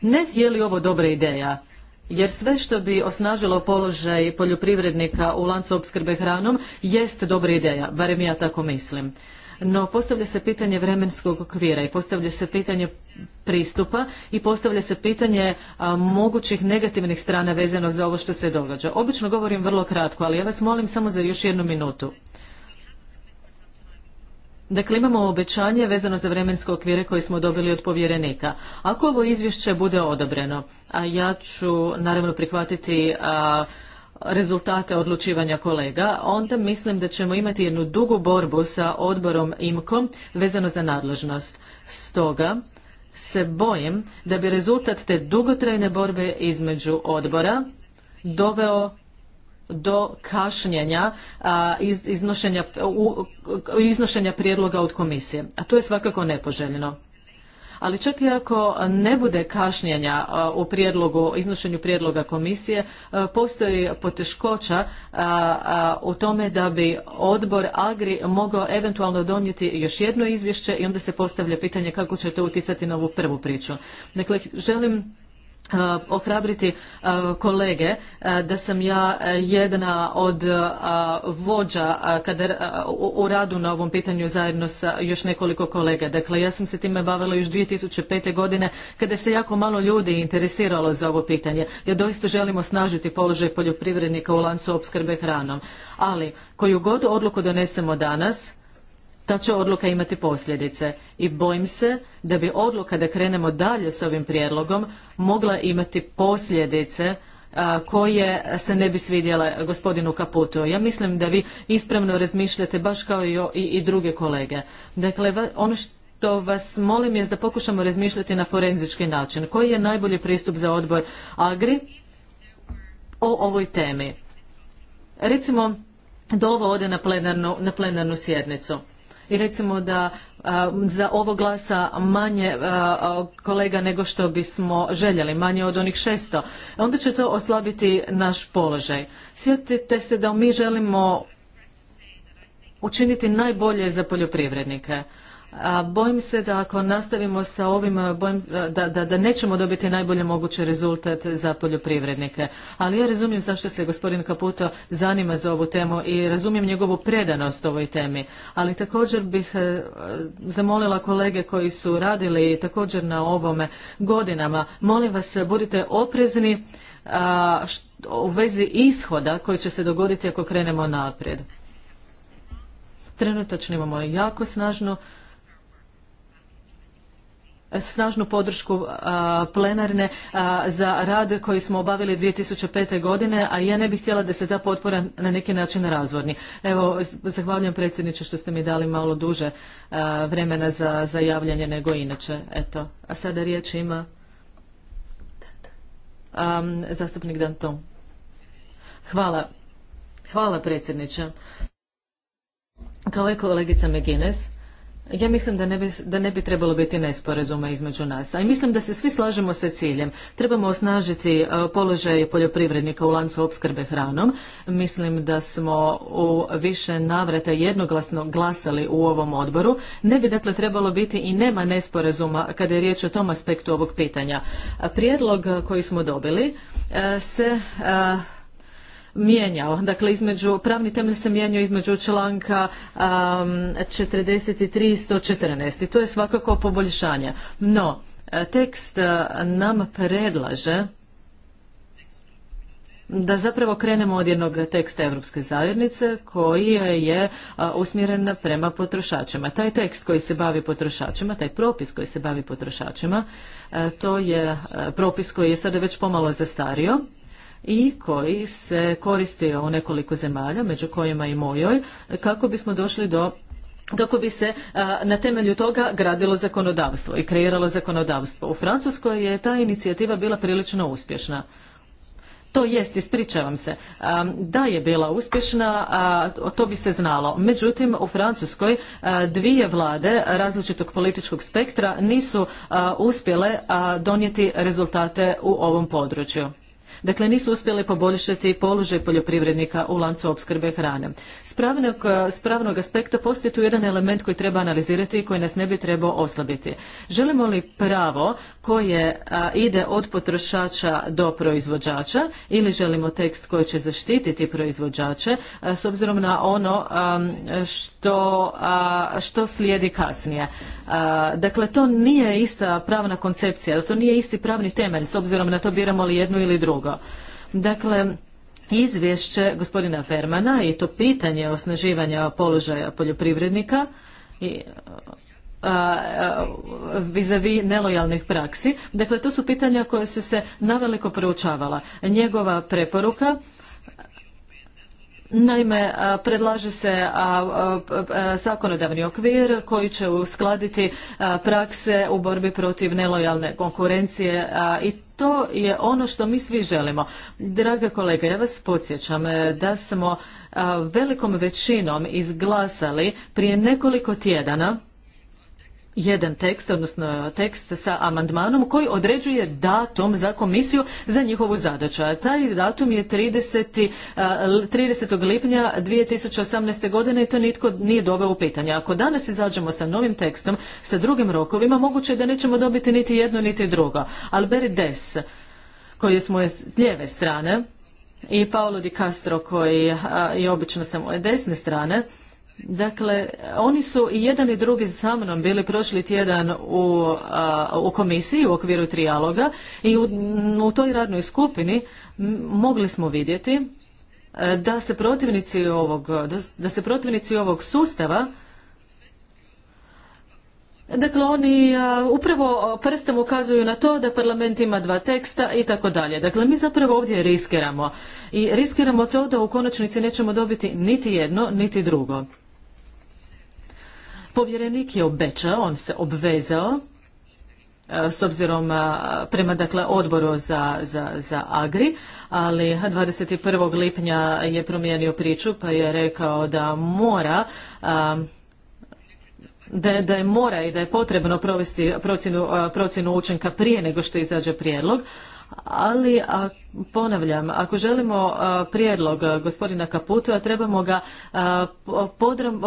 S3: Ne je li ovo dobra ideja, jer sve što bi osnažilo položaj poljoprivrednika u lancu opskrbe hranom jest dobra ideja, barem ja tako mislim. No postavlja se pitanje vremenskog okvira i postavlja se pitanje pristupa i postavlja se pitanje mogućih negativnih strana vezano za ovo što se događa. Obično govorim vrlo kratko, ali ja vas molim samo za još jednu minutu. Dakle, imamo obećanje vezano za vremenske okvire koje smo dobili od povjerenika. Ako ovo izvješće bude odobreno, a ja ću naravno prihvatiti rezultate odlučivanja kolega, onda mislim da ćemo imati jednu dugu borbu sa odborom IMKOM vezano za nadležnost. Stoga se bojim da bi rezultat te dugotrajne borbe između odbora doveo do kašnjenja iznošenja, prijedloga od komisije. A to je svakako nepoželjno. Ali čak i ako ne bude kašnjenja u prijedlogu, iznošenju prijedloga komisije, postoji poteškoća u tome da bi odbor Agri mogao eventualno donijeti još jedno izvješće i onda se postavlja pitanje kako će to utjecati na ovu prvu priču. Dakle, želim E, ohrabriti e, kolege e, da sam ja jedna od vođa kada, u radu na ovom pitanju zajedno sa još nekoliko kolega. Dakle, ja sam se time bavila još 2005. godine kada se jako malo ljudi interesiralo za ovo pitanje. Ja doista želim osnažiti položaj poljoprivrednika u lancu opskrbe hranom. Ali, koju god odluku donesemo danas, ta će odluka imati posljedice i bojim se da bi odluka da krenemo dalje s ovim prijedlogom mogla imati posljedice koje se ne bi svidjele gospodinu Kaputu. Ja mislim da vi ispravno razmišljate baš kao i, druge kolege. Dakle, ono što vas molim je da pokušamo razmišljati na forenzički način. Koji je najbolji pristup za odbor Agri o ovoj temi? Recimo, da ovo ode na plenarnu, na plenarnu sjednicu i recimo da za ovo glasa manje kolega nego što bismo željeli, manje od onih 600, onda će to oslabiti naš položaj. Sjetite se da mi želimo učiniti najbolje za poljoprivrednike a bojim se da ako nastavimo sa ovim, da, da, nećemo dobiti najbolje moguće rezultat za poljoprivrednike. Ali ja razumijem zašto se gospodin Kaputo zanima za ovu temu i razumijem njegovu predanost ovoj temi. Ali također bih e, zamolila kolege koji su radili također na ovome godinama, molim vas budite oprezni u vezi ishoda koji će se dogoditi ako krenemo naprijed. Trenutačno imamo jako snažnu snažnu podršku plenarne za rad koji smo obavili 2005. godine, a ja ne bih htjela da se ta potpora na neki način razvorni. Evo, zahvaljujem predsjedniče što ste mi dali malo duže vremena za, zajavljanje javljanje nego inače. Eto, a sada riječ ima zastupnik Danton. Hvala. Hvala predsjedniče. Kao je kolegica McGuinness, ja mislim da ne, bi, da ne bi trebalo biti nesporazuma između nas, a i mislim da se svi slažemo sa ciljem. Trebamo osnažiti e, položaj poljoprivrednika u lancu opskrbe hranom. Mislim da smo u više navrata jednoglasno glasali u ovom odboru. Ne bi dakle trebalo biti i nema nesporazuma kada je riječ o tom aspektu ovog pitanja. Prijedlog koji smo dobili e, se e, mijenjao. Dakle, između, pravni temelj se mijenjao između članka um, 43 i 114. to je svakako poboljšanje. No, e, tekst e, nam predlaže da zapravo krenemo od jednog teksta Europske zajednice koji je e, usmjeren prema potrošačima. Taj tekst koji se bavi potrošačima, taj propis koji se bavi potrošačima, to je propis koji je sada već pomalo zastario i koji se koristio u nekoliko zemalja, među kojima i mojoj, kako bismo došli do kako bi se na temelju toga gradilo zakonodavstvo i kreiralo zakonodavstvo. U Francuskoj je ta inicijativa bila prilično uspješna. To jest, ispričavam se. da je bila uspješna, a, to bi se znalo. Međutim, u Francuskoj dvije vlade različitog političkog spektra nisu uspjele donijeti rezultate u ovom području. Dakle, nisu uspjele poboljšati položaj poljoprivrednika u lancu opskrbe hrane. S pravnog, aspekta postoji tu jedan element koji treba analizirati i koji nas ne bi trebao oslabiti. Želimo li pravo koje e, ide od potrošača do proizvođača ili želimo tekst koji će zaštititi proizvođače e, s obzirom na ono što, slijedi kasnije. Dakle, to nije ista pravna koncepcija, to nije isti pravni temelj s obzirom na to biramo li jednu ili drugo. Dakle, izvješće gospodina Fermana i to pitanje osnaživanja položaja poljoprivrednika i vizavi nelojalnih praksi. Dakle, to su pitanja koje su se naveliko proučavala. Njegova preporuka Naime, predlaže se zakonodavni okvir koji će uskladiti prakse u borbi protiv nelojalne konkurencije i to je ono što mi svi želimo. Drage kolege, ja vas podsjećam e, da smo velikom većinom izglasali prije nekoliko tjedana jedan tekst, odnosno tekst sa amandmanom koji određuje datum za komisiju za njihovu zadaću. taj datum je 30. 30. lipnja 2018. godine i to nitko nije doveo u pitanje. Ako danas izađemo sa novim tekstom, sa drugim rokovima, moguće je da nećemo dobiti niti jedno niti drugo. Albert Des, koji je s s lijeve strane, i Paolo Di Castro, koji je obično sa moje desne strane, Dakle, oni su i jedan i drugi sa mnom bili prošli tjedan u, u komisiji u okviru trijaloga i u, toj radnoj skupini mogli smo vidjeti e, da se protivnici ovog, da se protivnici ovog sustava Dakle, oni upravo prstom ukazuju na to da parlament ima dva teksta i tako dalje. Dakle, mi zapravo ovdje riskiramo. I riskiramo to da u konačnici nećemo dobiti niti jedno, niti drugo. Povjerenik je obećao, on se obvezao e, s obzirom e, prema dakle odboru za, za, za Agri, ali 21. lipnja je promijenio priču pa je rekao da mora e, da je, da je mora i da je potrebno provesti procjenu, procjenu učinka prije nego što izađe prijedlog, ali a, ponavljam, ako želimo prijedlog gospodina Kaputa, trebamo ga,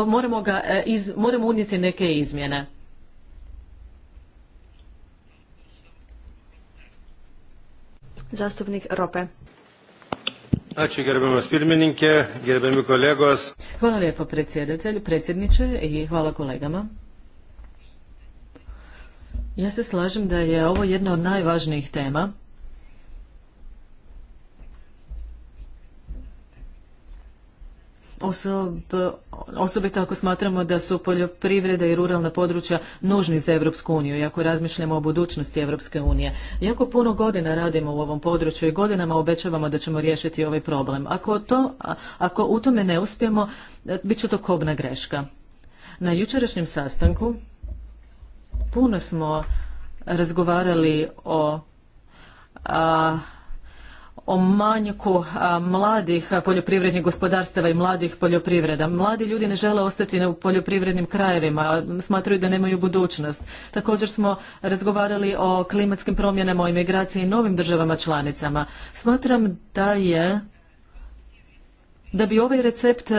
S3: moramo, ga e, iz, moramo unijeti neke izmjene. Zastupnik Rope. Ači
S5: kolegos.
S3: Hvala lijepo predsjedatelj, predsjedniče i hvala kolegama. Ja se slažem da je ovo jedna od najvažnijih tema osob, osobito ako smatramo da su poljoprivreda i ruralna područja nužni za Europsku uniju i ako razmišljamo o budućnosti Europske unije. Jako puno godina radimo u ovom području i godinama obećavamo da ćemo riješiti ovaj problem. Ako, to, ako u tome ne uspijemo, e, bit će to kobna greška. Na jučerašnjem sastanku puno smo razgovarali o a, o manjku mladih poljoprivrednih gospodarstava i mladih poljoprivreda. Mladi ljudi ne žele ostati u poljoprivrednim krajevima, smatraju da nemaju budućnost. Također smo razgovarali o klimatskim promjenama, o imigraciji i novim državama članicama. Smatram da je da bi ovaj recept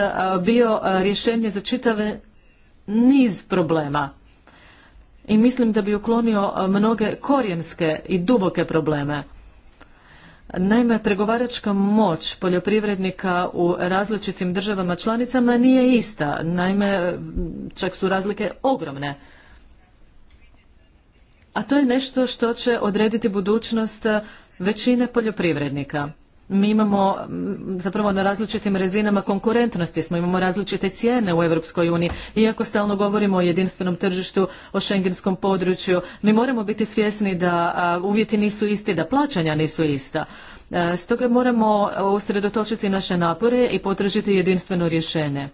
S3: bio rješenje za čitav niz problema i mislim da bi uklonio mnoge korijenske i duboke probleme. Naime, pregovaračka moć poljoprivrednika u različitim državama članicama nije ista. Naime, čak su razlike ogromne. A to je nešto što će odrediti budućnost većine poljoprivrednika mi imamo mm, zapravo na različitim razinama konkurentnosti smo, imamo različite cijene u Europskoj uniji. Iako stalno govorimo o jedinstvenom tržištu, o šengenskom području, mi moramo biti svjesni da uvjeti nisu isti, da plaćanja nisu ista. Stoga moramo usredotočiti naše napore i potražiti jedinstveno rješenje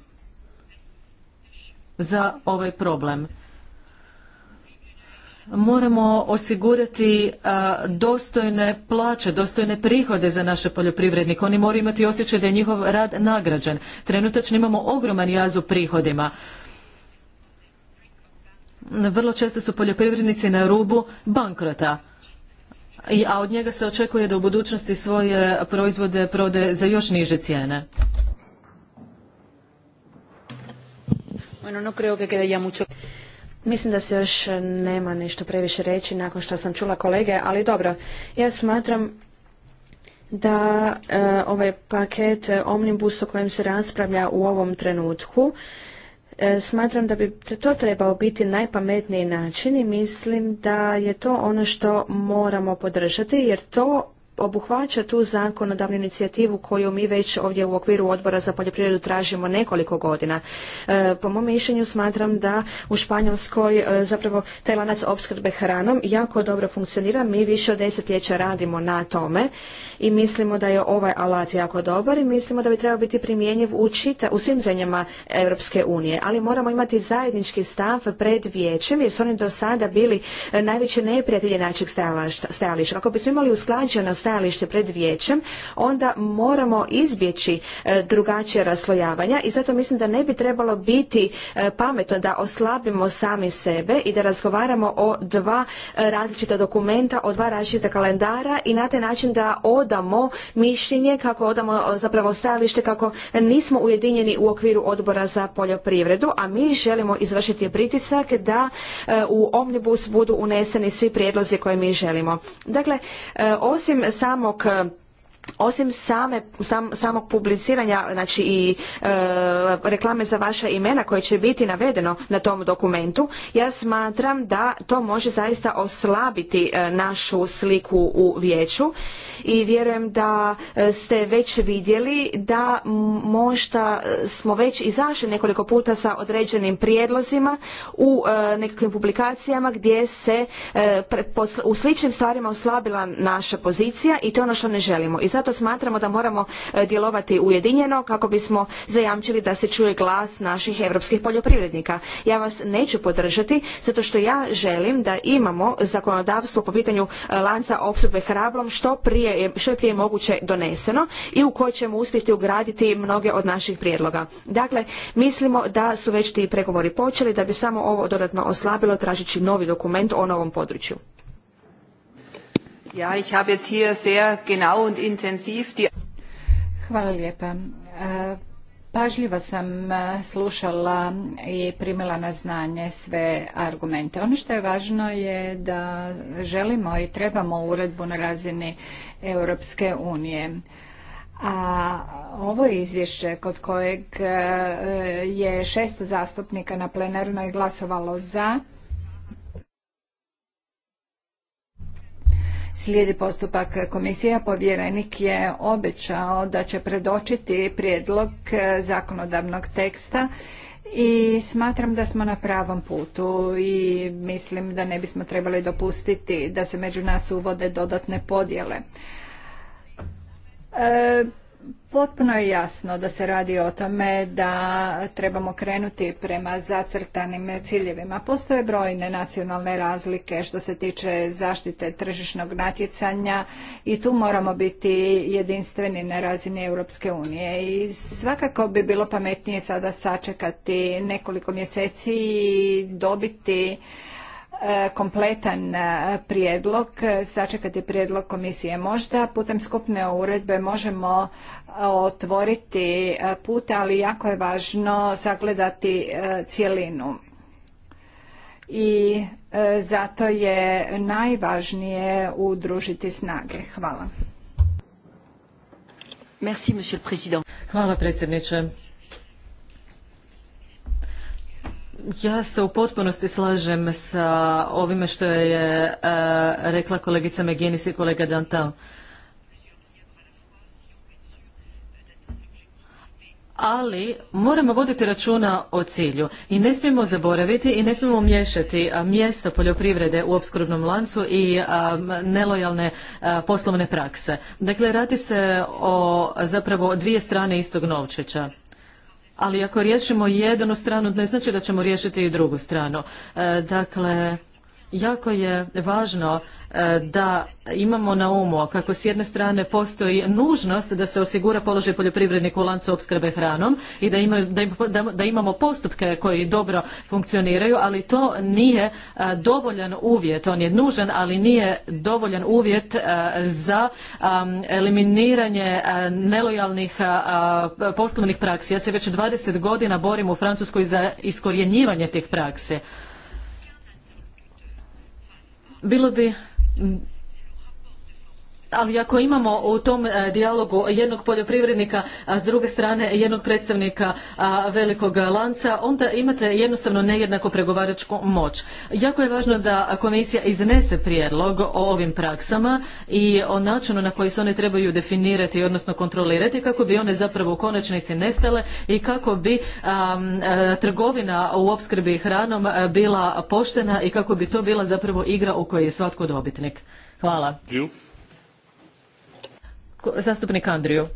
S3: za ovaj problem moramo osigurati e, dostojne plaće, dostojne prihode za naše poljoprivrednike. Oni moraju imati osjećaj da je njihov rad nagrađen. Trenutačno imamo ogroman jaz u prihodima. Vrlo često su poljoprivrednici na rubu bankrota. a od njega se očekuje da u budućnosti svoje proizvode prode za još niže cijene.
S8: Bueno, no
S2: Mislim da se još nema nešto previše reći nakon što sam čula kolege, ali dobro, ja smatram da e, ovaj paket Omnibus o kojem se raspravlja u ovom trenutku e, smatram da bi to trebao biti najpametniji način i mislim da je to ono što moramo podržati jer to obuhvaća tu zakonodavnu inicijativu koju mi već ovdje u okviru odbora za poljoprivredu tražimo nekoliko godina. E, po mom mišljenju smatram da u Španjolskoj e, zapravo taj lanac opskrbe hranom jako dobro funkcionira. Mi više od desetljeća radimo na tome i mislimo da je ovaj alat jako dobar i mislimo da bi trebao biti primjenjiv u, svim zemljama Europske unije. Ali moramo imati zajednički stav pred vijećem jer su oni do sada bili e, najveći neprijatelji našeg stajališta. Ako bismo imali usklađenost stajalište pred vijećem, onda moramo izbjeći e, drugačije raslojavanja i zato mislim da ne bi trebalo biti e, pametno da oslabimo sami sebe i da razgovaramo o dva e, različita dokumenta, o dva različita kalendara i na taj način da odamo mišljenje, kako odamo zapravo stajalište, kako nismo ujedinjeni u okviru odbora za poljoprivredu, a mi želimo izvršiti pritisak da u omnibus budu uneseni svi prijedlozi koje mi želimo. Dakle, osim samog osim same, samog publiciranja znači i e, reklame za vaša imena koje će biti navedeno na tom dokumentu ja smatram da to može zaista oslabiti e, našu sliku u vijeću i vjerujem da e, ste već vidjeli da možda smo već izašli nekoliko puta sa određenim prijedlozima u e, publikacijama gdje se pre, u sličnim stvarima oslabila naša pozicija i to je ono što ne želimo zato smatramo da moramo e, djelovati ujedinjeno kako bismo zajamčili da se čuje glas naših europskih poljoprivrednika. Ja vas neću podržati zato što ja želim da imamo zakonodavstvo po pitanju e, lanca opskrbe hrablom što, što je prije moguće doneseno i u koje ćemo uspjeti ugraditi mnoge od naših prijedloga. Dakle, mislimo da su već ti pregovori počeli da bi samo ovo dodatno oslabilo tražeći novi dokument o novom području.
S4: Ja, Hvala lijepa. E, pažljivo sam e, slušala i primila na znanje sve argumente. Ono što je važno je da želimo i trebamo uredbu na razini Europske unije. A ovo izvješće kod kojeg e, je šest zastupnika na plenarnoj glasovalo za, Slijedi postupak komisija. Povjerenik je obećao da će predočiti prijedlog e, zakonodavnog teksta i smatram da smo na pravom putu i mislim da ne bismo trebali dopustiti da se među nas uvode dodatne podjele. E, Potpuno je jasno da se radi o tome da trebamo krenuti prema zacrtanim ciljevima. Postoje brojne nacionalne razlike što se tiče zaštite tržišnog natjecanja i tu moramo biti jedinstveni na razini Europske unije. I svakako bi bilo pametnije sada sačekati nekoliko mjeseci i dobiti E, kompletan e, prijedlog, sačekati prijedlog komisije. Možda putem skupne uredbe možemo e, otvoriti put, ali jako je važno sagledati cjelinu. I zato je najvažnije udružiti
S3: snage. Hvala. Hvala predsjedniče. Ja se u potpunosti slažem sa ovime što je e, rekla kolegica Meginis i kolega Dantam. ali moramo voditi računa o cilju i ne smijemo zaboraviti i ne smijemo miješati e, mjesto poljoprivrede u opskrbnom lancu i e, nelojalne poslovne prakse. Dakle, radi se o zapravo dvije strane istog novčića ali ako riješimo jednu stranu, ne znači da ćemo riješiti i drugu stranu. E, dakle, Jako je važno e, da imamo na umu kako s jedne strane postoji nužnost da se osigura položaj poljoprivrednika u lancu opskrbe hranom i da, da, imamo postupke koji dobro funkcioniraju, ali to nije e, dovoljan uvjet. On je nužan, ali nije dovoljan uvjet e, za eliminiranje nelojalnih poslovnih praksi. Ja se već 20 godina borim u Francuskoj za iskorjenjivanje tih praksi. Bilo bi ali ako imamo u tom e, dijalogu jednog poljoprivrednika, a s druge strane jednog predstavnika velikog lanca, onda imate jednostavno nejednako pregovaračku moć. Jako je važno da komisija iznese prijedlog o ovim praksama i o načinu na koji se one trebaju definirati, odnosno kontrolirati, kako bi one zapravo u konačnici nestale i kako bi e, trgovina u opskrbi hranom e, bila poštena i kako bi to bila zapravo igra u kojoj je svatko dobitnik. Hvala zastupnik Andriju.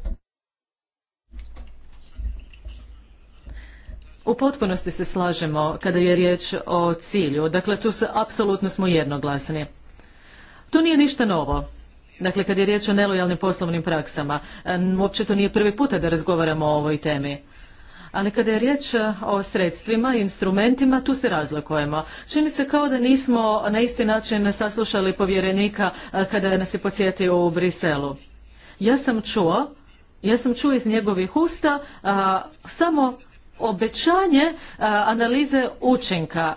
S3: U potpunosti se slažemo kada je riječ o cilju. Dakle, tu se apsolutno smo jednoglasni. Tu nije ništa novo. Dakle, kad je riječ o nelojalnim poslovnim praksama, uopće to nije prvi puta da razgovaramo o ovoj temi. Ali kada je riječ o sredstvima, i instrumentima, tu se razlikujemo. Čini se kao da nismo na isti način saslušali povjerenika eh, kada nas je podsjetio u Briselu. Ja sam čuo, ja sam čuo iz njegovih usta samo obećanje analize učinka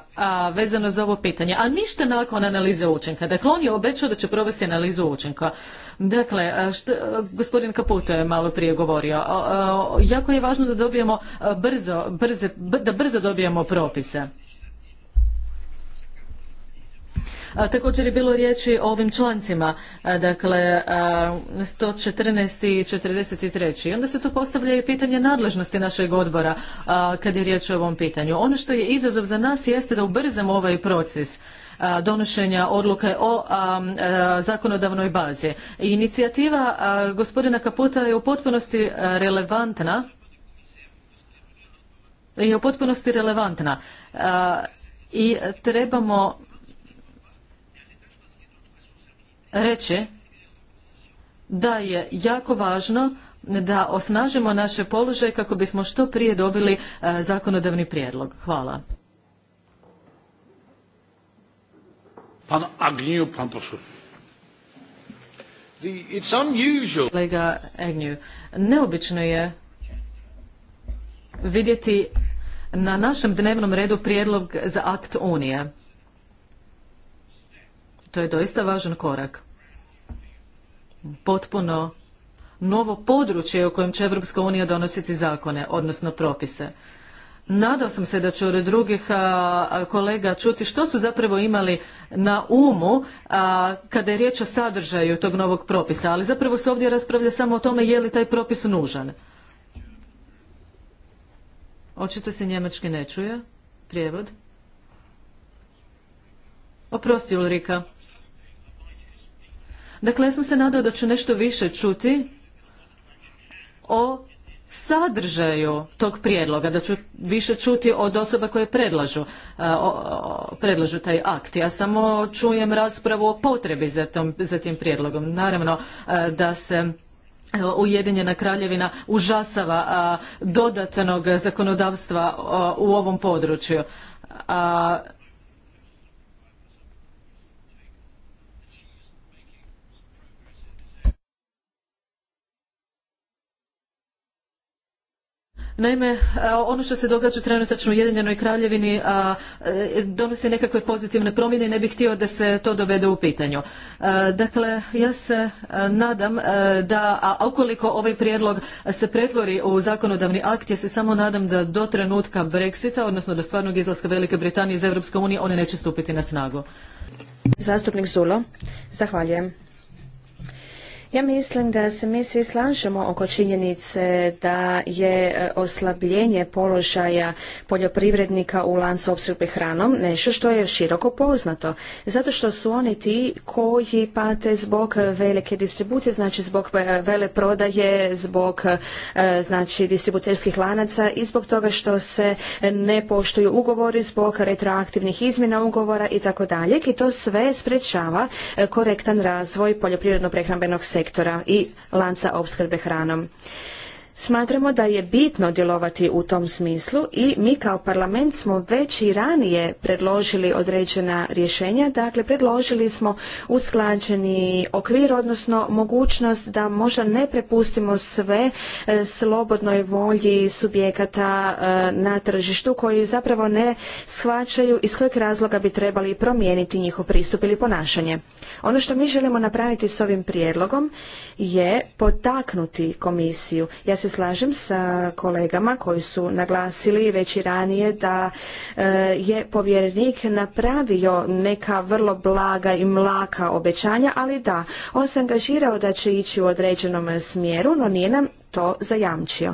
S3: vezano za ovo pitanje, a ništa nakon analize učinka. Dakle, on je obećao da će provesti analizu učinka. Dakle, što, gospodin Kaputo je malo prije govorio, jako je važno da dobijemo brzo, brze, da brzo dobijemo propise. Također je bilo riječi o ovim člancima, dakle 114. i 43. I onda se tu postavlja i pitanje nadležnosti našeg odbora kad je riječ o ovom pitanju. Ono što je izazov za nas jeste da ubrzamo ovaj proces donošenja odluke o zakonodavnoj bazi. Inicijativa gospodina Kaputa je u potpunosti relevantna je u potpunosti relevantna i trebamo reći da je jako važno da osnažimo naše položaje kako bismo što prije dobili e, zakonodavni prijedlog. Hvala.
S1: Pan pan
S3: It's unusual. Kolega neobično je vidjeti na našem dnevnom redu prijedlog za akt Unije. To je doista važan korak. Potpuno novo područje u kojem će Evropska unija donositi zakone, odnosno propise. Nadao sam se da ću od drugih kolega čuti što su zapravo imali na umu kada je riječ o sadržaju tog novog propisa, ali zapravo se ovdje raspravlja samo o tome je li taj propis nužan. Očito se njemački ne čuje. Prijevod. Oprosti Ulrika. Dakle, ja sam se nadao da ću nešto više čuti o sadržaju tog prijedloga, da ću više čuti od osoba koje predlažu, e, predlažu taj akt. Ja samo čujem raspravu o potrebi za, tom, za tim prijedlogom. Naravno e, da se e, Ujedinjena kraljevina užasava dodatnog zakonodavstva u ovom području. A, Naime, e, ono što se događa trenutačno u Jedinjenoj kraljevini a, e, donosi nekakve pozitivne promjene i ne bih htio da se to dovede u pitanju. E, dakle, ja se nadam da, a ukoliko ovaj prijedlog se pretvori u zakonodavni akt, ja se samo nadam da do trenutka Brexita, odnosno do stvarnog izlaska Velike Britanije iz Europske unije, one neće stupiti na snagu.
S2: Zastupnik Zulo, zahvaljujem. Ja mislim da se mi svi slažemo oko činjenice da je e, oslabljenje položaja poljoprivrednika u lancu opskrbe hranom nešto što je široko poznato. Zato što su oni ti koji pate zbog velike distribucije, znači zbog e, vele prodaje, zbog e, znači distributerskih lanaca i zbog toga što se ne poštuju ugovori zbog retroaktivnih izmjena ugovora i tako dalje i to sve sprečava korektan razvoj poljoprivredno prehrambenog sektora sektora i lanca opskrbe hranom. Smatramo da je bitno djelovati u tom smislu i mi kao parlament smo već i ranije predložili određena rješenja, dakle predložili smo usklađeni okvir, odnosno mogućnost da možda ne prepustimo sve e, slobodnoj volji subjekata e, na tržištu koji zapravo ne shvaćaju iz kojeg razloga bi trebali promijeniti njihov pristup ili ponašanje. Ono što mi želimo napraviti s ovim prijedlogom je potaknuti komisiju. Ja se slažem sa kolegama koji su naglasili već i ranije da e, je povjerenik napravio neka vrlo blaga i mlaka obećanja, ali da, on se angažirao da će ići u određenom smjeru, no nije nam to zajamčio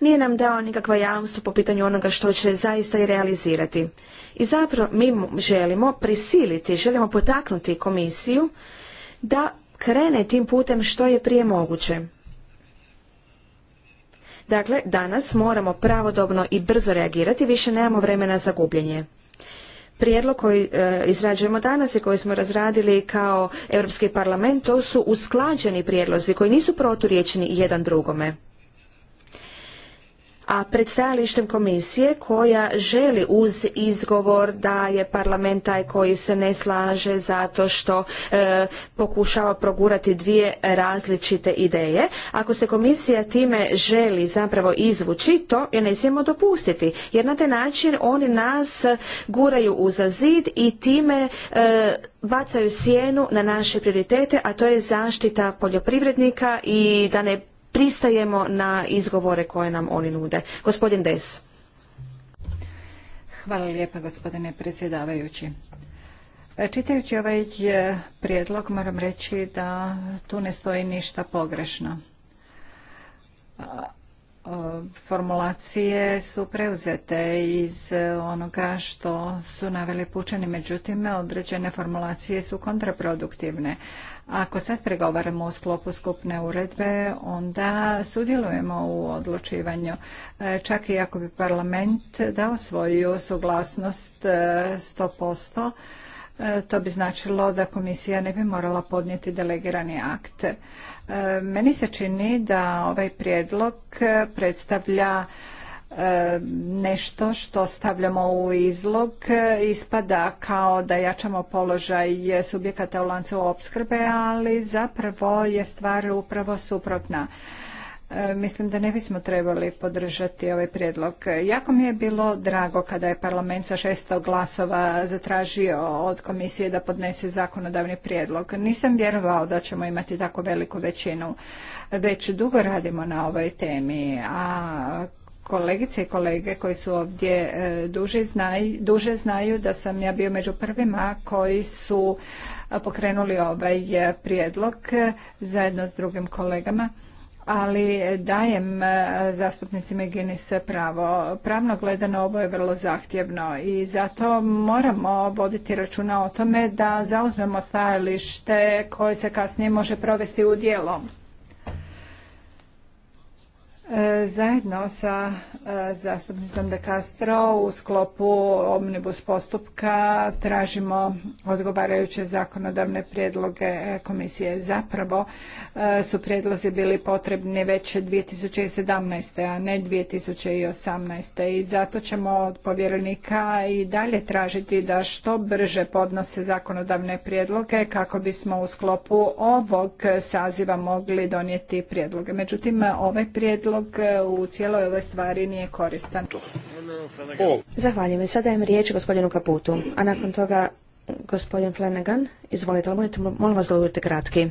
S2: nije nam dao nikakva jamstva po pitanju onoga što će zaista i realizirati. I zapravo mi želimo prisiliti, želimo potaknuti komisiju da krene tim putem što je prije moguće. Dakle, danas moramo pravodobno i brzo reagirati, više nemamo vremena za gubljenje. Prijedlog koji e, izrađujemo danas i koji smo razradili kao Europski parlament, to su usklađeni prijedlozi koji nisu proturječni jedan drugome a pred stajalištem komisije koja želi uz izgovor da je parlament taj koji se ne slaže zato što e, pokušava progurati dvije različite ideje. Ako se komisija time želi zapravo izvući, to je ne smijemo dopustiti. Jer na taj način oni nas guraju uza zid i time e, bacaju sjenu na naše prioritete, a to je zaštita poljoprivrednika i da ne pristajemo na izgovore koje nam oni nude. Gospodin Des.
S4: Hvala lijepa gospodine predsjedavajući. E, čitajući ovaj e, prijedlog moram reći da tu ne stoji ništa pogrešno. E, formulacije su preuzete iz onoga što su naveli pučani, međutim određene formulacije su kontraproduktivne. Ako sad pregovaramo u sklopu skupne uredbe, onda sudjelujemo u odlučivanju. E, čak i ako bi parlament dao svoju suglasnost 100%, e, e, to bi značilo da komisija ne bi morala podnijeti delegirani akt. Meni se čini da ovaj prijedlog predstavlja nešto što stavljamo u izlog ispada kao da jačamo položaj subjekata u lancu opskrbe, ali zapravo je stvar upravo suprotna. E, mislim da ne bismo trebali podržati ovaj prijedlog. Jako mi je bilo drago kada je parlament sa šestog glasova zatražio od komisije da podnese zakonodavni prijedlog. Nisam vjerovao da ćemo imati tako veliku većinu. Već dugo radimo na ovoj temi, a kolegice i kolege koji su ovdje e, duže znaju, duže znaju da sam ja bio među prvima koji su e, pokrenuli ovaj e, prijedlog zajedno s drugim kolegama ali dajem zastupnicima Guinness pravo. Pravno gledano ovo je vrlo zahtjevno i zato moramo voditi računa o tome da zauzmemo stajalište koje se kasnije može provesti u dijelom. E, zajedno sa e, zastupnicom De Castro u sklopu omnibus postupka tražimo odgovarajuće zakonodavne prijedloge e, komisije. Zapravo su prijedlozi bili potrebni već 2017. a ne 2018. I zato ćemo od povjerenika i dalje tražiti da što brže podnose zakonodavne prijedloge kako bismo u sklopu ovog saziva mogli donijeti prijedloge. Međutim, ovaj prijedlog dijalog e, u cijeloj ovoj stvari nije koristan. Zahvaljujem.
S2: Sada dajem riječ gospodinu Kaputu, a nakon toga gospodin Flanagan. Izvolite, ali molim vas da budete kratki.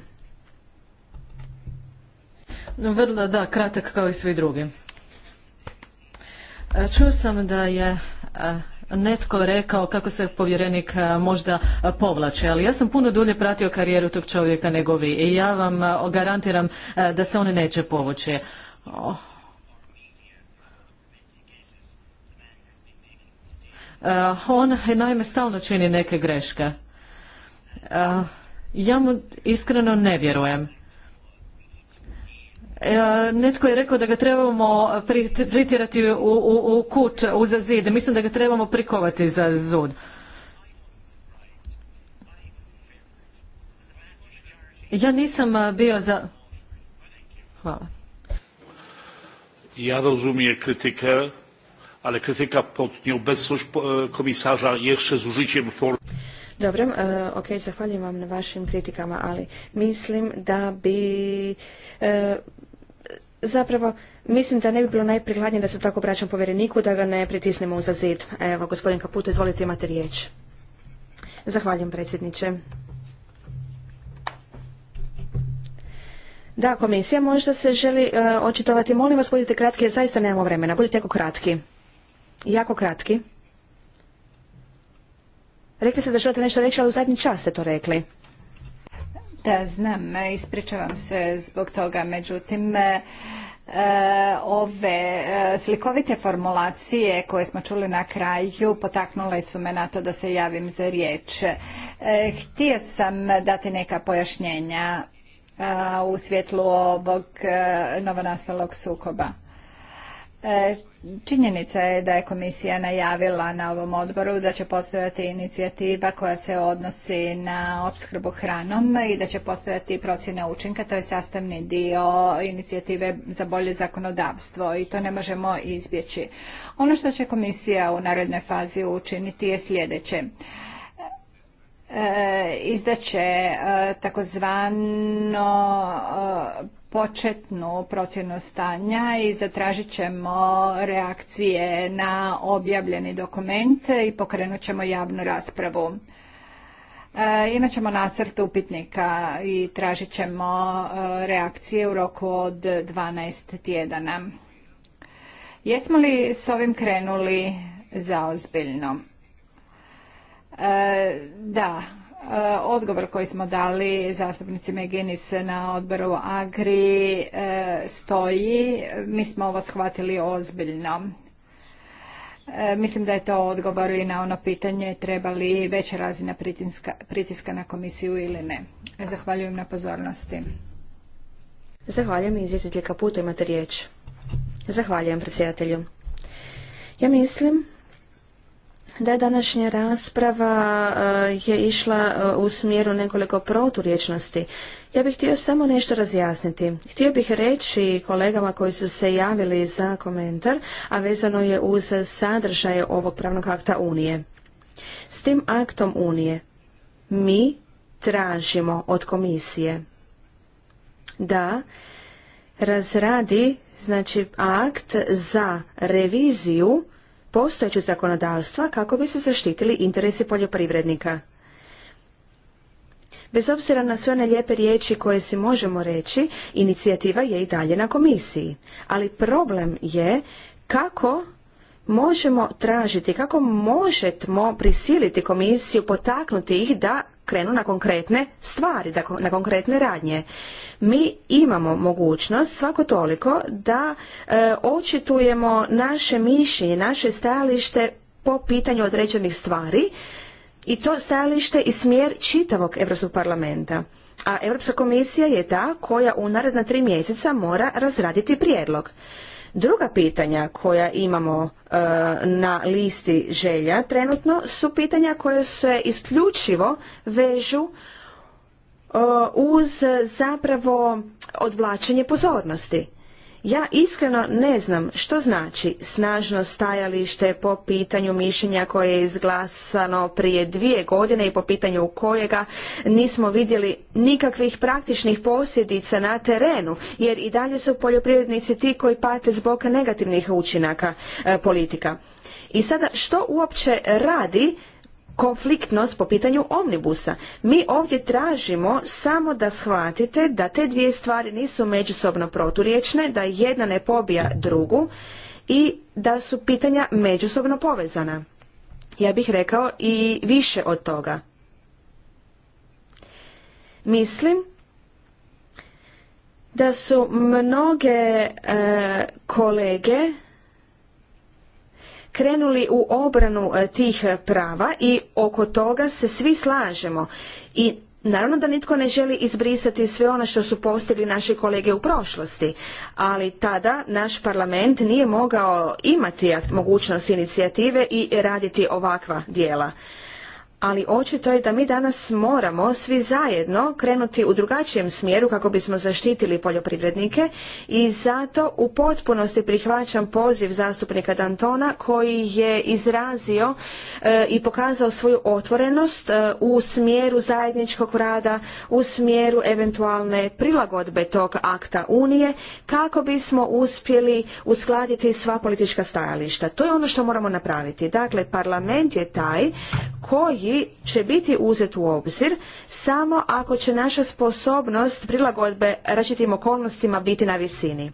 S3: Vrlo da, kratak kao i svi drugi. E, čuo sam da je e, netko rekao kako se povjerenik možda povlači, ali ja sam puno dulje pratio karijeru tog čovjeka nego vi i ja vam garantiram da se on neće povući. Oh. Eh, on naime stalno čini neke greške. Eh, ja mu iskreno ne vjerujem. Eh, netko je rekao da ga trebamo pritjerati u, kut u kut, zid. Mislim da ga trebamo prikovati za zud. Ja nisam bio za... Hvala
S1: ja rozumiem krytykę ale krytyka pod nieobecność e, komisarza jeszcze z użyciem formy
S2: dobro, e, ok, zahvaljujem vam na vašim kritikama, ali mislim da bi e, zapravo Mislim da ne bi bilo najprikladnije da se tako obraćam povjereniku, da ga ne pritisnemo za zid. Evo, gospodin Kaputo, izvolite imate riječ. Zahvaljujem predsjedniče. Da, komisija možda se želi e, očitovati. Molim vas, budite kratki, jer zaista nemamo vremena. Budite jako kratki. Jako kratki. Rekli ste da želite nešto reći, ali u zadnji čas ste to rekli.
S4: Da, znam. Ispričavam se zbog toga. Međutim, e, e, ove slikovite formulacije koje smo čuli na kraju potaknule su me na to da se javim za riječ. htio sam dati neka pojašnjenja u svjetlu ovog e, novonastalog sukoba. E, činjenica je da je komisija najavila na ovom odboru da će postojati inicijativa koja se odnosi na opskrbu hranom i da će postojati procjena učinka, to je sastavni dio inicijative za bolje zakonodavstvo i to ne možemo izbjeći. Ono što će komisija u narednoj fazi učiniti je sljedeće. Eh, izdaće eh, takozvano eh, početnu procjenu stanja i zatražit ćemo reakcije na objavljeni dokument i pokrenut ćemo javnu raspravu. Imat ćemo nacrt upitnika i tražit ćemo reakcije u roku od 12 tjedana. Jesmo li s ovim krenuli zaozbiljno? E, da, e, odgovor koji smo dali zastupnici Meginis na odboru Agri e, stoji. Mi smo ovo shvatili ozbiljno. Mislim da je to odgovor i na ono pitanje treba li veća razina pritiska, na komisiju ili ne. Zahvaljujem na pozornosti.
S2: Zahvaljujem izvjestitelj Kaputo, imate riječ. Zahvaljujem predsjedatelju. Ja mislim da današnja rasprava eh, je išla eh, u smjeru nekoliko proturječnosti. Ja bih htio samo nešto razjasniti. Htio bih reći kolegama koji su se javili za komentar, a vezano je uz sadržaje ovog pravnog akta Unije. S tim aktom Unije mi tražimo od komisije da razradi znači akt za reviziju postojeće zakonodavstva kako bi se zaštitili interesi poljoprivrednika. Bez obzira na sve one lijepe riječi koje si možemo reći, inicijativa je i dalje na komisiji. Ali problem je kako možemo tražiti, kako možemo prisiliti komisiju, potaknuti ih da krenu na konkretne stvari, na konkretne radnje. Mi imamo mogućnost svako toliko da e, očitujemo naše mišljenje, naše stajalište po pitanju određenih stvari i to stajalište i smjer čitavog Europskog parlamenta. A Europska komisija je ta koja u naredna tri mjeseca mora razraditi prijedlog. Druga pitanja koja imamo e, na listi želja trenutno su pitanja koje se isključivo vežu e, uz zapravo odvlačenje pozornosti. Ja iskreno ne znam što znači snažno stajalište po pitanju mišljenja koje je izglasano prije dvije godine i po pitanju kojega nismo vidjeli nikakvih praktičnih posljedica na terenu, jer i dalje su poljoprivrednici ti koji pate zbog negativnih učinaka e, politika. I sada što uopće radi konfliktnost po pitanju omnibusa. Mi ovdje tražimo samo da shvatite da te dvije stvari nisu međusobno proturječne, da jedna ne pobija drugu i da su pitanja međusobno povezana. Ja bih rekao i više od toga. Mislim da su mnoge e, kolege krenuli u obranu e, tih e, prava i oko toga se svi slažemo. I Naravno da nitko ne želi izbrisati sve ono što su postigli naši kolege u prošlosti, ali tada naš parlament nije mogao imati mogućnost inicijative i raditi ovakva djela ali očito je da mi danas moramo svi zajedno krenuti u drugačijem smjeru kako bismo zaštitili poljoprivrednike i zato u potpunosti prihvaćam poziv zastupnika Dantona koji je izrazio e, i pokazao svoju otvorenost e, u smjeru zajedničkog rada, u smjeru eventualne prilagodbe tog akta Unije kako bismo uspjeli uskladiti sva politička stajališta. To je ono što moramo napraviti. Dakle, parlament je taj koji i će biti uzet u obzir samo ako će naša sposobnost prilagodbe različitim okolnostima biti na visini.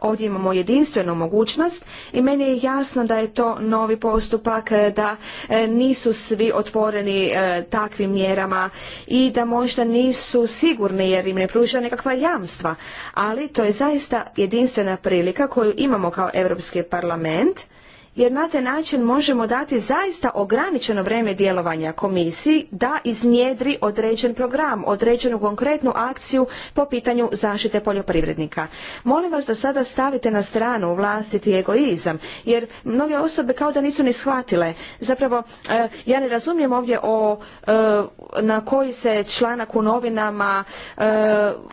S2: Ovdje imamo jedinstvenu mogućnost i meni je jasno da je to novi postupak, da e, nisu svi otvoreni e, takvim mjerama i da možda nisu sigurni jer im ne pruža nekakva jamstva. Ali to je zaista jedinstvena prilika koju imamo kao Europski parlament jer na taj način možemo dati zaista ograničeno vrijeme djelovanja komisiji da iznjedri određen program, određenu konkretnu akciju po pitanju zaštite poljoprivrednika. Molim vas da sada stavite na stranu vlastiti egoizam, jer mnoge osobe kao da nisu ni shvatile. Zapravo, eh, ja ne razumijem ovdje o, eh, na koji se članak u novinama eh,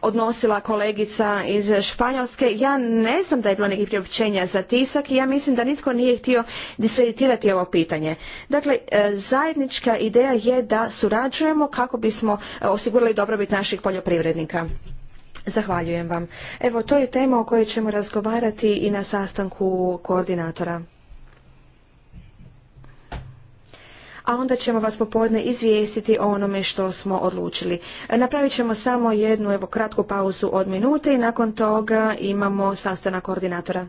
S2: odnosila kolegica iz Španjolske. Ja ne znam da je bilo nekih priopćenja za tisak i ja mislim da nitko nije htio htio diskreditirati ovo pitanje. Dakle, e, zajednička ideja je da surađujemo kako bismo e, osigurali dobrobit naših poljoprivrednika. Zahvaljujem vam. Evo, to je tema o kojoj ćemo razgovarati i na sastanku koordinatora. a onda ćemo vas popodne izvijestiti o onome što smo odlučili. E, napravit ćemo samo jednu evo kratku pauzu od minute i nakon toga imamo sastanak koordinatora.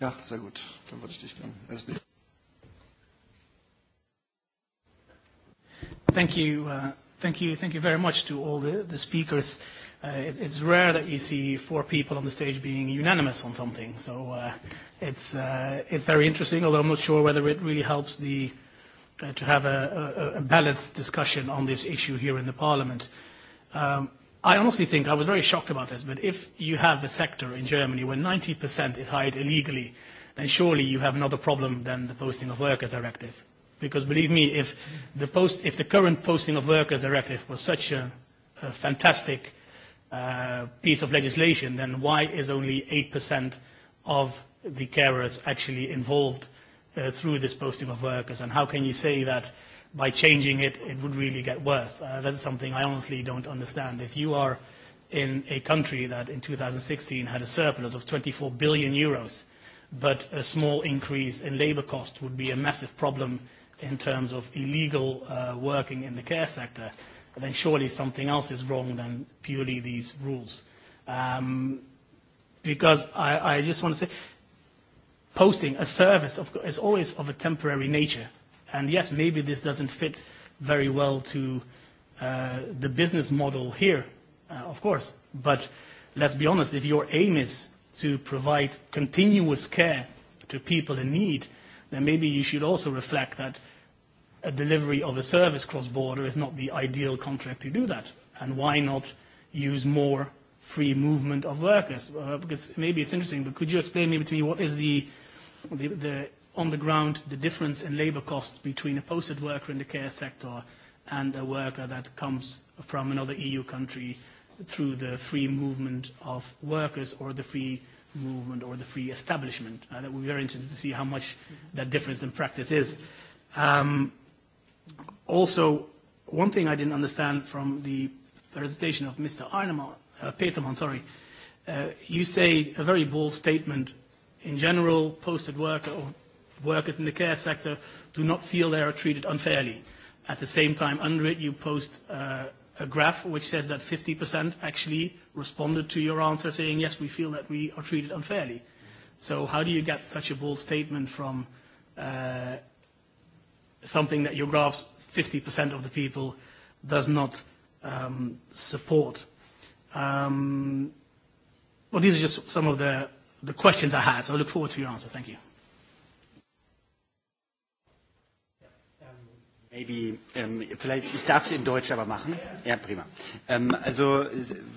S6: Ja, sehr gut. Dann würde ich dich gerne.
S9: Thank you. Uh, thank you. Thank you very much to all the, the speakers. Uh, it, it's rare that you see four people on the stage being unanimous on something. So uh, it's, uh, it's very interesting, although I'm not sure whether it really helps the, uh, to have a, a, a balanced discussion on this issue here in the Parliament. Um, i honestly think I was very shocked about this, but if you have a sector in Germany where 90% is hired illegally, then surely you have another problem than the Posting of Workers Directive. Because believe me, if the, post, if the current Posting of Workers Directive was such a, a fantastic uh, piece of legislation, then why is only 8% of the carers actually involved uh, through this Posting of Workers? And how can you say that by changing it, it would really get worse. Uh, that's something I honestly don't understand. If you are in a country that in 2016 had a surplus of 24 billion euros, but a small increase in labor cost would be a massive problem in terms of illegal uh, working in the care sector, then surely something else is wrong than purely these rules. Um, because I, I just want to say, posting a service of, is always of a temporary nature And yes, maybe this doesn't fit very well to uh, the business model here, uh, of course. But let's be honest, if your aim is to provide continuous care to people in need, then maybe you should also reflect that a delivery of a service cross-border is not the ideal contract to do that. And why not use more free movement of workers? Uh, because maybe it's interesting, but could you explain maybe to me what is the, the, the on the ground the difference in labor costs between a posted worker in the care sector and a worker that comes from another EU country through the free movement of workers or the free movement or the free establishment. Uh, that would be very interesting to see how much that difference in practice is. Um, also, one thing I didn't understand from the presentation of Mr. Arnemann, uh, sorry, uh, you say a very bold statement. In general, posted worker or workers in the care sector do not feel they are treated unfairly. At the same time, under it, you post uh, a graph which says that 50% actually responded to your answer saying, yes, we feel that we are treated unfairly. So how do you get such a bold statement from uh, something that your graphs 50% of the people does not um, support? Um, well, these are just some of the, the questions I had, so I look forward to your answer. Thank you.
S5: Maybe, ähm, vielleicht, ich darf es in Deutsch aber machen. Ja, prima. Ähm, also,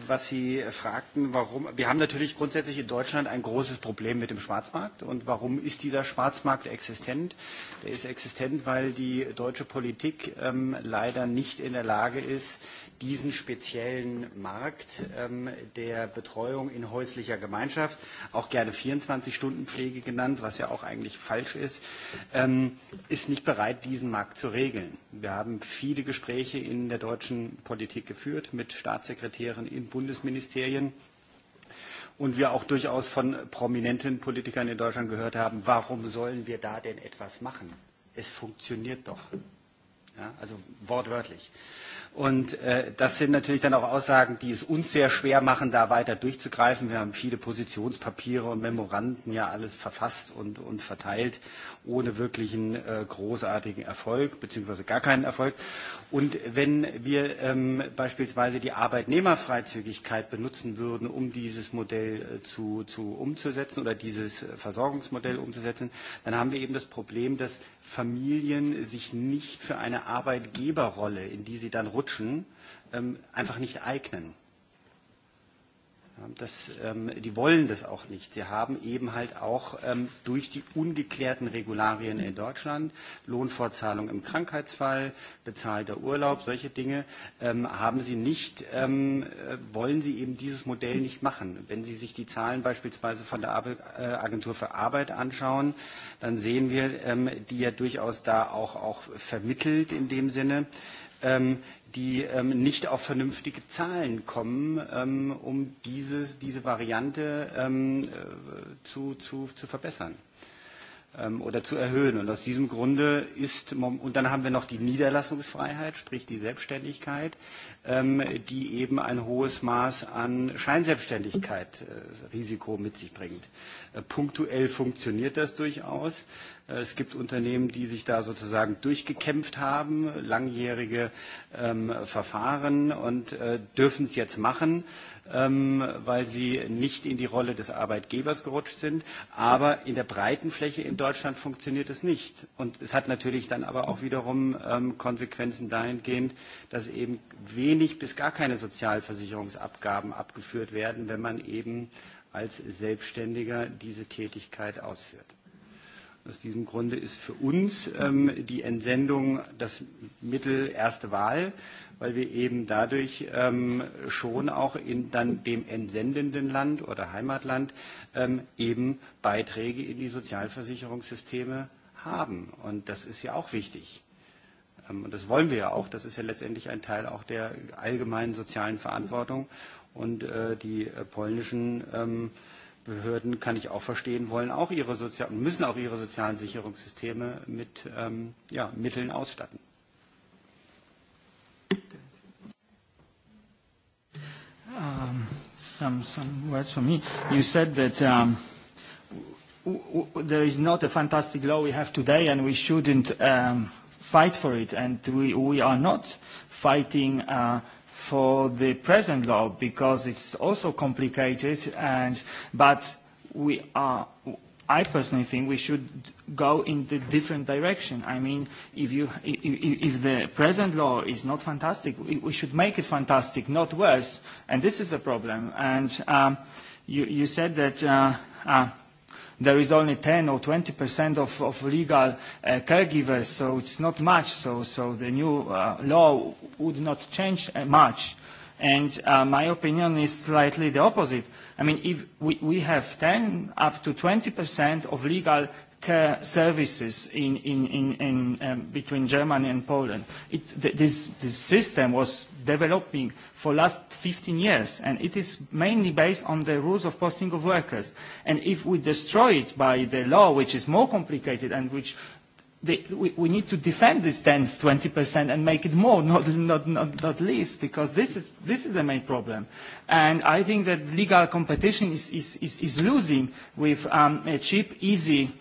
S5: was Sie fragten, warum, wir haben natürlich grundsätzlich in Deutschland ein großes Problem mit dem Schwarzmarkt. Und warum ist dieser Schwarzmarkt existent? Der ist existent, weil die deutsche Politik ähm, leider nicht in der Lage ist, diesen speziellen Markt ähm, der Betreuung in häuslicher Gemeinschaft, auch gerne 24-Stunden-Pflege genannt, was ja auch eigentlich falsch ist, ähm, ist nicht bereit, diesen Markt zu regeln. Wir haben viele Gespräche in der deutschen Politik geführt mit Staatssekretären in Bundesministerien, und wir auch durchaus von prominenten Politikern in Deutschland gehört haben, warum sollen wir da denn etwas machen? Es funktioniert doch. Ja, also wortwörtlich. Und äh, das sind natürlich dann auch Aussagen, die es uns sehr schwer machen, da weiter durchzugreifen. Wir haben viele Positionspapiere und Memoranden ja alles verfasst und, und verteilt, ohne wirklichen äh, großartigen Erfolg, beziehungsweise gar keinen Erfolg. Und wenn wir ähm, beispielsweise die Arbeitnehmerfreizügigkeit benutzen würden, um dieses Modell äh, zu, zu umzusetzen oder dieses Versorgungsmodell umzusetzen, dann haben wir eben das Problem, dass Familien sich nicht für eine Arbeitgeberrolle, in die sie dann rutschen, ähm, einfach nicht eignen. Ähm, das, ähm, die wollen das auch nicht. Sie haben eben halt auch ähm, durch die ungeklärten Regularien in Deutschland, Lohnfortzahlung im Krankheitsfall, bezahlter Urlaub, solche Dinge, ähm, haben sie nicht, ähm, äh, wollen sie eben dieses Modell nicht machen. Wenn Sie sich die Zahlen beispielsweise von der äh, Agentur für Arbeit anschauen, dann sehen wir, ähm, die ja durchaus da auch, auch vermittelt in dem Sinne, ähm, die ähm, nicht auf vernünftige Zahlen kommen, ähm, um dieses, diese Variante ähm, äh, zu, zu, zu verbessern ähm, oder zu erhöhen. Und aus diesem Grunde ist, und dann haben wir noch die Niederlassungsfreiheit, sprich die Selbstständigkeit, ähm, die eben ein hohes Maß an Scheinselbstständigkeit, äh, Risiko mit sich bringt. Äh, punktuell funktioniert das durchaus. Äh, es gibt Unternehmen, die sich da sozusagen durchgekämpft haben, langjährige ähm, Verfahren und äh, dürfen es jetzt machen, ähm, weil sie nicht in die Rolle des Arbeitgebers gerutscht sind. Aber in der breiten Fläche in Deutschland funktioniert es nicht. Und es hat natürlich dann aber auch wiederum ähm, Konsequenzen dahingehend, dass eben wenig bis gar keine Sozialversicherungsabgaben abgeführt werden, wenn man eben als Selbstständiger diese Tätigkeit ausführt. Aus diesem Grunde ist für uns ähm, die Entsendung das Mittel erste Wahl, weil wir eben dadurch ähm, schon auch in dann dem entsendenden Land oder Heimatland ähm, eben Beiträge in die Sozialversicherungssysteme haben. Und das ist ja auch wichtig. Ähm, und das wollen wir ja auch. Das ist ja letztendlich ein Teil auch der allgemeinen sozialen Verantwortung. Und äh, die äh, polnischen ähm, Behörden kann ich auch verstehen, wollen auch ihre Sozial müssen auch ihre sozialen Sicherungssysteme mit ähm, ja, Mitteln ausstatten.
S1: Um, some, some words for me. You said that um, there is not a fantastic law we have today and we shouldn't um, fight for it and we, we are not fighting uh, for the present law because it's also complicated and but we are I personally think we should go in the different direction. I mean, if, you, if, if the present law is not fantastic, we should make it fantastic, not worse. And this is a problem. And um, you, you said that uh, uh there is only 10 or 20% of, legal uh, caregivers, so it's not much. So, the new uh, law would not change uh, much. And my opinion is slightly the opposite. I mean, if we, have 10 up to 20% of legal care services in, um, between Germany and Poland, this, this system was developing for last 15 years, and it is mainly based on the rules of posting of workers. And if we destroy it by the law, which is more complicated and which the, we, we need to defend this 10, 20% and make it more, not, not, not, not least, because this is, this is the main problem. And I think that legal competition is, is, is, is losing with um, a cheap, easy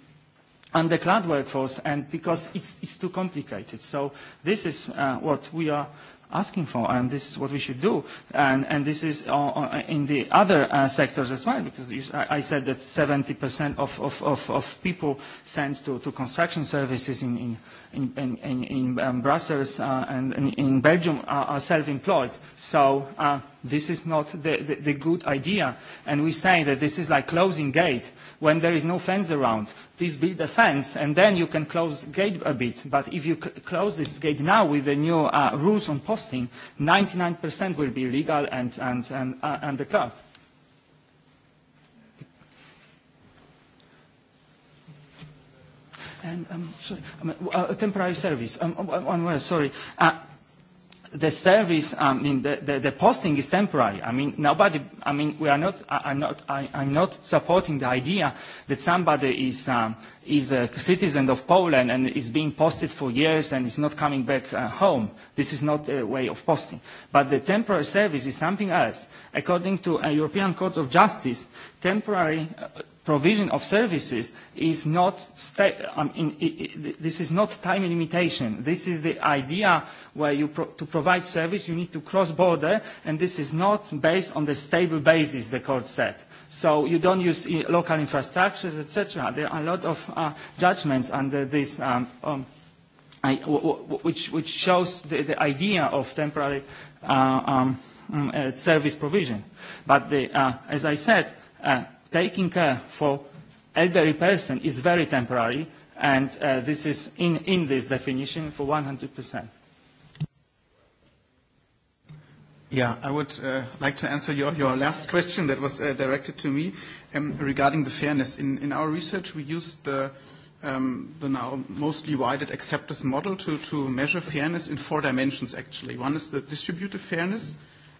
S1: underclad workforce and because it's, it's too complicated. So this is uh, what we are asking for, and this is what we should do. And, and this is uh, uh in the other uh, sectors as well, because you, I said that 70% of, of, of, of people sent to, to construction services in, in, in, in, in um, Brussels uh, and in, in Belgium are, are self-employed. So uh, this is not the, the, the good idea. And we say that this is like closing gate when there is no fence around. Please build a fence and then you can close the gate a bit. But if you close this gate now with the new uh, rules on posting, 99% will be legal and, and, and, uh, and the club. And um, sorry, um, uh, temporary service. Um, um, um sorry. Uh, the service, I mean, the, the, the posting is temporary. I mean, nobody, I mean, we are not, I, I'm not, I, I'm not supporting the idea that somebody is, um, is a citizen of Poland and is being posted for years and is not coming back uh, home. This is not a way of posting. But the temporary service is something else. According to a European Court of Justice, temporary, uh, provision of services is not this is not time limitation this is the idea where you pro to provide service you need to cross border and this is not based on the stable basis the court said so you don't use eh, local infrastructures etc there are a lot of uh, judgments under this um, um, I, w w which which shows the, the idea of temporary uh, uh, service provision but the, uh, as i said uh, taking care for elderly person is very temporary and uh, this is in, in this definition for 100%.
S10: Yeah, I would uh, like to answer your, your last question that was uh, directed to me um, regarding the fairness. In, in our research, we used the, um, the now mostly wided acceptance model to, to measure fairness in four dimensions, actually. One is the distributive fairness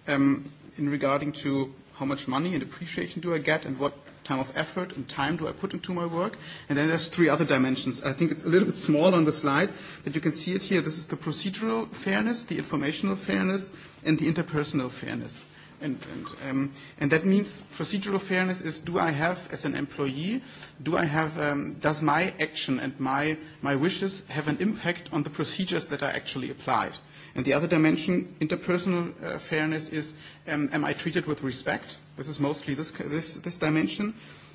S10: um, in regarding to how much money and appreciation do I get and what time of effort and time do I put into my work? And then there's three other dimensions. I think it's a little bit small on the slide, but you can see it here. This is the procedural fairness, the informational fairness, and the interpersonal fairness. And, and, um, and that means procedural fairness is do I have, as an employee, do I have, um, does my action and my, my wishes have an impact on the procedures that are actually applied? And the other dimension, interpersonal uh, fairness, is um, am I treated with respect? This is mostly this, this, this dimension.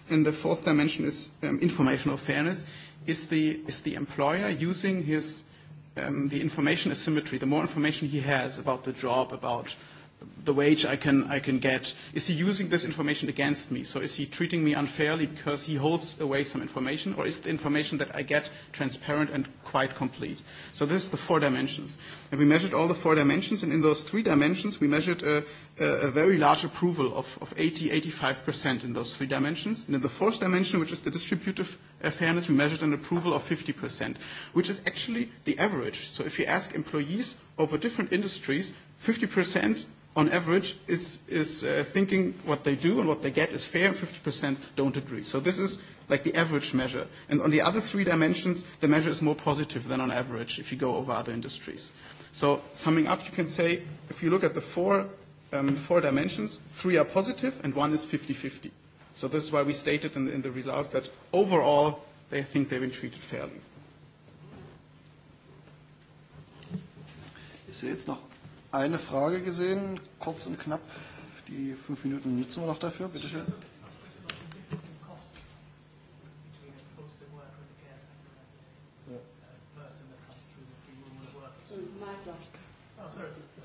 S10: And the fourth dimension is um, informational fairness. Is the, is the employer using his, um, the information asymmetry, the more information he has about the job, about the wage I can, I can get. Is he using this information against me? So is he treating me unfairly because he holds away some information? Or is the information that I get transparent and quite complete? So this is the four dimensions. And we measured all the four dimensions. And in those three dimensions, we measured a, a, very large approval of, of 80, 85% in those three dimensions. And in the fourth dimension, which is the distributive fairness, we measured an approval of 50%, which is actually the average. So if you ask employees over different industries, 50% on average, is, is uh, thinking what they do and what they get is fair, and 50% don't agree. So this is like the average measure. And on the other three dimensions, the measure is more positive than on average if you go over other industries. So summing up, you can say if you look at the four, um, four dimensions, three are positive and one is 50-50. So this is why we stated in, in the results that overall they think they've been treated fairly.
S6: jetzt noch eine Frage gesehen, kurz und knapp. Die fünf Minuten nutzen wir noch dafür. Bitte schön.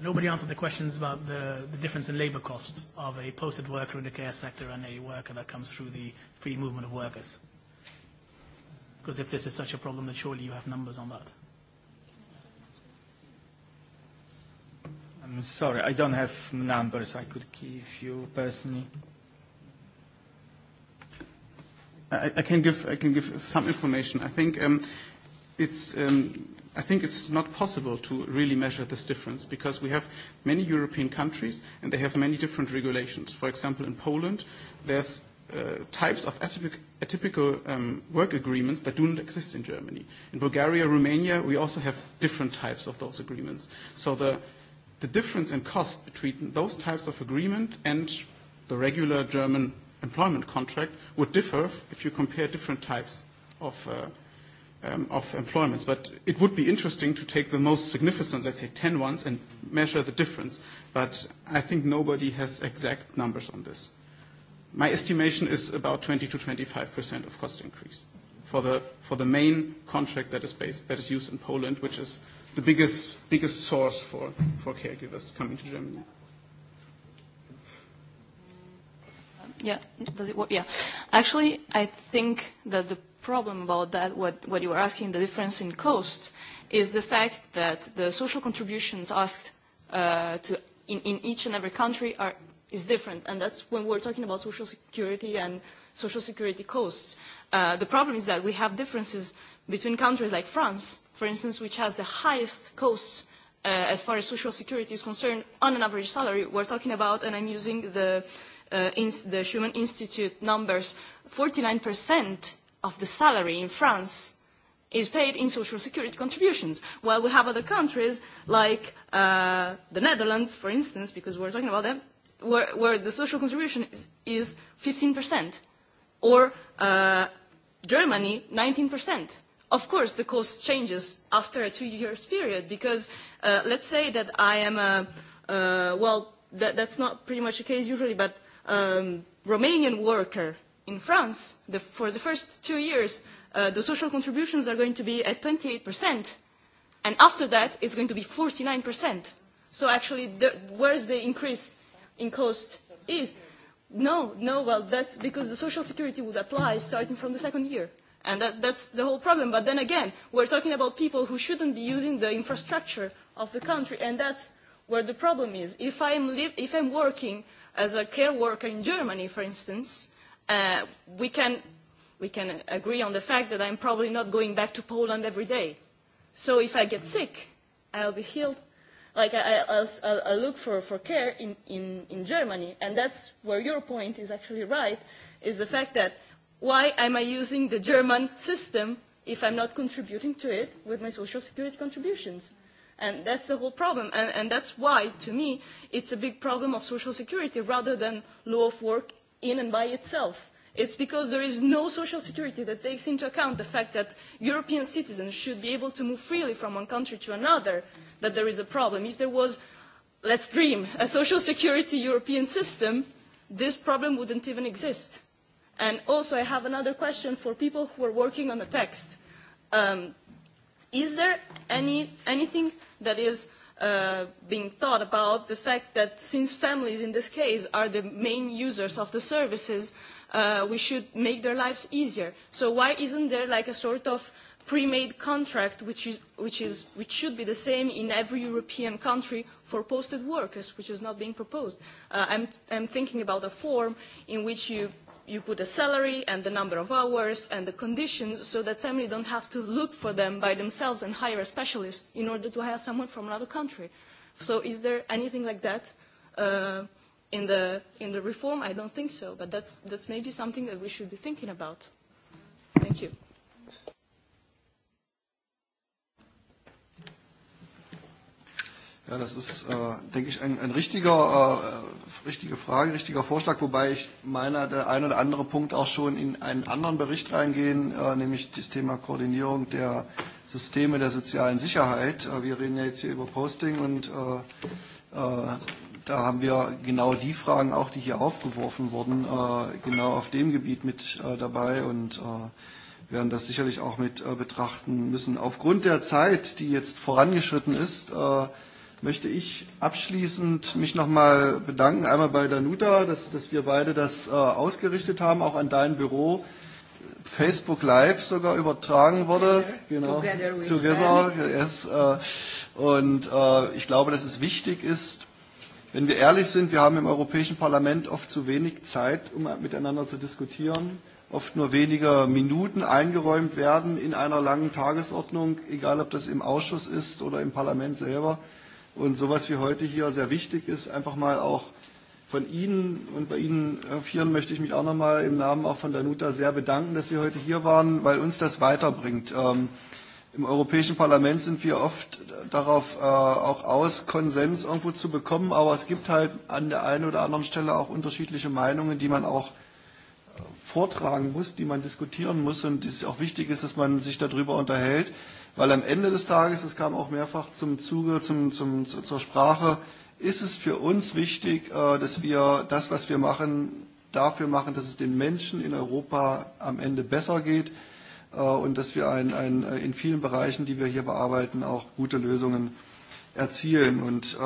S9: Nobody answered the questions about the, the difference in labor costs of a posted worker in the care sector and a worker that comes through the free movement of workers. Because if this is such a problem, then surely you have numbers on that.
S1: I'm sorry, I don't have numbers I could give you personally.
S10: I, I can give I can give some information. I think um, it's um, I think it's not possible to really measure this difference because we have many European countries and they have many different regulations. For example, in Poland, there's Uh, types of atypical um, work agreements that do not exist in Germany. In Bulgaria, Romania, we also have different types of those agreements. So the the difference in cost between those types of agreement and the regular German employment contract would differ if you compare different types of, uh, um, of employments. But it would be interesting to take the most significant, let's say 10 ones, and measure the difference. But I think nobody has exact numbers on this. My estimation is about 20 to 25% of cost increase for the, for the main contract that is based, that is used in Poland, which is the biggest biggest source for for caregivers coming to Germany.
S8: Yeah, does it Yeah, actually, I think that the problem about that, what what you were asking, the difference in cost, is the fact that the social contributions asked uh, to in in each and every country are is different, and that's when we're talking about social security and social security costs. Uh, the problem is that we have differences between countries like France for instance, which has the highest costs uh, as far as social security is concerned on an average salary, we're talking about, and I'm using the, uh, the Schumann Institute numbers, 49% of the salary in France is paid in social security contributions, while we have other countries like uh, the Netherlands, for instance, because we're talking about them, where, where the social contribution is, is 15%, or uh, Germany, 19% of course the cost changes after a two years period because uh, let's say that I am a, uh, well, that, that's not pretty much the case usually, but um, Romanian worker in France, the, for the first two years, uh, the social contributions are going to be at 28%, and after that it's going to be 49%. So actually, the, where's the increase in cost is? No, no, well, that's because the social security would apply starting from the second year. And that, that's the whole problem. But then again, we're talking about people who shouldn't be using the infrastructure of the country, and that's where the problem is. If I'm, live if I'm working as a care worker in Germany, for instance, uh, we, can, we can agree on the fact that I'm probably not going back to Poland every day. So if I get sick, I'll be healed. Like, I, I'll, look for, for care in, in, in Germany. And that's where your point is actually right, is the fact that why am I using the German system if I'm not contributing to it with my social security contributions? And that's the whole problem. And, and that's why, to me, it's a big problem of social security rather than law of work in and by itself. It's because there is no social security that takes into account the fact that European citizens should be able to move freely from one country to another, that there is a problem. If there was, let's dream, a social security European system, this problem wouldn't even exist And also I have another question for people who are working on the text. Um, is there any, anything that is uh, being thought about the fact that since families in this case are the main users of the services, uh, we should make their lives easier. So why isn't there like a sort of pre-made contract which, is, which, is, which should be the same in every European country for posted workers, which is not being proposed. Uh, I'm, I'm thinking about a form in which you you put a salary and the number of hours and the conditions so that family don't have to look for them by themselves and hire a specialist in order to hire someone from another country. So is there anything like that uh, in, the, in the reform? I don't think so, but that's, that's maybe something that we should be thinking about. Thank you.
S6: Ja, das ist, äh, denke ich, ein, ein richtiger, äh, richtige Frage, richtiger Vorschlag, wobei ich meiner der ein oder andere Punkt auch schon in einen anderen Bericht reingehen, äh, nämlich das Thema Koordinierung der Systeme der sozialen Sicherheit. Äh, wir reden ja jetzt hier über Posting und äh, äh, da haben wir genau die Fragen auch, die hier aufgeworfen wurden, äh, genau auf dem Gebiet mit äh, dabei und äh, werden das sicherlich auch mit äh, betrachten müssen. Aufgrund der Zeit, die jetzt vorangeschritten ist, äh, möchte ich abschließend mich mal bedanken, einmal bei Danuta, dass, dass wir beide das äh, ausgerichtet haben, auch an dein Büro. Facebook Live sogar übertragen wurde. Genau. Together, we yes. Äh, und äh, ich glaube, dass es wichtig ist, wenn wir ehrlich sind, wir haben im Europäischen Parlament oft zu wenig Zeit, um miteinander zu diskutieren oft nur wenige Minuten eingeräumt werden in einer langen Tagesordnung, egal ob das im Ausschuss ist oder im Parlament selber. Und sowas wie heute hier sehr wichtig ist, einfach mal auch von Ihnen und bei Ihnen, Herr Vieren, möchte ich mich auch nochmal im Namen auch von Danuta sehr bedanken, dass Sie heute hier waren, weil uns das weiterbringt. Ähm, Im Europäischen Parlament sind wir oft darauf äh, auch aus, Konsens irgendwo zu bekommen, aber es gibt halt an der einen oder anderen Stelle auch unterschiedliche Meinungen, die man auch äh, vortragen muss, die man diskutieren muss und es auch wichtig ist, dass man sich darüber unterhält. Weil am Ende des Tages, es kam auch mehrfach zum Zuge, zum, zum, zur Sprache, ist es für uns wichtig, äh, dass wir das, was wir machen, dafür machen, dass es den Menschen in Europa am Ende besser geht äh, und dass wir ein, ein, äh, in vielen Bereichen, die wir hier bearbeiten, auch gute Lösungen erzielen. Und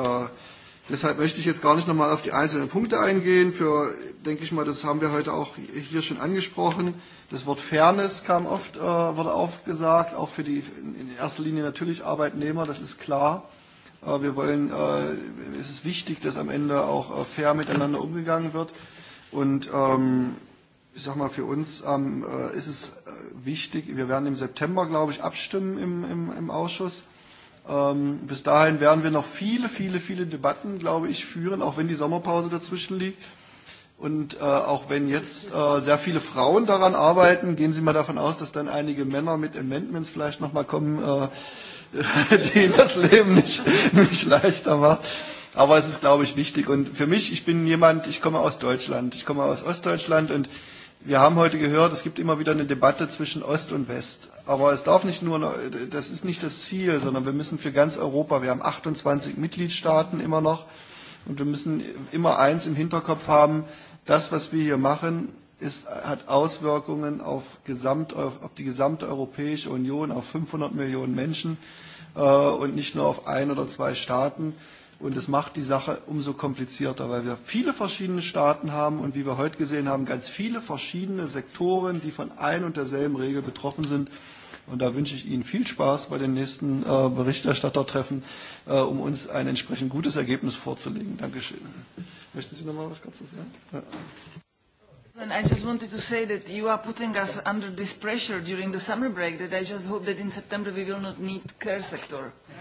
S6: deshalb möchte ich jetzt gar nicht nochmal auf die einzelnen Punkte eingehen. Für, denke ich mal, das haben wir heute auch hier schon angesprochen. Das Wort Fairness kam oft, äh, wurde oft gesagt, auch für die in erster Linie natürlich Arbeitnehmer, das ist klar. Äh, wir wollen, äh, es ist wichtig, dass am Ende auch äh, fair miteinander umgegangen wird. Und ähm, ich sag mal, für uns ähm, äh, ist es äh, wichtig, wir werden im September, glaube ich, abstimmen im, im, im Ausschuss. Ähm, bis dahin werden wir noch viele, viele, viele Debatten, glaube ich, führen, auch wenn die Sommerpause dazwischen liegt Und äh, auch wenn jetzt äh, sehr viele Frauen daran arbeiten, gehen Sie mal davon aus, dass dann einige Männer mit Amendments vielleicht mal kommen, äh, das Leben nicht, nicht leichter machen. Aber es ist, glaube ich, wichtig. Und für mich, ich bin jemand, ich komme aus Deutschland, ich komme aus Ostdeutschland und wir haben heute gehört, es gibt immer wieder eine Debatte zwischen Ost und West. Aber es darf nicht nur, das ist nicht das Ziel, sondern wir müssen für ganz Europa, wir haben 28 Mitgliedstaaten immer noch und wir müssen immer eins im Hinterkopf haben, Das, was wir hier machen, ist, hat Auswirkungen auf, gesamt, auf die gesamte Europäische Union, auf 500 Millionen Menschen äh, und nicht nur auf ein oder zwei Staaten. Und es macht die Sache umso komplizierter, weil wir viele verschiedene Staaten haben und wie wir heute gesehen haben, ganz viele verschiedene Sektoren, die von ein und derselben Regel betroffen sind. Und da wünsche ich Ihnen viel Spaß bei den nächsten äh, Berichterstattertreffen, äh, um uns ein entsprechend gutes Ergebnis vorzulegen. Dankeschön. Möchten Sie noch mal was Kurzes sagen? Ja.
S1: And I just wanted to say that you are putting us under this pressure during the summer break that I just hope that in September we will not need care sector.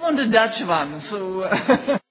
S1: want the Dutch one, so... Uh,